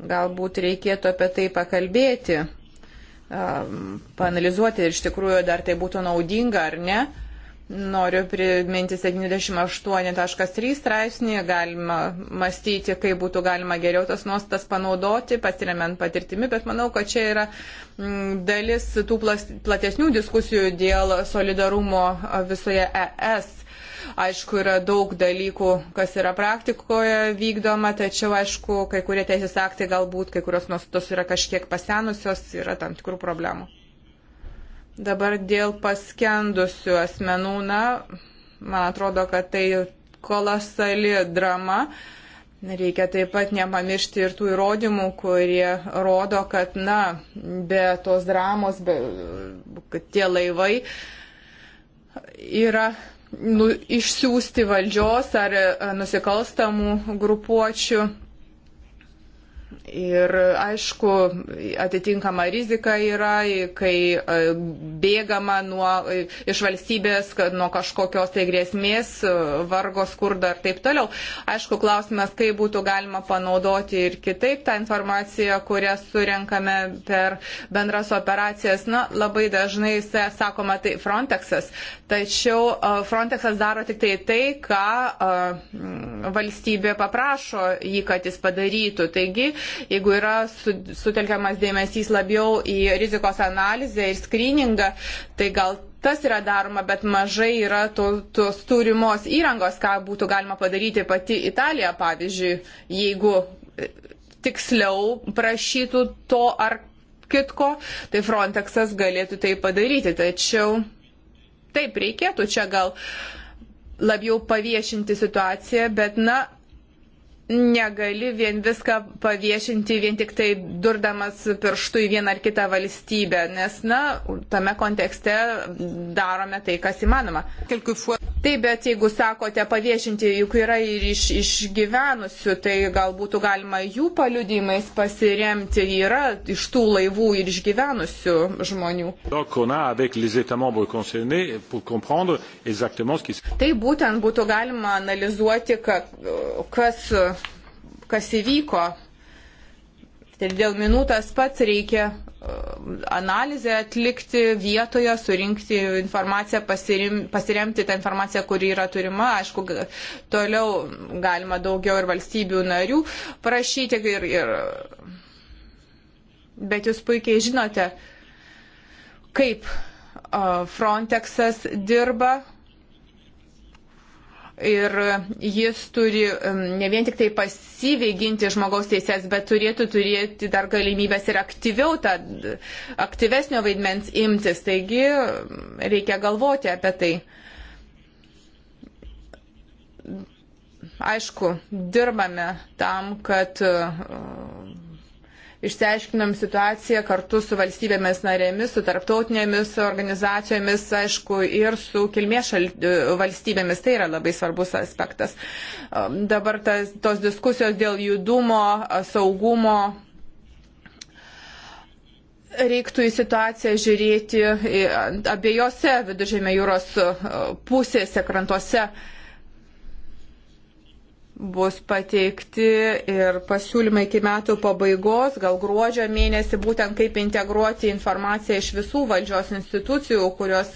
Galbūt reikėtų apie tai pakalbėti, panalizuoti ir iš tikrųjų dar tai būtų naudinga ar ne. Noriu priminti 78.3 straipsnį, galima mąstyti, kaip būtų galima geriau tas nuostas panaudoti, pasiremiant patirtimi, bet manau, kad čia yra mm, dalis tų platesnių diskusijų dėl solidarumo visoje ES. Aišku, yra daug dalykų, kas yra praktikoje vykdoma, tačiau, aišku, kai kurie teisės aktai galbūt, kai kurios nuostatos yra kažkiek pasenusios, yra tam tikrų problemų. Dabar dėl paskendusių asmenų, na, man atrodo, kad tai kolosali drama. Reikia taip pat nepamiršti ir tų įrodymų, kurie rodo, kad, na, be tos dramos, be, kad tie laivai yra nu, išsiųsti valdžios ar e, nusikalstamų grupuočių. Ir aišku, atitinkama rizika yra, kai e, bėgama nuo, e, iš valstybės, nuo kažkokios tai grėsmės, e, vargo, skurdo ir taip toliau. Aišku, klausimas, kaip būtų galima panaudoti ir kitaip tą informaciją, kurią surenkame per bendras operacijas. Na, labai dažnai sakoma, tai Frontexas. Tačiau Frontexas daro tik tai tai, ką valstybė paprašo jį, kad jis padarytų. Taigi, jeigu yra sutelkiamas dėmesys labiau į rizikos analizę ir skryningą, tai gal tas yra daroma, bet mažai yra to, tos turimos įrangos, ką būtų galima padaryti pati Italija, pavyzdžiui, jeigu e, tiksliau prašytų to ar kitko, tai Frontexas galėtų tai padaryti. Tačiau taip reikėtų čia gal labiau paviešinti situaciją, bet na, negali vien viską paviešinti, vien tik tai durdamas pirštų į vieną ar kitą valstybę, nes, na, tame kontekste darome tai, kas įmanoma. Taip, bet jeigu sakote paviešinti, juk yra ir iš, išgyvenusių, tai galbūt galima jų paliudymais pasiremti, yra iš tų laivų ir išgyvenusių žmonių. Tai būtent būtų galima analizuoti, kas kas įvyko. Ir dėl minų tas pats reikia um, analizę atlikti vietoje, surinkti informaciją, pasirim, pasiremti tą informaciją, kuri yra turima. Aišku, toliau galima daugiau ir valstybių narių prašyti. Ir, ir... Bet jūs puikiai žinote, kaip uh, Frontexas dirba ir jis turi ne vien tik tai pasyviai ginti žmogaus teises, bet turėtų turėti dar galimybės ir aktyviau tą aktyvesnio vaidmens imtis. Taigi reikia galvoti apie tai. Aišku, dirbame tam, kad Išsiaiškinom situaciją kartu su valstybėmis narėmis, su tarptautinėmis organizacijomis, aišku, ir su kilmės šal... valstybėmis. Tai yra labai svarbus aspektas. Ehm, dabar tas, tos diskusijos dėl judumo, saugumo reiktų į situaciją žiūrėti e, abiejose viduržėmė jūros e, pusėse, krantuose bus pateikti ir pasiūlymai iki metų pabaigos, gal gruodžio mėnesį, būtent kaip integruoti informaciją iš visų valdžios institucijų, kurios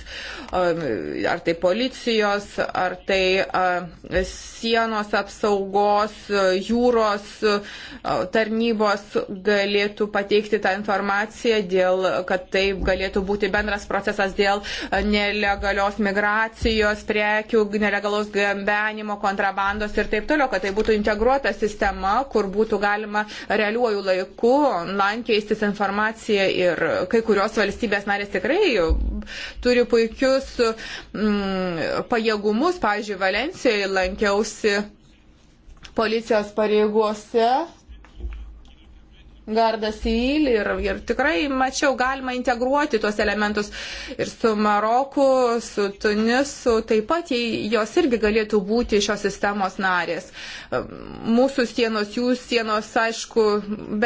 um, ar tai policijos, ar tai uh, sienos apsaugos, jūros uh, tarnybos galėtų pateikti tą informaciją, dėl, kad tai galėtų būti bendras procesas dėl uh, nelegalios migracijos, prekių, nelegalaus gambenimo, kontrabandos ir taip toliau kad tai būtų integruota sistema, kur būtų galima realiuoju laiku online keistis informaciją ir kai kurios valstybės narės tikrai turi puikius mm, pajėgumus. Pavyzdžiui, Valencijoje lankiausi policijos pareigose Gardas Įl ir, ir tikrai mačiau, galima integruoti tuos elementus ir su Maroku, su Tunisu, taip pat jos irgi galėtų būti šios sistemos narės. Mūsų sienos, jų sienos, aišku,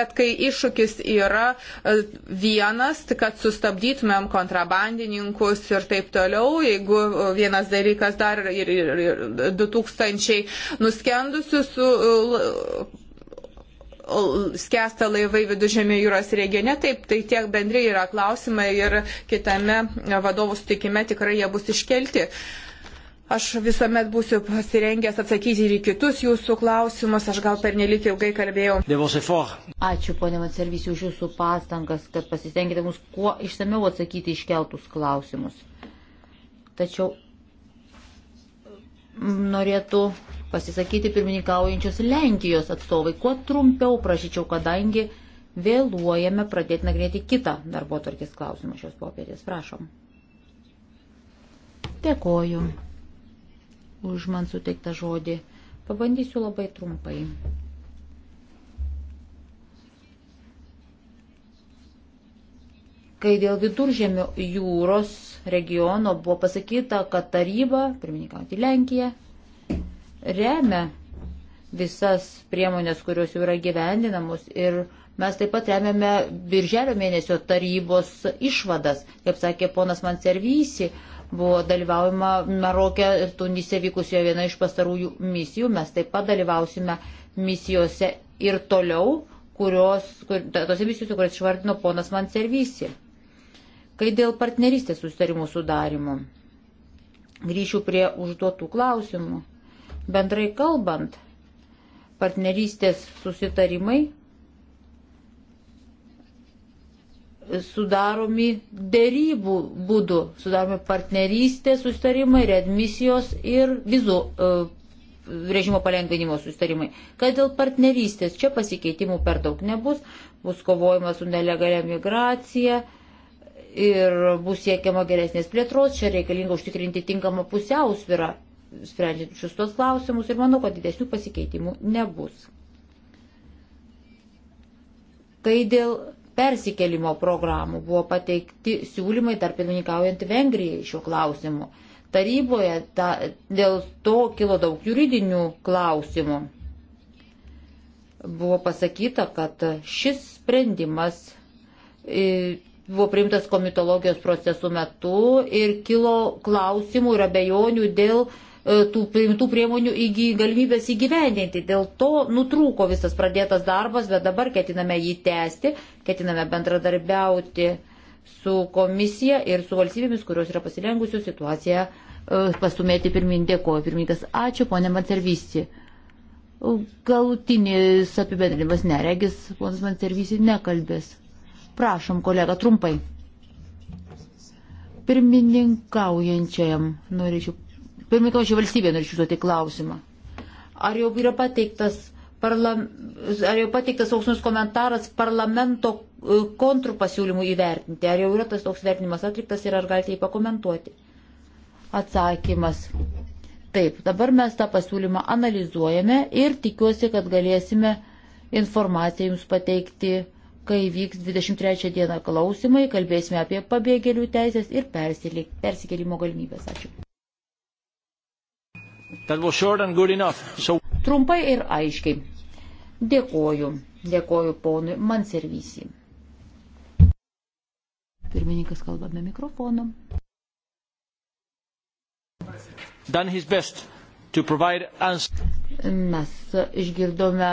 bet kai iššūkis yra e, vienas, tai kad sustabdytumėm kontrabandininkus ir taip toliau, jeigu vienas dalykas dar ir, ir, ir 2000 nuskendusius skęsta laivai viduržėmio jūros regione. Taip, tai tiek bendrai yra klausimai ir kitame vadovų sutikime tikrai jie bus iškelti. Aš visuomet būsiu pasirengęs atsakyti ir į kitus jūsų klausimus, aš gal per nelik ilgai kalbėjau. Ačiū, ponė Matservisi, už jūsų pastangas, kad pasistengėte mums kuo išsameu atsakyti iškeltus klausimus. Tačiau norėtų pasisakyti pirmininkaujančios Lenkijos atstovai. Kuo trumpiau prašyčiau, kadangi vėluojame pradėti nagrėti kitą darbo tvarkės klausimą šios popietės. Prašom. Dėkoju už man suteiktą žodį. Pabandysiu labai trumpai. kai dėl viduržėmio jūros regiono buvo pasakyta, kad taryba, pirmininkaujantį Lenkiją, remia visas priemonės, kurios jau yra gyvendinamos ir mes taip pat remiame Birželio mėnesio tarybos išvadas. Kaip sakė ponas Manservysi, buvo dalyvaujama Marokė ir Tunise vykusioje viena iš pastarųjų misijų. Mes taip pat dalyvausime misijose ir toliau, kurios, kur, tose misijose, kurias išvardino ponas Manservysi. Kai dėl partnerystės sustarimų sudarimo. Grįšiu prie užduotų klausimų Bendrai kalbant, partnerystės susitarimai sudaromi dėrybų būdu, sudaromi partnerystės susitarimai, readmisijos ir vizų e, režimo palengvinimo susitarimai. Kad dėl partnerystės čia pasikeitimų per daug nebus, bus kovojama su nelegalia migracija ir bus siekiama geresnės plėtros, čia reikalinga užtikrinti tinkamą pusiausvyrą sprendžiančius tuos klausimus ir manau, kad didesnių pasikeitimų nebus. Kai dėl persikelimo programų buvo pateikti siūlymai tarp pirmininkaujant Vengrijai šiuo klausimu. Taryboje ta, dėl to kilo daug juridinių klausimų. Buvo pasakyta, kad šis sprendimas e, buvo priimtas komitologijos procesų metu ir kilo klausimų ir abejonių dėl uh, E, tų priimtų priemonių įgy, galimybės įgyvendinti. Dėl to nutrūko visas pradėtas darbas, bet dabar ketiname jį tęsti, ketiname bendradarbiauti su komisija ir su valstybėmis, kurios yra pasirengusios situaciją e, pastumėti pirmin. Dėkuoju, pirmininkas. Ačiū, ponė Manservisi. Galutinis apibendrinimas neregis, ponas Manservisi nekalbės. Prašom, kolega, trumpai. Pirmininkaujančiajam norėčiau Pirmininkaučiai valstybė norėčiau duoti klausimą. Ar jau yra pateiktas, parla, ar jau pateiktas koks nors komentaras parlamento e, kontrpasiūlymų įvertinti? Ar jau yra tas toks vertinimas atliktas ir ar galite jį pakomentuoti? Atsakymas. Taip, dabar mes tą pasiūlymą analizuojame ir tikiuosi, kad galėsime informaciją jums pateikti, kai vyks 23 dieną klausimai, kalbėsime apie pabėgėlių teisės ir persikėlimo galimybės. Ačiū. So... Trumpai ir aiškiai. Dėkoju. Dėkoju ponui Manservisi. Pirmininkas kalba be mikrofono. Mes išgirdome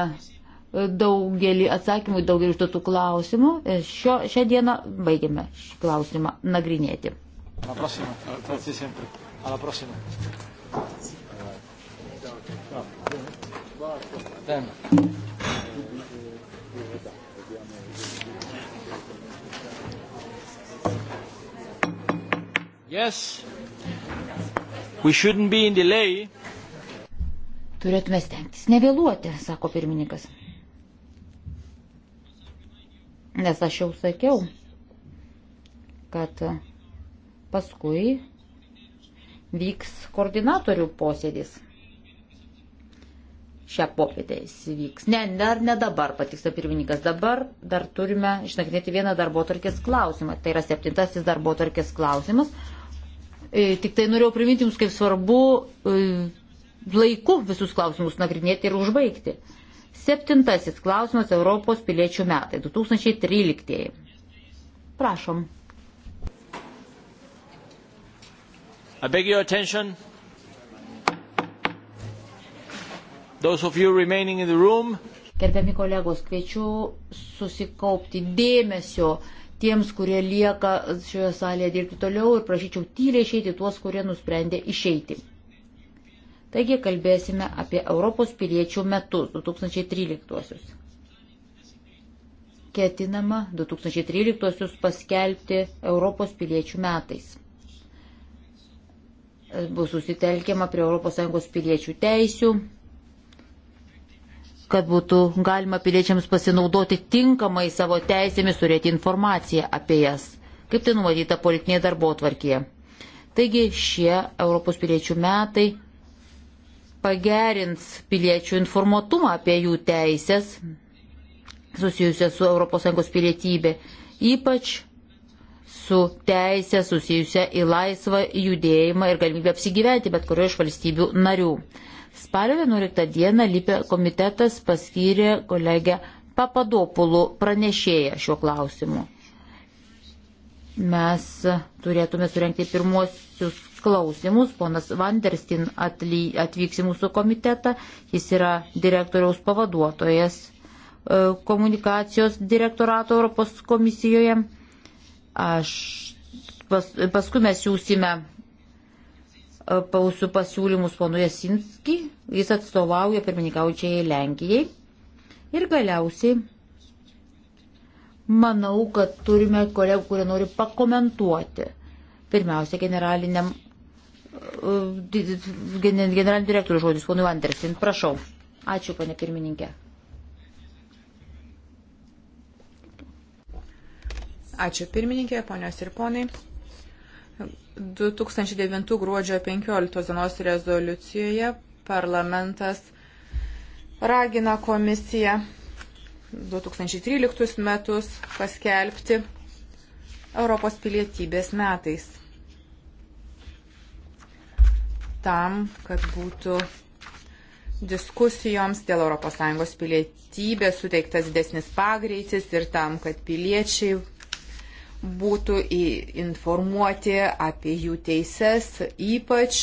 daugelį atsakymų, daugelį užduotų klausimų. Šio, šią dieną baigėme šį klausimą nagrinėti. Alla prossima. Grazie sempre. Alla prossima. Bene. Yes. We shouldn't be in delay. Turėtume stengtis nevėluoti, sako pirmininkas. Nes aš jau sakiau, kad paskui vyks koordinatorių posėdis šią popietę jis vyks. Ne, dar ne dabar, patiksta pirmininkas. Dabar dar turime išnagrinėti vieną darbo tarkės klausimą. Tai yra septintasis darbo tarkės klausimas. E, tik tai norėjau priminti jums, kaip svarbu e, laiku visus klausimus nagrinėti ir užbaigti. Septintasis klausimas Europos piliečių metai 2013. Prašom. I beg your attention. Room... Gerbiami kolegos, kviečiu susikaupti dėmesio tiems, kurie lieka šioje salėje dirbti toliau ir prašyčiau tyliai išeiti tuos, kurie nusprendė išeiti. Taigi kalbėsime apie Europos piliečių metus 2013-uosius. Ketinama 2013-uosius paskelbti Europos piliečių metais. Bus susitelkiama prie ES piliečių teisių, kad būtų galima piliečiams pasinaudoti tinkamai savo teisėmis turėti informaciją apie jas, kaip tai numatyta politinėje darbo tvarkėje. Taigi šie Europos piliečių metai pagerins piliečių informuotumą apie jų teisės susijusią su ES pilietybė, ypač su teisė susijusią į laisvą judėjimą ir galimybę apsigyventi bet kurioje iš valstybių narių. Spalio 11 dieną Lipė komitetas paskyrė kolegę Papadopulų pranešėją šiuo klausimu. Mes turėtume surenkti pirmosius klausimus. Ponas Vanderstin atvyks į mūsų komitetą. Jis yra direktoriaus pavaduotojas e, komunikacijos direktorato Europos komisijoje. Aš pas, paskui mes siūsime E, pausių pasiūlymus ponu Jasinski, jis atstovauja pirmininkaučiai Lenkijai. Ir galiausiai manau, kad turime kolegų, kurie nori pakomentuoti. Pirmiausia, generaliniam, e, generaliniam direktoriui žodis, ponui Andersin, prašau. Ačiū, pane pirmininkė. Ačiū pirmininkė, ponios ir ponai. 2009 gruodžio 15 dienos rezoliucijoje parlamentas ragina komisiją 2013 metus paskelbti Europos pilietybės metais. Tam, kad būtų diskusijoms dėl ES pilietybės suteiktas didesnis pagreitis ir tam, kad piliečiai būtų informuoti apie jų teises, ypač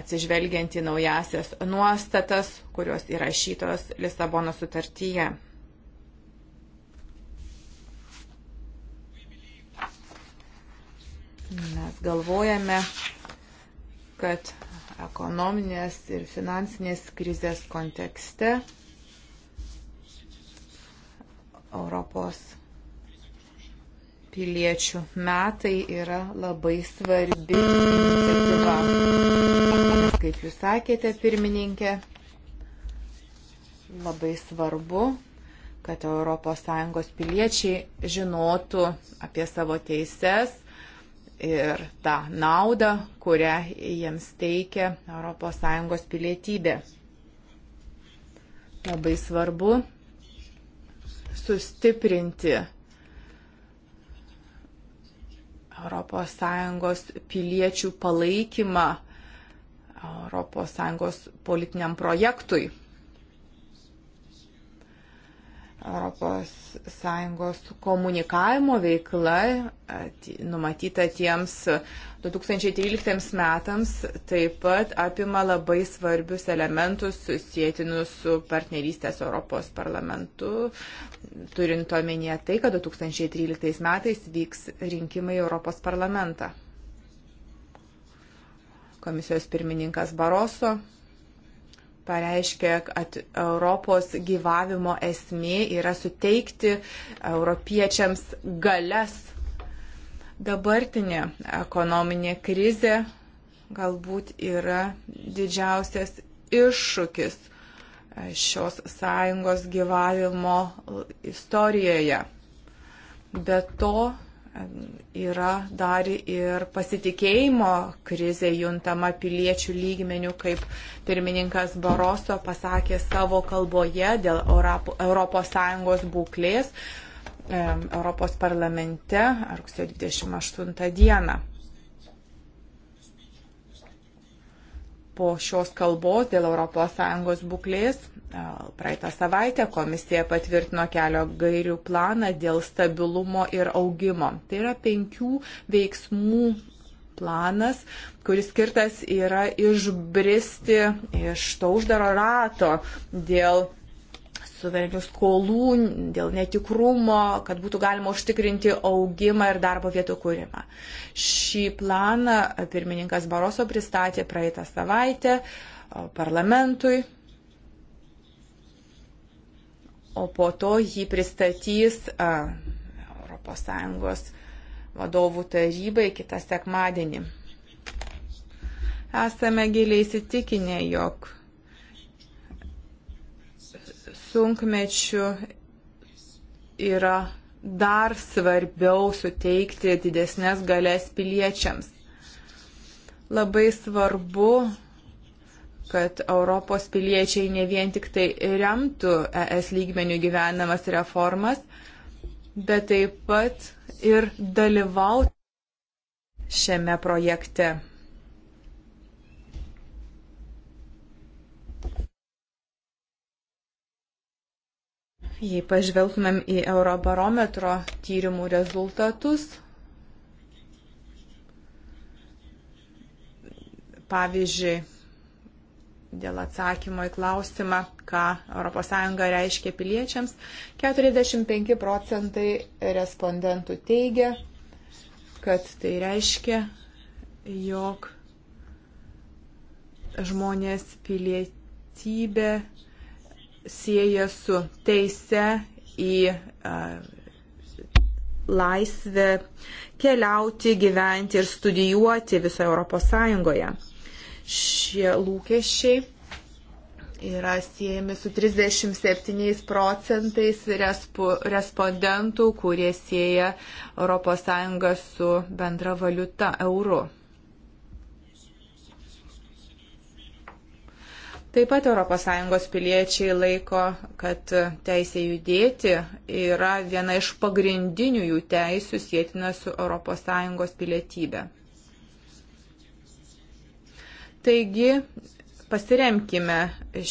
atsižvelgiant į naujasias nuostatas, kurios įrašytos Lisabono sutartyje. Mes galvojame, kad ekonominės ir finansinės krizės kontekste Europos piliečių metai yra labai svarbi iniciatyva. Kaip jūs sakėte, pirmininkė, labai svarbu, kad ES piliečiai žinotų apie savo teises ir tą naudą, kurią jiems teikia ES pilietybė. Labai svarbu sustiprinti ES piliečių palaikymą ES politiniam projektui. ES komunikavimo veikla numatyta tiems 2013 metams taip pat apima labai svarbius elementus susijėtinus su partnerystės Europos parlamentu, turint omenyje tai, kad 2013 metais vyks rinkimai Europos parlamentą. Komisijos pirmininkas Baroso pareiškia, kad Europos gyvavimo esmė yra suteikti europiečiams galias. Dabartinė ekonominė krizė galbūt yra didžiausias iššūkis šios sąjungos gyvavimo istorijoje. Be to yra dar ir pasitikėjimo krizė juntama piliečių lygmenių, kaip pirmininkas Baroso pasakė savo kalboje dėl ES būklės Europos parlamente rugsėjo 28 dieną. po šios kalbos dėl ES būklės. Praeitą savaitę komisija patvirtino kelio gairių planą dėl stabilumo ir augimo. Tai yra penkių veiksmų planas, kuris skirtas yra išbristi iš to uždaro rato dėl suverenių skolų, dėl netikrumo, kad būtų galima užtikrinti augimą ir darbo vietų kūrimą. Šį planą pirmininkas Baroso pristatė praeitą savaitę parlamentui, o po to jį pristatys ES vadovų tarybai kitą sekmadienį. Esame giliai įsitikinę, jog sunkmečiu yra dar svarbiau suteikti didesnės galės piliečiams. Labai svarbu, kad Europos piliečiai ne vien tik tai remtų ES lygmenių gyvenamas reformas, bet taip pat ir dalyvautų šiame projekte. Jei pažvelgtumėm į Eurobarometro tyrimų rezultatus, pavyzdžiui, dėl atsakymo į klausimą, ką ES reiškia piliečiams, 45 procentai respondentų teigia, kad tai reiškia, jog žmonės pilietybė sieja su teise į a, laisvę keliauti, gyventi ir studijuoti visoje Europos Sąjungoje. Šie lūkesčiai yra siejami su 37 procentais respondentų, kurie sieja ES su bendra valiuta euru. Taip pat ES piliečiai laiko, kad teisė judėti yra viena iš pagrindinių jų teisių sėtina su ES pilietybė. Taigi, pasiremkime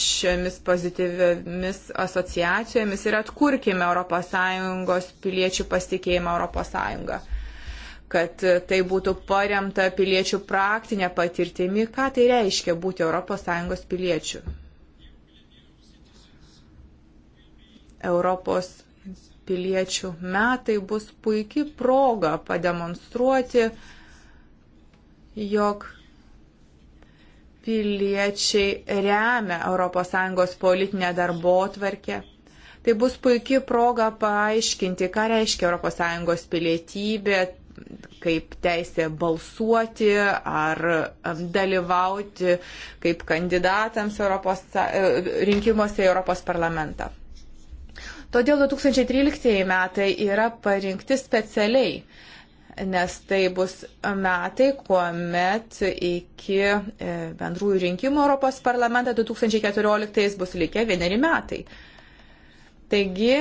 šiomis pozityviomis asociacijomis ir atkurkime ES piliečių pasitikėjimą ES kad e, tai būtų paremta piliečių praktinė patirtimi, ką tai reiškia būti ES piliečiu. Europos piliečių metai bus puikiai proga pademonstruoti, jog piliečiai remia ES politinę darbo tvarkę. Tai bus puikiai proga paaiškinti, ką reiškia ES pilietybė, kaip teisė balsuoti ar dalyvauti kaip kandidatams Europos, e, rinkimuose į Europos parlamentą. Todėl 2013 metai yra parinkti specialiai, nes tai bus metai, kuomet iki e, bendrųjų rinkimų Europos parlamentą 2014 bus likę vieneri metai. Taigi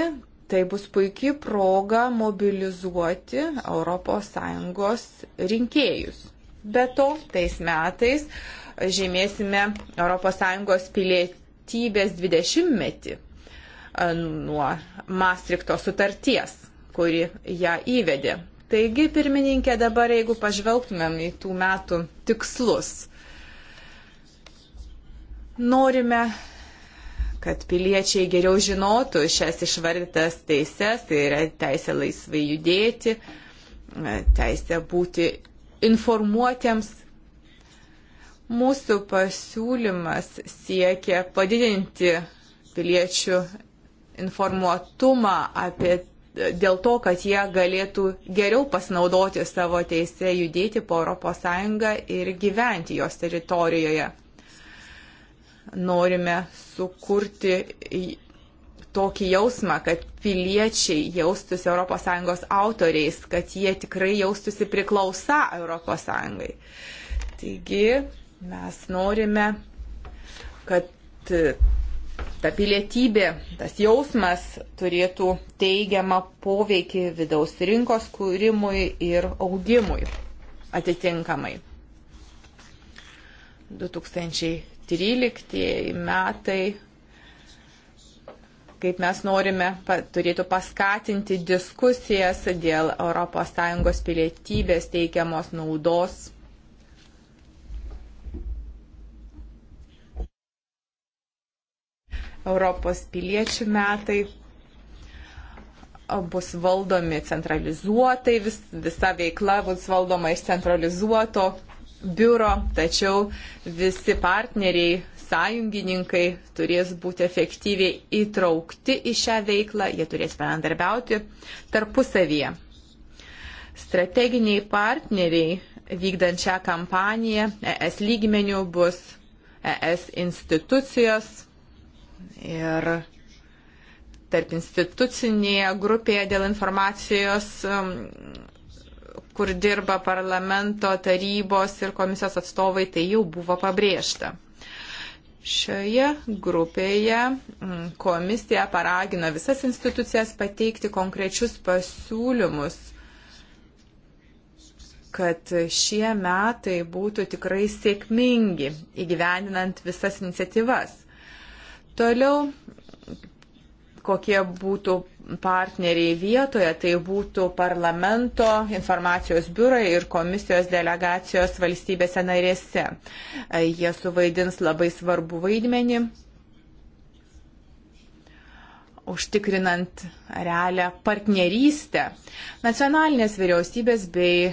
tai bus puikiai proga mobilizuoti ES rinkėjus. Be to, tais metais žymėsime ES pilietybės 20-metį e, nuo Maastrichto sutarties, kuri ją įvedė. Taigi, pirmininkė, dabar jeigu pažvelgtumėm į tų metų tikslus, norime kad piliečiai geriau žinotų šias išvardytas teises, tai yra teisė laisvai judėti, teisė būti informuotiems. Mūsų pasiūlymas siekia padidinti piliečių informuotumą apie dėl to, kad jie galėtų geriau pasinaudoti savo teisę judėti po ES ir gyventi jos teritorijoje norime sukurti tokį jausmą, kad piliečiai jaustųsi ES autoriais, kad jie tikrai jaustųsi priklausa ES. Taigi mes norime, kad e, ta pilietybė, tas jausmas turėtų teigiamą poveikį vidaus rinkos kūrimui ir augimui atitinkamai. 2000. 13 metai, kaip mes norime, turėtų paskatinti diskusijas dėl ES pilietybės teikiamos naudos. Europos piliečių metai bus valdomi centralizuotai, vis, visa veikla bus valdoma iš centralizuoto biuro, tačiau visi partneriai, sąjungininkai turės būti efektyviai įtraukti į šią veiklą, jie turės bendarbiauti tarpusavyje. Strateginiai partneriai vykdant šią kampaniją ES lygmenių bus ES institucijos ir tarp institucinėje grupėje dėl informacijos um, kur dirba parlamento, tarybos ir komisijos atstovai, tai jau buvo pabrėžta. Šioje grupėje mm, komisija paragino visas institucijas pateikti konkrečius pasiūlymus, kad šie metai būtų tikrai sėkmingi įgyvendinant visas iniciatyvas. Toliau kokie būtų partneriai vietoje, tai būtų parlamento informacijos biurai ir komisijos delegacijos valstybėse narėse. Jie suvaidins labai svarbu vaidmenį, užtikrinant realią partnerystę. Nacionalinės vyriausybės bei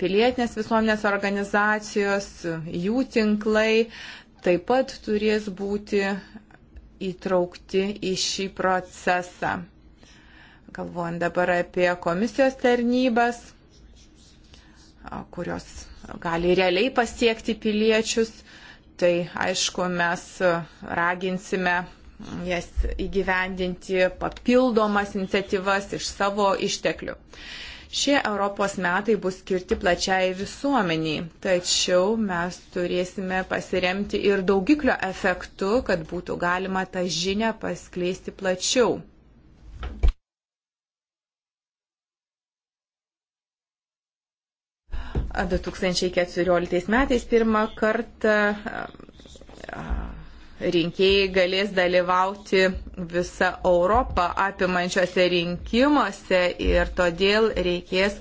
pilietinės visuomenės organizacijos, jų tinklai taip pat turės būti įtraukti į šį procesą. Galvojant dabar apie komisijos tarnybas, kurios gali realiai pasiekti piliečius, tai aišku, mes raginsime jas įgyvendinti papildomas iniciatyvas iš savo išteklių. Šie Europos metai bus skirti plačiai visuomeniai, tačiau mes turėsime pasiremti ir daugiklio efektu, kad būtų galima tą žinią paskleisti plačiau. 2014 metais pirmą kartą rinkėjai galės dalyvauti visą Europą apimančiose rinkimuose ir todėl reikės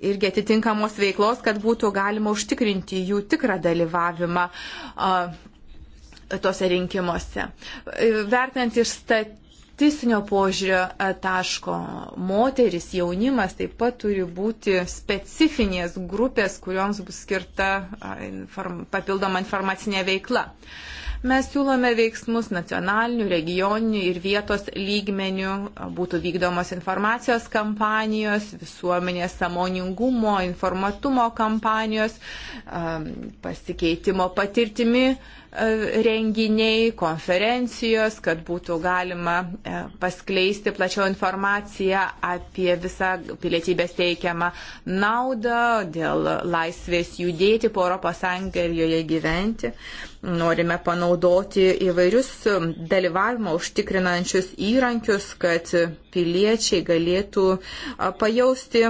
irgi atitinkamos veiklos, kad būtų galima užtikrinti jų tikrą dalyvavimą tose rinkimuose. Vertinant iš stat statistinio požiūrio e, taško moteris, jaunimas taip pat turi būti specifinės grupės, kurioms bus skirta inform, papildoma informacinė veikla. Mes siūlome veiksmus nacionalinių, regioninių ir vietos lygmenių, būtų vykdomos informacijos kampanijos, visuomenės samoningumo, informatumo kampanijos, pasikeitimo patirtimi E, renginiai, konferencijos, kad būtų galima e, paskleisti plačiau informaciją apie visą pilietybės teikiamą naudą dėl laisvės judėti po ES ir joje gyventi. Norime panaudoti įvairius dalyvavimo užtikrinančius įrankius, kad piliečiai galėtų e, pajausti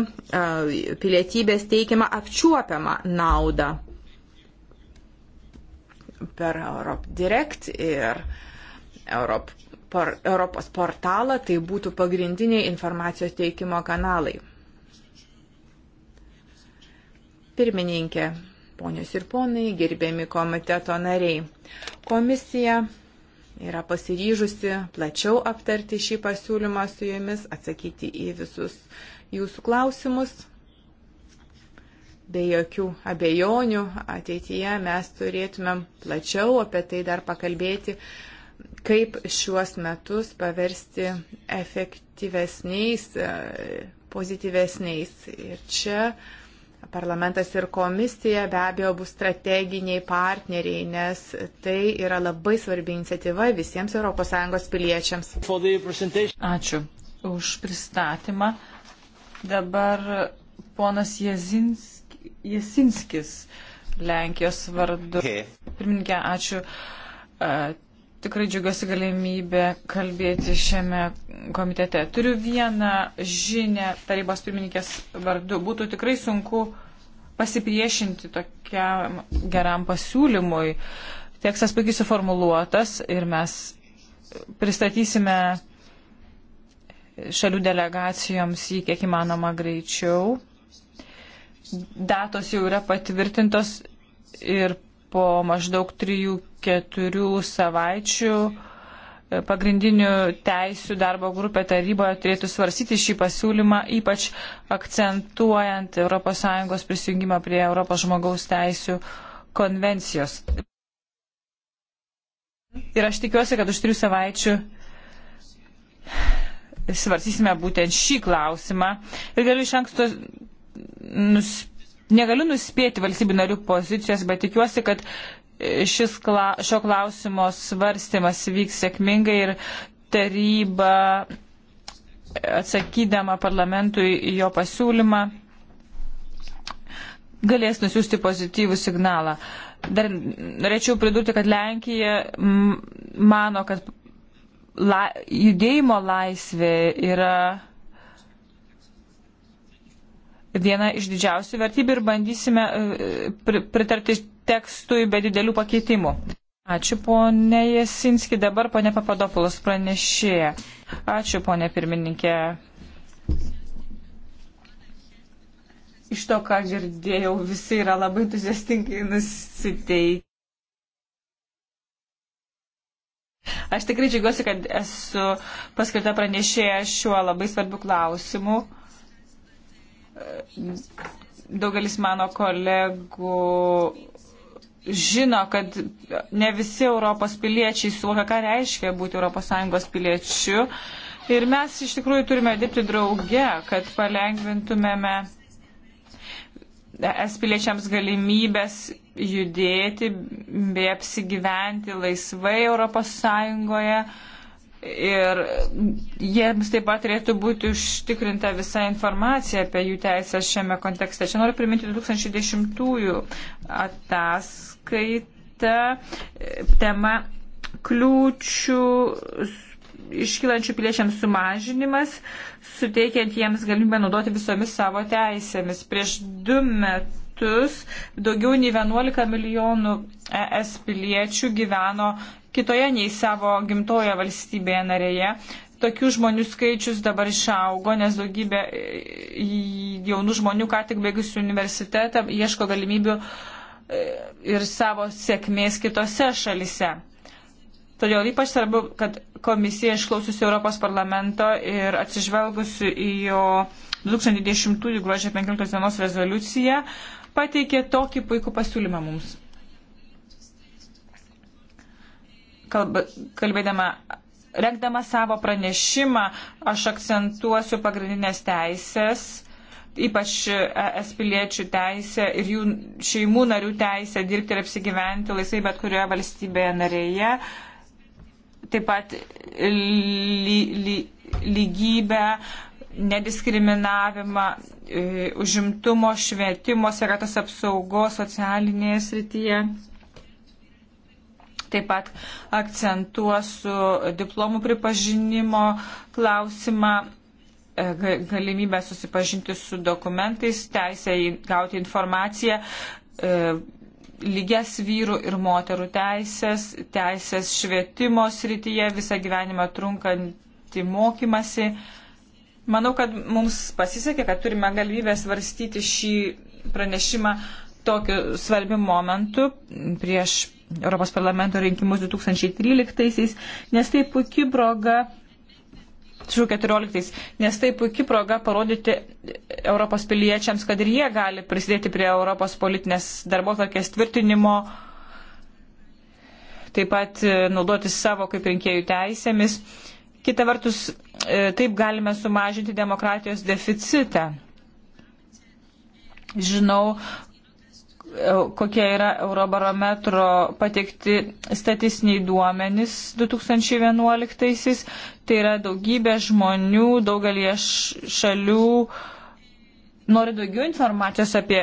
pilietybės teikiamą apčiuopiamą naudą per Europe Direct ir Europe, por, Europos portalą, tai būtų pagrindiniai informacijos teikimo kanalai. Pirmininkė, ponios ir ponai, gerbėmi komiteto nariai. Komisija yra pasiryžusi plačiau aptarti šį pasiūlymą su jumis, atsakyti į visus jūsų klausimus be jokių abejonių ateityje mes turėtumėm plačiau apie tai dar pakalbėti, kaip šiuos metus paversti efektyvesniais, e, pozityvesniais. Ir čia parlamentas ir komisija be abejo bus strateginiai partneriai, nes tai yra labai svarbi iniciatyva visiems ES piliečiams. Ačiū už pristatymą. Dabar ponas Jezins Jasinskis Lenkijos vardu. Pirmininkė, ačiū. Tikrai džiugiuosi galimybę kalbėti šiame komitete. Turiu vieną žinę tarybos pirmininkės vardu. Būtų tikrai sunku pasipriešinti tokiam geram pasiūlymui. Tekstas puikiai suformuluotas ir mes pristatysime šalių delegacijoms jį kiek įmanoma greičiau datos jau yra patvirtintos ir po maždaug 3-4 savaičių e, pagrindinių teisių darbo grupė taryboje turėtų svarsyti šį pasiūlymą, ypač akcentuojant ES prisijungimą prie Europos žmogaus teisių konvencijos. Ir aš tikiuosi, kad už trijų savaičių svarsysime būtent šį klausimą. Ir galiu iš anksto nus, negaliu nuspėti valstybių narių pozicijos, bet tikiuosi, kad e, šis, kla, šio klausimo svarstymas vyks sėkmingai ir taryba atsakydama parlamentui jo pasiūlymą galės nusiųsti pozityvų signalą. Dar norėčiau pridurti, kad Lenkija mano, kad la, judėjimo laisvė yra viena iš didžiausių vertybių ir bandysime e, pritarti tekstui be didelių pakeitimų. Ačiū ponė Jesinski, dabar ponė Papadopulos pranešėja. Ačiū ponė pirmininkė. Iš to, ką girdėjau, visi yra labai entuziastingai nusiteikę. Aš tikrai džiaugiuosi, kad esu paskirta pranešėja šiuo labai svarbiu klausimu daugelis mano kolegų žino, kad ne visi Europos piliečiai suvokia, ką reiškia būti ES piliečiu. Ir mes iš tikrųjų turime dirbti drauge, kad palengvintumėme es piliečiams galimybės judėti bei apsigyventi laisvai ES ir jiems taip pat turėtų būti užtikrinta visa informacija apie jų teisės šiame kontekste. Čia noriu priminti 2010-ųjų ataskaitą tema kliūčių iškylančių piliečiams sumažinimas, suteikiant jiems galimybę naudoti visomis savo teisėmis. Prieš du metus daugiau nei 11 milijonų ES piliečių gyveno kitoje nei savo gimtoje valstybėje narėje. Tokių žmonių skaičius dabar išaugo, nes daugybė e, jaunų žmonių, ką tik baigusių universitetą, ieško galimybių e, ir savo sėkmės kitose šalise. Todėl ypač svarbu, kad komisija išklausiusi Europos parlamento ir atsižvelgusi į jo 2010 gruodžio 15 dienos rezoliuciją pateikė tokį puikų pasiūlymą mums. kalba, kalbėdama, renkdama savo pranešimą, aš akcentuosiu pagrindinės teisės, ypač es piliečių teisę ir jų šeimų narių teisę dirbti ir apsigyventi laisvai bet kurioje valstybėje narėje. Taip pat ly, ly, lygybę, nediskriminavimą, e, užimtumo, švietimo, sveikatos apsaugos, socialinėje srityje Taip pat akcentuosiu diplomų pripažinimo klausimą e, galimybę susipažinti su dokumentais, teisę gauti informaciją, e, lygias vyrų ir moterų teisės, teisės švietimo srityje, visą gyvenimą trunkantį mokymasi. Manau, kad mums pasisekė, kad turime galimybę svarstyti šį pranešimą tokiu svarbiu momentu prieš Europos parlamento rinkimus 2013-aisiais, nes tai puikia proga. 14, nes tai puikia proga parodyti Europos piliečiams, kad ir jie gali prisidėti prie Europos politinės darbo tokies tvirtinimo, taip pat e, naudotis savo kaip rinkėjų teisėmis. Kita vertus, e, taip galime sumažinti demokratijos deficitą. Žinau, E, kokie yra Eurobarometro pateikti statistiniai duomenys 2011-aisiais. Tai yra daugybė žmonių, daugelį šalių nori daugiau informacijos apie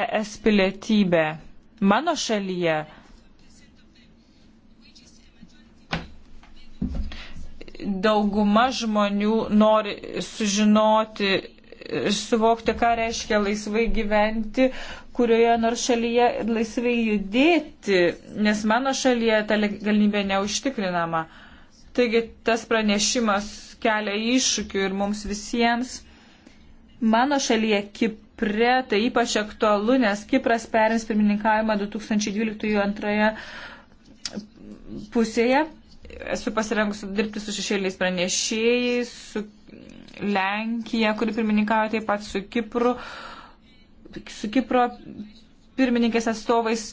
ES pilietybę. Mano šalyje dauguma žmonių nori sužinoti suvokti, ką reiškia laisvai gyventi, kurioje nors šalyje laisvai judėti, nes mano šalyje ta galimybė neužtikrinama. Taigi tas pranešimas kelia iššūkių ir mums visiems. Mano šalyje Kipre tai ypač aktualu, nes Kipras perims pirmininkavimą 2012 antroje pusėje esu pasirengusi dirbti su šešėliais pranešėjais, su Lenkija, kuri pirmininkauja taip pat su Kipru, su Kipro pirmininkės atstovais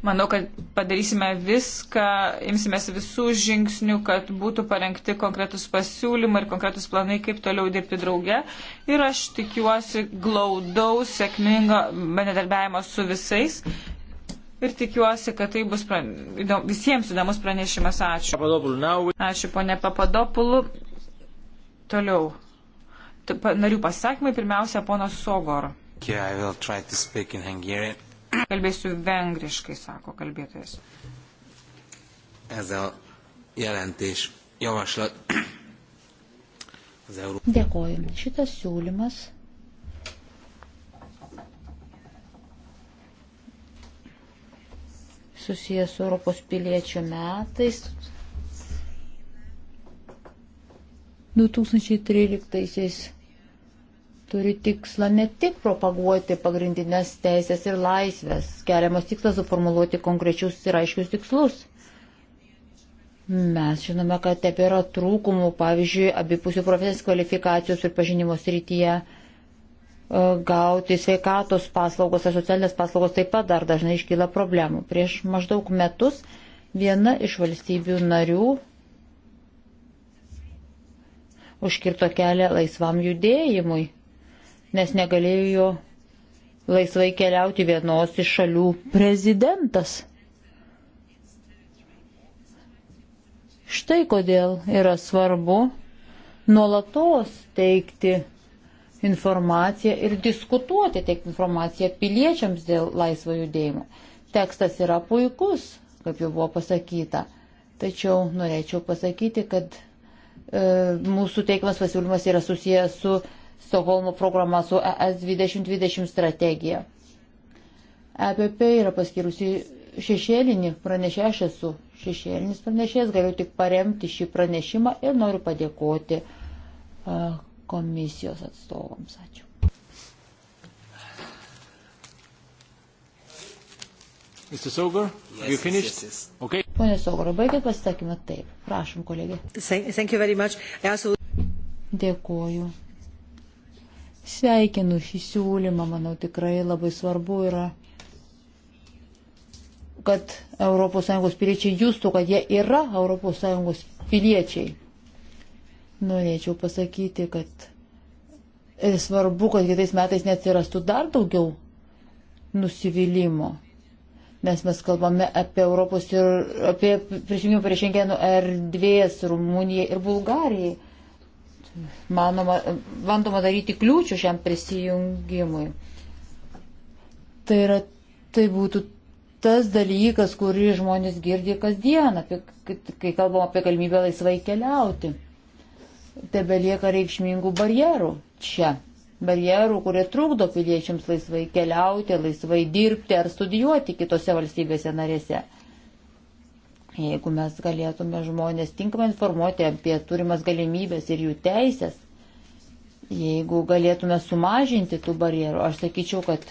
Manau, kad padarysime viską, imsimės visų žingsnių, kad būtų parengti konkretus pasiūlymai ir konkretus planai, kaip toliau dirbti drauge. Ir aš tikiuosi glaudaus, sėkmingo bendradarbiavimo su visais. Ir tikiuosi, kad tai bus pran... įdom... visiems įdomus pranešimas. Ačiū. Ačiū, ponė Papadopulų. Toliau. Narių pasakymai pirmiausia, ponas Sogor. Yeah, Kalbėsiu vengriškai, sako kalbėtojas. Ez a jelentés javaslat. Dėkoju. Šitas siūlymas susijęs su Europos piliečių metais 2013 turi tikslą ne tik propaguoti pagrindinės teisės ir laisvės, keliamas tikslas suformuluoti konkrečius ir aiškius tikslus. Mes žinome, kad tebėra trūkumų, pavyzdžiui, abipusių profesinės kvalifikacijos ir pažinimo srityje e, gauti sveikatos paslaugos ar socialinės paslaugos taip pat dar dažnai iškyla problemų. Prieš maždaug metus viena iš valstybių narių užkirto kelią laisvam judėjimui nes negalėjo laisvai keliauti vienos iš šalių prezidentas. Štai kodėl yra svarbu nuolatos teikti informaciją ir diskutuoti, teikti informaciją piliečiams dėl laisvo judėjimo. Tekstas yra puikus, kaip jau buvo pasakyta. Tačiau norėčiau pasakyti, kad e, mūsų teikiamas pasiūlymas yra susijęs su Stokholmo programa su ES 2020 strategija. EPP yra paskirusi šešėlinį pranešę, aš esu šešėlinis pranešėjas, galiu tik paremti šį pranešimą ir noriu padėkoti e, komisijos atstovams. Ačiū. Mr. Saugar, yes, you finished? Yes, yes. Okay. Pone Saugar, baigėt pasisakymą taip. Prašom, kolegė. Thank you very much. Also... Dėkuoju. Sveikinu šį siūlymą, manau tikrai labai svarbu yra, kad ES piliečiai jūstų, kad jie yra ES piliečiai. Norėčiau pasakyti, kad e, svarbu, kad kitais metais neatsirastų dar daugiau nusivylimų nes mes kalbame apie Europos ir apie prisijungimą prie Šengeno erdvės Rumunijai ir Bulgarijai manoma, bandoma daryti kliūčių šiam prisijungimui. Tai, yra, tai būtų tas dalykas, kurį žmonės girdė kasdien, apie, kai kalbam apie galimybę laisvai keliauti. Tebelieka reikšmingų barjerų čia. Barjerų, kurie trukdo piliečiams laisvai keliauti, laisvai dirbti ar studijuoti kitose valstybėse narėse. Jeigu mes galėtume žmonės tinkamai informuoti apie turimas galimybės ir jų teisės, jeigu galėtume sumažinti tų barjerų, aš sakyčiau, kad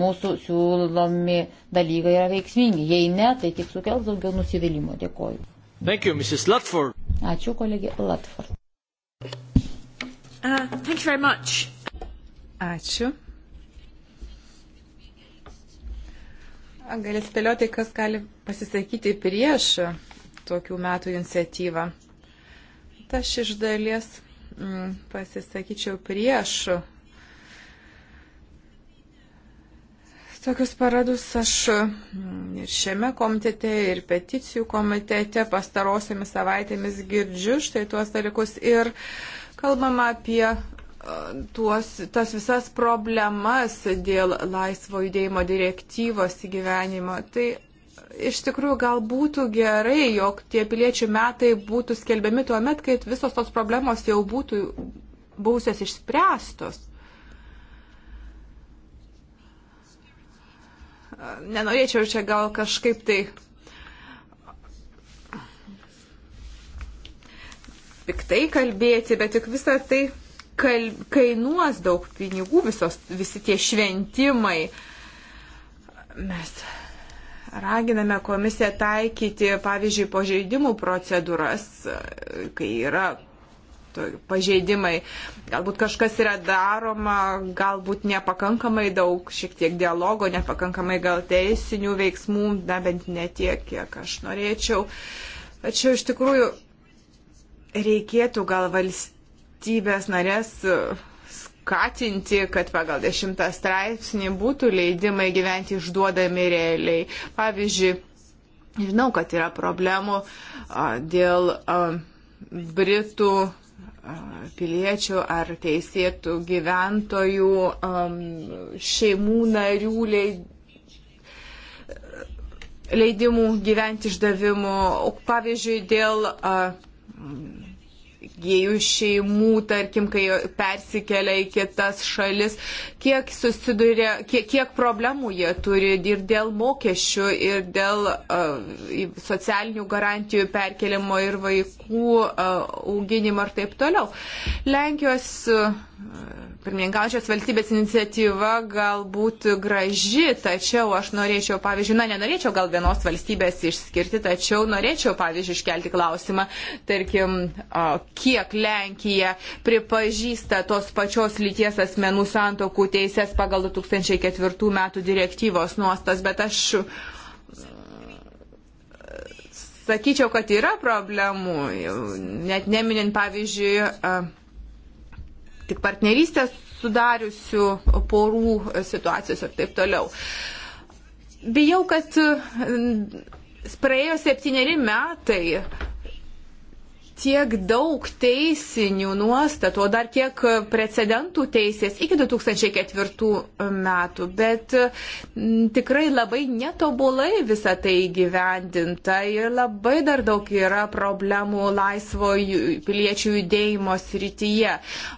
mūsų siūlomi dalykai yra veiksmingi. Jei ne, tai tik sukels daugiau nusivylimų. Dėkoju. Thank you, Mrs. Latford. Ačiū, kolegė Latford. Uh, Ačiū. Galit spėlioti, kas gali pasisakyti prieš tokių metų iniciatyvą. Aš iš dalies mm, pasisakyčiau prieš tokius paradus aš mm, ir šiame komitete, ir peticijų komitete pastarosiamis savaitėmis girdžiu štai tuos dalykus ir kalbama apie tuos, tas visas problemas dėl laisvo judėjimo direktyvos įgyvenimo. Tai iš tikrųjų gal būtų gerai, jog tie piliečių metai būtų skelbiami tuo met, kai visos tos problemos jau būtų būsios išspręstos. Nenorėčiau čia gal kažkaip tai piktai kalbėti, bet tik visą tai kal, kainuos daug pinigų visos, visi tie šventimai. Mes raginame komisiją taikyti, pavyzdžiui, pažeidimų procedūras, kai yra pažeidimai. Galbūt kažkas yra daroma, galbūt nepakankamai daug, šiek tiek dialogo, nepakankamai gal teisinių veiksmų, na bent netiek, kiek aš norėčiau. Tačiau iš tikrųjų reikėtų gal valstybės valstybės narės uh, skatinti, kad pagal dešimtą straipsnį būtų leidimai gyventi išduodami realiai. Pavyzdžiui, žinau, kad yra problemų dėl Britų piliečių ar teisėtų gyventojų šeimų narių leidimų gyventi išdavimų, pavyzdžiui, dėl gėjų šeimų, tarkim, kai persikelia į kitas šalis, kiek susiduria, kiek, kiek problemų jie turi ir dėl mokesčių, ir dėl uh, socialinių garantijų perkelimo, ir vaikų uh, auginimo ir taip toliau. Lenkijos uh, pirmininkaujančios valstybės iniciatyva galbūt graži, tačiau aš norėčiau, pavyzdžiui, na, nenorėčiau gal vienos valstybės išskirti, tačiau norėčiau, pavyzdžiui, iškelti klausimą, tarkim, kiek Lenkija pripažįsta tos pačios lyties asmenų santokų teisės pagal 2004 metų direktyvos nuostas, bet aš sakyčiau, kad yra problemų, net neminint, pavyzdžiui, tik partnerystės sudariusių porų situacijos ir taip toliau. Bijau, kad praėjo septyneri metai tiek daug teisinių nuostatų, o dar kiek precedentų teisės iki 2004 metų, bet mm, tikrai labai netobulai visa tai gyvendinta ir labai dar daug yra problemų laisvo piliečių judėjimo srityje.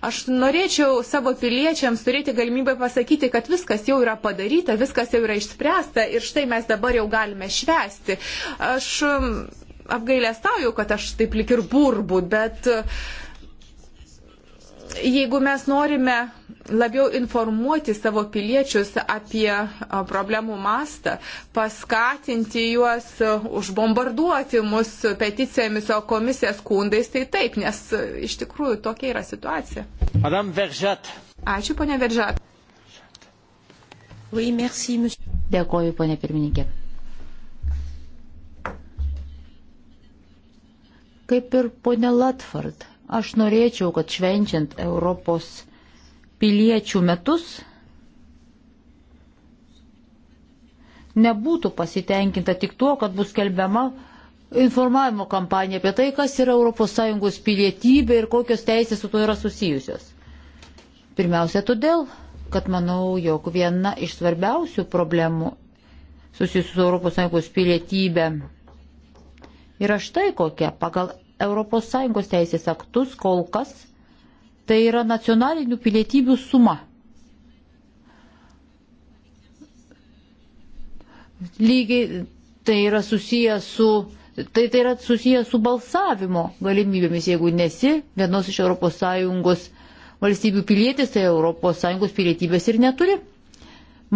Aš norėčiau savo piliečiams turėti galimybę pasakyti, kad viskas jau yra padaryta, viskas jau yra išspręsta ir štai mes dabar jau galime švesti. Aš mm, apgailestauju, kad aš taip lik ir burbu, bet e, jeigu mes norime labiau informuoti savo piliečius apie e, problemų mastą, paskatinti juos e, užbombarduoti mus peticijomis, o komisija skundais, tai taip, nes iš tikrųjų tokia yra situacija. Madame Veržat. Ačiū, ponia Veržat. Oui, merci, monsieur. Dėkoju, ponia pirmininkė. Kaip ir ponė Latford, aš norėčiau, kad švenčiant Europos piliečių metus nebūtų pasitenkinta tik tuo, kad bus kelbiama informavimo kampanija apie tai, kas yra ES pilietybė ir kokios teisės su to yra susijusios. Pirmiausia, todėl, kad manau, jog viena iš svarbiausių problemų susijusių su ES pilietybė yra štai kokia. Pagal ES teisės aktus kol kas tai yra nacionalinių pilietybių suma. Lygiai tai yra susijęs su Tai, tai yra susijęs su balsavimo galimybėmis. Jeigu nesi vienos iš ES valstybių pilietis, tai ES pilietybės ir neturi.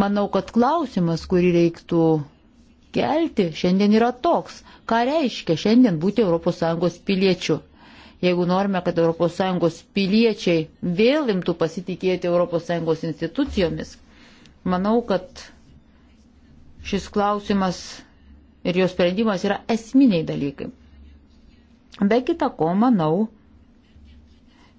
Manau, kad klausimas, kurį reiktų kelti šiandien yra toks. Ką reiškia šiandien būti ES piliečiu? Jeigu norime, kad ES piliečiai vėl imtų pasitikėti ES institucijomis, manau, kad šis klausimas ir jo sprendimas yra esminiai dalykai. Be kita ko, manau,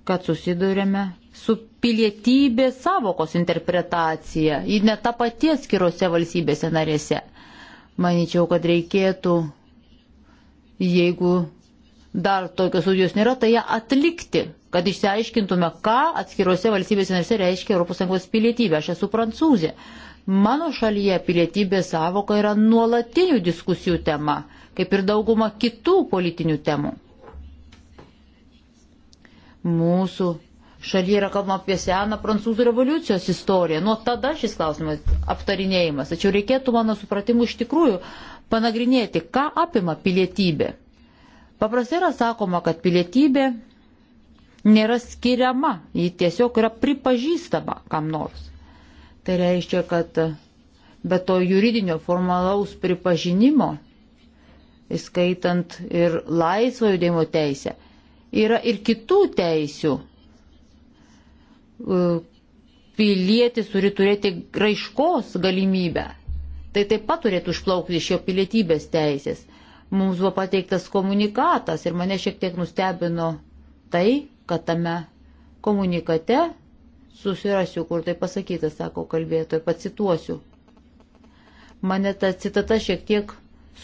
kad susidurėme su pilietybės savokos interpretacija, ji ne ta pati atskirose valstybėse narėse. Maničiau, kad reikėtų, jeigu dar tokios studijos nėra, tai ją atlikti, kad išsiaiškintume, ką atskiruose valstybėse narse reiškia ES pilietybė. Aš esu prancūzė. Mano šalyje pilietybės savoka yra nuolatinių diskusijų tema, kaip ir dauguma kitų politinių temų. Mūsų Šalyje yra kalbama apie seną prancūzų revoliucijos istoriją. Nuo tada šis klausimas aptarinėjimas. Tačiau reikėtų, mano supratimu, iš tikrųjų panagrinėti, ką apima pilietybė. Paprastai yra sakoma, kad pilietybė nėra skiriama, ji tiesiog yra pripažįstama kam nors. Tai reiškia, kad be to juridinio formalaus pripažinimo, įskaitant ir laisvo judėjimo teisę, yra ir kitų teisių E, pilietis turi turėti raiškos galimybę. Tai taip pat turėtų išplaukti iš jo pilietybės teisės. Mums buvo pateiktas komunikatas ir mane šiek tiek nustebino tai, kad tame komunikate susirasiu, kur tai pasakyta, sako kalbėtojai, pacituosiu. Mane ta citata šiek tiek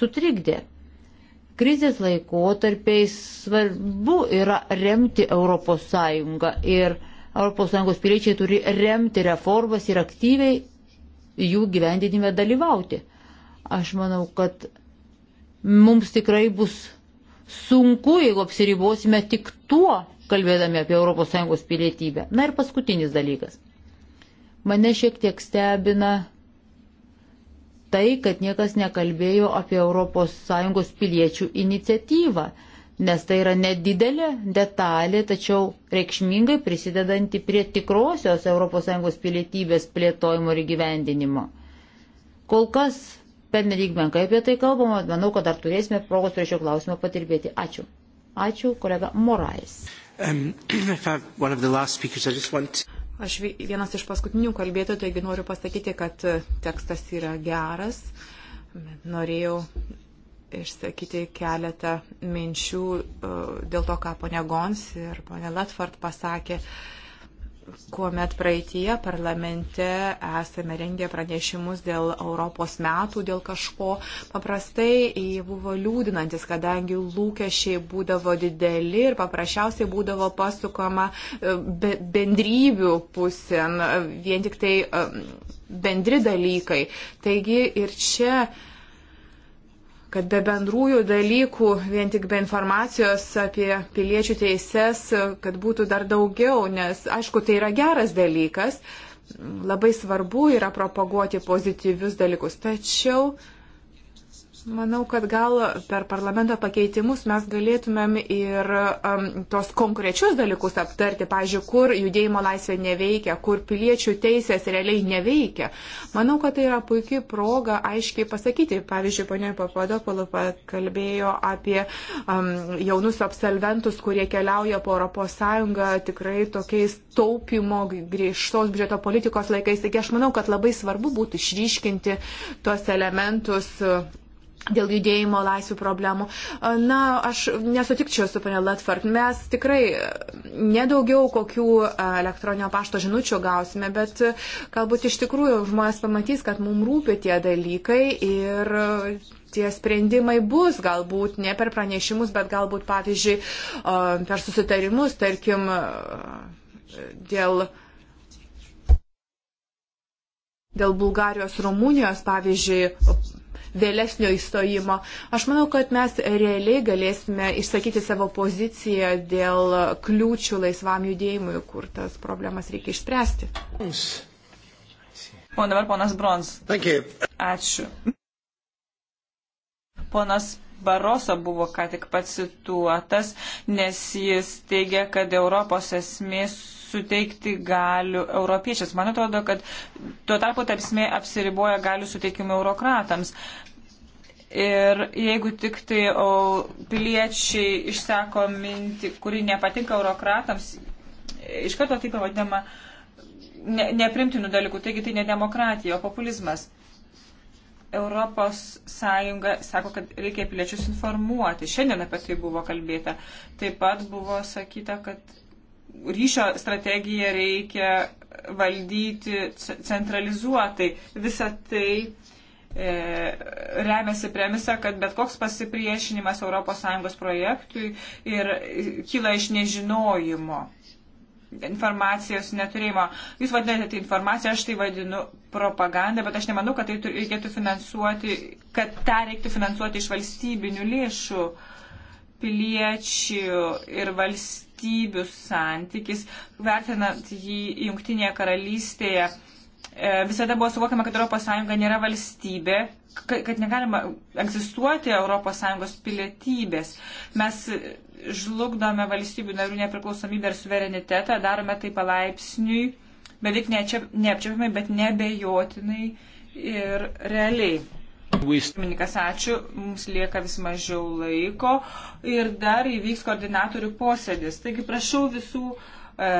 sutrikdė. Krizės laikotarpiais svarbu yra remti ES ir ES piliečiai turi remti reformas ir aktyviai jų gyvendinime dalyvauti. Aš manau, kad mums tikrai bus sunku, jeigu apsiribosime tik tuo, kalbėdami apie ES pilietybę. Na ir paskutinis dalykas. Mane šiek tiek stebina tai, kad niekas nekalbėjo apie ES piliečių iniciatyvą nes tai yra nedidelė detalė, tačiau reikšmingai prisidedanti prie tikrosios ES pilietybės plėtojimo ir gyvendinimo. Kol kas pernelyg menkai apie tai kalbama, manau, kad dar turėsime progos prie šio klausimo patirbėti. Ačiū. Ačiū, kolega Morais. Um, Aš vienas iš paskutinių kalbėtojų, taigi noriu pasakyti, kad uh, tekstas yra geras. Norėjau išsakyti keletą minčių e, dėl to, ką ponia Gons ir ponia Latford pasakė kuomet praeitie parlamente esame rengę pranešimus dėl Europos metų, dėl kažko, paprastai jie buvo liūdinantis, kadangi lūkesčiai būdavo dideli ir paprasčiausiai būdavo pasukama e, bendrybių pusėn, e, vien tik tai bendri dalykai. Taigi ir čia kad be bendrųjų dalykų, vien tik be informacijos apie piliečių teises, kad būtų dar daugiau, nes aišku, tai yra geras dalykas, labai svarbu yra propaguoti pozityvius dalykus, tačiau uh, Manau, kad gal per parlamento pakeitimus mes galėtumėm ir um, tos konkrečius dalykus aptarti, pavyzdžiui, kur judėjimo laisvė neveikia, kur piliečių teisės realiai neveikia. Manau, kad tai yra puikia proga aiškiai pasakyti. Pavyzdžiui, ponė Papadopolų kalbėjo apie um, jaunus absolventus, kurie keliauja po Europos Sąjungą tikrai tokiais taupimo griežtos biudžeto politikos laikais. Taigi aš manau, kad labai svarbu būtų išryškinti tuos elementus. Uh, dėl judėjimo laisvių problemų. Na, aš nesutikčiau su panė Latford. Mes tikrai nedaugiau kokių e, elektroninio pašto žinučių gausime, bet e, galbūt iš tikrųjų žmonės pamatys, kad mums rūpi tie dalykai ir tie sprendimai bus, galbūt ne per pranešimus, bet galbūt, pavyzdžiui, e, per susitarimus, tarkim, dėl dėl Bulgarijos, Rumunijos, pavyzdžiui, vėlesnio įstojimo. Aš manau, kad mes realiai galėsime išsakyti savo poziciją dėl kliūčių laisvam judėjimui, kur tas problemas reikia išspręsti. O dabar ponas Brons. Ačiū. Ponas Baroso buvo ką tik pacituotas, nes jis teigia, kad Europos esmės suteikti galių europiečiams. Man atrodo, kad tuo tarpu tapsmė apsiriboja galių suteikimą eurokratams. Ir jeigu tik tai o, piliečiai išsako mintį, kuri nepatinka eurokratams, iš karto tai pavadinama ne, neprimtinų dalykų, taigi tai ne demokratija, o populizmas. Europos Sąjunga sako, kad reikia piliečius informuoti. Šiandien apie tai buvo kalbėta. Taip pat buvo sakyta, kad ryšio strategiją reikia valdyti centralizuotai. Visą tai e, remiasi premisa, kad bet koks pasipriešinimas ES projektui ir e, kyla iš nežinojimo informacijos neturėjimo. Jūs vadinate tai informacija, aš tai vadinu propaganda, bet aš nemanau, kad tai reikėtų finansuoti, kad tą reiktų finansuoti iš valstybinių lėšų piliečių ir valstybinių valstybių santykis, vertinant jį Junktinėje karalystėje, e, visada buvo suvokiama, kad ES nėra valstybė, kad negalima egzistuoti ES pilietybės. Mes žlugdome valstybių narių nepriklausomybę ir suverenitetą, darome tai palaipsniui, beveik neapčiapiamai, bet nebejotinai ir realiai. Pirmininkas, ačiū. Mums lieka vis mažiau laiko ir dar įvyks koordinatorių posėdis. Taigi prašau visų. E,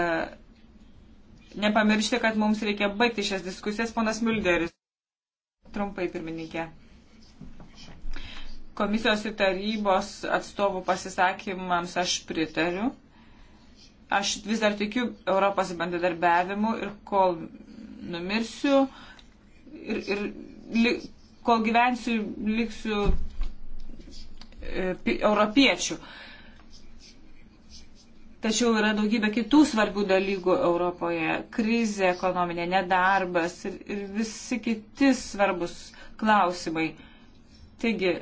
Nepamiršti, kad mums reikia baigti šias diskusijas, ponas Mulderis. Trumpai, pirmininkė komisijos ir tarybos atstovų pasisakymams aš pritariu. Aš vis dar tikiu Europos bendradarbiavimu ir kol numirsiu ir, ir li, kol gyvensiu, liksiu e, europiečių. Tačiau yra daugybė kitų svarbių dalykų Europoje - krizė ekonominė, nedarbas ir, ir visi kiti svarbus klausimai. Taigi,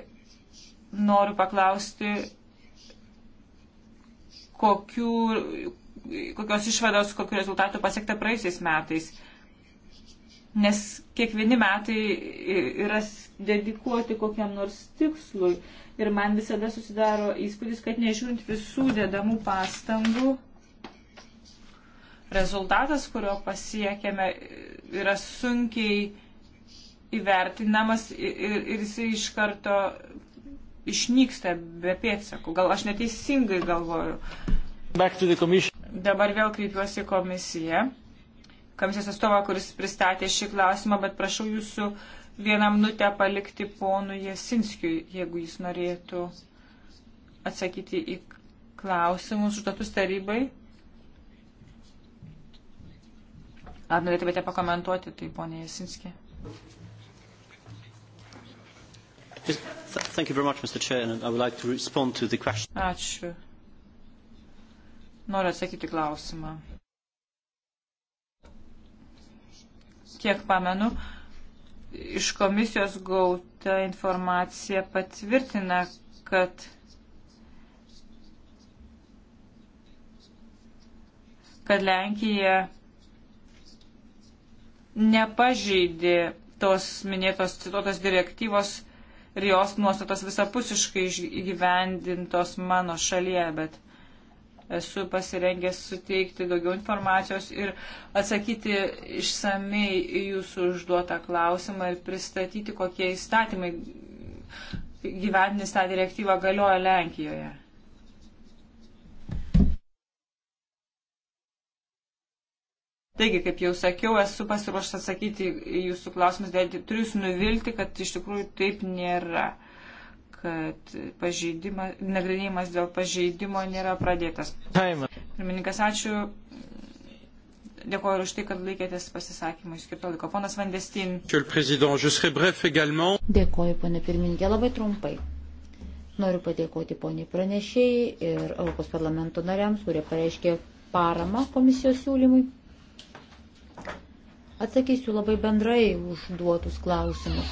noriu paklausti, kokių, kokios išvados, kokiu rezultatu pasiekta praeisiais metais nes kiekvieni metai yra dedikuoti kokiam nors tikslui. Ir man visada susidaro įspūdis, kad nežiūrint visų dedamų pastangų, rezultatas, kurio pasiekėme, yra sunkiai įvertinamas ir, ir, ir jisai iš karto išnyksta be pėdsakų. Gal aš neteisingai galvoju. Dabar vėl kreipiuosi į komisiją komisijos atstovą, kuris pristatė šį klausimą, bet prašau jūsų vieną minutę palikti ponui Jasinskiui, jeigu jis norėtų atsakyti į klausimus užduotus tarybai. Ar norėtumėte pakomentuoti tai, ponė Jasinskė? Ačiū. Noriu atsakyti klausimą. kiek pamenu, iš komisijos gauta informacija patvirtina, kad kad Lenkija nepažeidė tos minėtos cituotos direktyvos ir jos nuostatos visapusiškai įgyvendintos mano šalyje, bet esu pasirengęs suteikti daugiau informacijos ir atsakyti išsamei į jūsų užduotą klausimą ir pristatyti, kokie įstatymai gyvendinti tą direktyvą galioja Lenkijoje. Taigi, kaip jau sakiau, esu pasiruošęs atsakyti jūsų klausimus, bet turiu jūs nuvilti, kad iš tikrųjų taip nėra kad nagrinėjimas dėl pažeidimo nėra pradėtas. Pirmininkas, ačiū. Dėkuoju ir už tai, kad laikėtės pasisakymui skirto laiko. Ponas Vandestin. Dėkuoju, ponė pirmininkė, labai trumpai. Noriu padėkoti poniai pranešėjai ir Europos parlamento nariams, kurie pareiškė paramą komisijos siūlymui. Atsakysiu labai bendrai užduotus klausimus.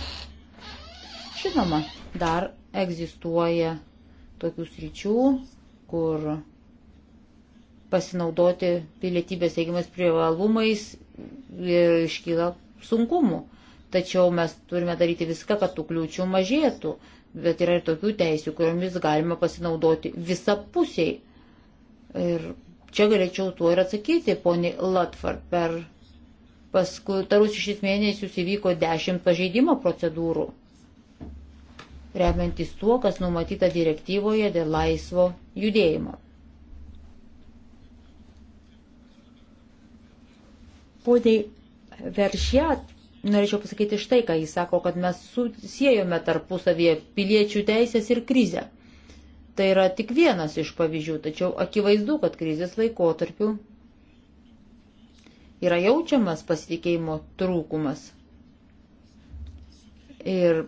Žinoma, dar egzistuoja tokių sričių, kur pasinaudoti pilietybės teigiamais privalumais ir iškyla sunkumų. Tačiau mes turime daryti viską, kad tų kliūčių mažėtų, bet yra ir tokių teisių, kuriomis galima pasinaudoti visapusiai. Ir čia galėčiau tuo ir atsakyti, poni Latford, per paskutarus šešis mėnesius įvyko dešimt pažeidimo procedūrų remiantis tuo, kas numatyta direktyvoje dėl laisvo judėjimo. Poniai Veršiat, norėčiau pasakyti štai, ką jis sako, kad mes susijėjome tarpusavyje piliečių teisės ir krizę. Tai yra tik vienas iš pavyzdžių, tačiau akivaizdu, kad krizės laikotarpiu yra jaučiamas pasitikėjimo trūkumas. Ir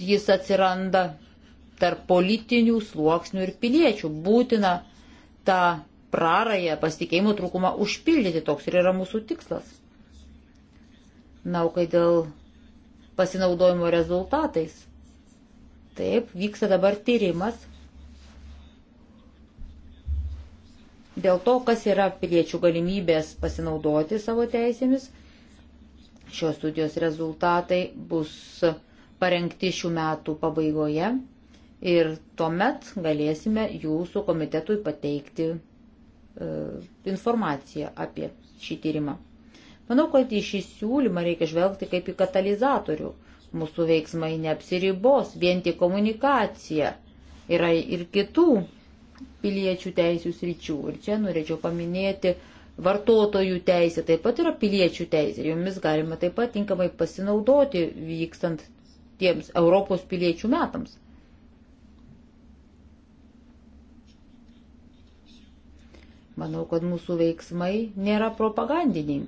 jis atsiranda tarp politinių sluoksnių ir piliečių. Būtina tą prarąją pasitikėjimo trūkumą užpildyti, toks ir yra mūsų tikslas. Na, o kai dėl pasinaudojimo rezultatais. Taip, vyksta dabar tyrimas dėl to, kas yra piliečių galimybės pasinaudoti savo teisėmis. Šios studijos rezultatai bus parengti šių metų pabaigoje ir tuomet galėsime jūsų komitetui pateikti e, informaciją apie šį tyrimą. Manau, kad į šį siūlymą reikia žvelgti kaip į katalizatorių. Mūsų veiksmai neapsiribos vien tik komunikacija. Yra ir kitų piliečių teisų sričių. Ir čia norėčiau paminėti vartotojų teisė, taip pat yra piliečių teisė. Jomis galima taip pat tinkamai pasinaudoti vykstant tiems Europos piliečių metams. Manau, kad mūsų veiksmai nėra propagandiniai,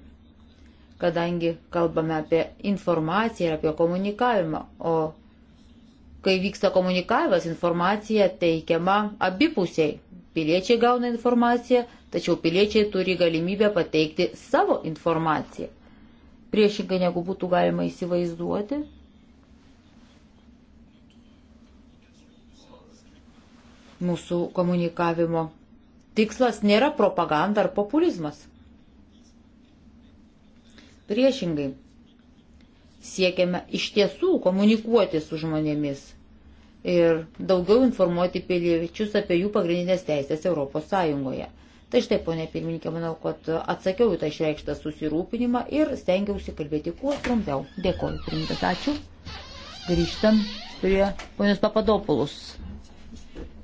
kadangi kalbame apie informaciją ir apie komunikavimą, o kai vyksta komunikavimas, informacija teikiama abipusiai. Piliečiai gauna informaciją, tačiau piliečiai turi galimybę pateikti savo informaciją. Priešingai negu būtų galima įsivaizduoti, Mūsų komunikavimo tikslas nėra propaganda ar populizmas. Priešingai, siekiame iš tiesų komunikuoti su žmonėmis ir daugiau informuoti piliečius apie jų pagrindinės teisės Europos Sąjungoje. Tai štai, ponė pirmininkė, manau, kad atsakiau į tą išreikštą susirūpinimą ir stengiausi kalbėti kuo trumpiau. Dėkoju, pirmininkas, ačiū. Grįžtam prie ponios Papadopoulos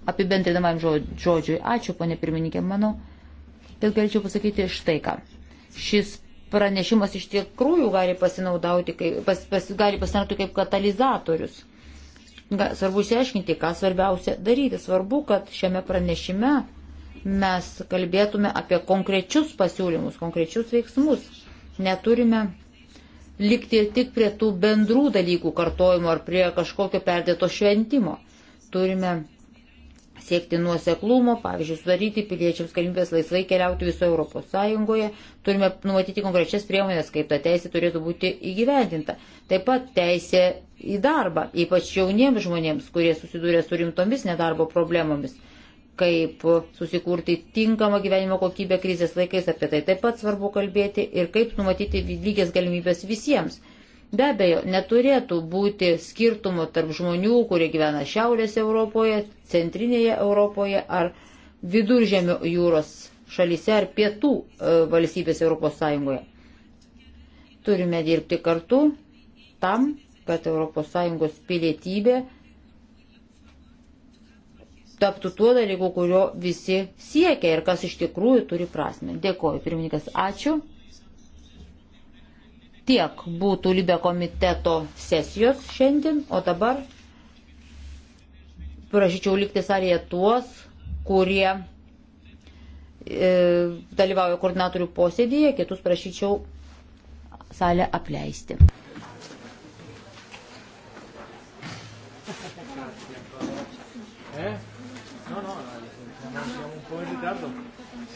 apibendrinamam žodžiui. Ačiū, ponė pirmininkė, manau, kad galėčiau pasakyti štai ką. Šis pranešimas iš tikrųjų gali pasinaudauti, kaip, pas, pas, gali pasinaudoti kaip katalizatorius. Svarbu išsiaiškinti, ką svarbiausia daryti. Svarbu, kad šiame pranešime mes kalbėtume apie konkrečius pasiūlymus, konkrečius veiksmus. Neturime likti tik prie tų bendrų dalykų kartojimo ar prie kažkokio perdėto šventimo. Turime siekti nuoseklumo, pavyzdžiui, sudaryti piliečiams galimybės laisvai keliauti viso Europos Sąjungoje, turime numatyti konkrečias priemonės, kaip ta teisė turėtų būti įgyvendinta. Taip pat teisė į darbą, ypač jauniems žmonėms, kurie susidūrė su rimtomis nedarbo problemomis kaip susikurti tinkamą gyvenimo kokybę krizės laikais, apie tai taip pat svarbu kalbėti ir kaip numatyti lygias galimybės visiems Be abejo, neturėtų būti skirtumo tarp žmonių, kurie gyvena Šiaurės Europoje, Centrinėje Europoje ar Viduržėmio jūros šalyse ar pietų e, valstybės Europos Sąjungoje. Turime dirbti kartu tam, kad Europos Sąjungos pilietybė taptų tuo dalyku, kurio visi siekia ir kas iš tikrųjų turi prasme. Dėkoju, pirmininkas, ačiū tiek būtų Libė komiteto sesijos šiandien, o dabar prašyčiau likti salėje tuos, kurie e, dalyvauja koordinatorių posėdėje, kitus prašyčiau salę apleisti. Eh? No, no, siamo un po' in ritardo.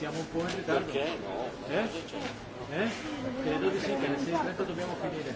Siamo un po' in ritardo. Perché? No. Eh? Eh? Alle 12 sì, che alle 6.30 dobbiamo finire.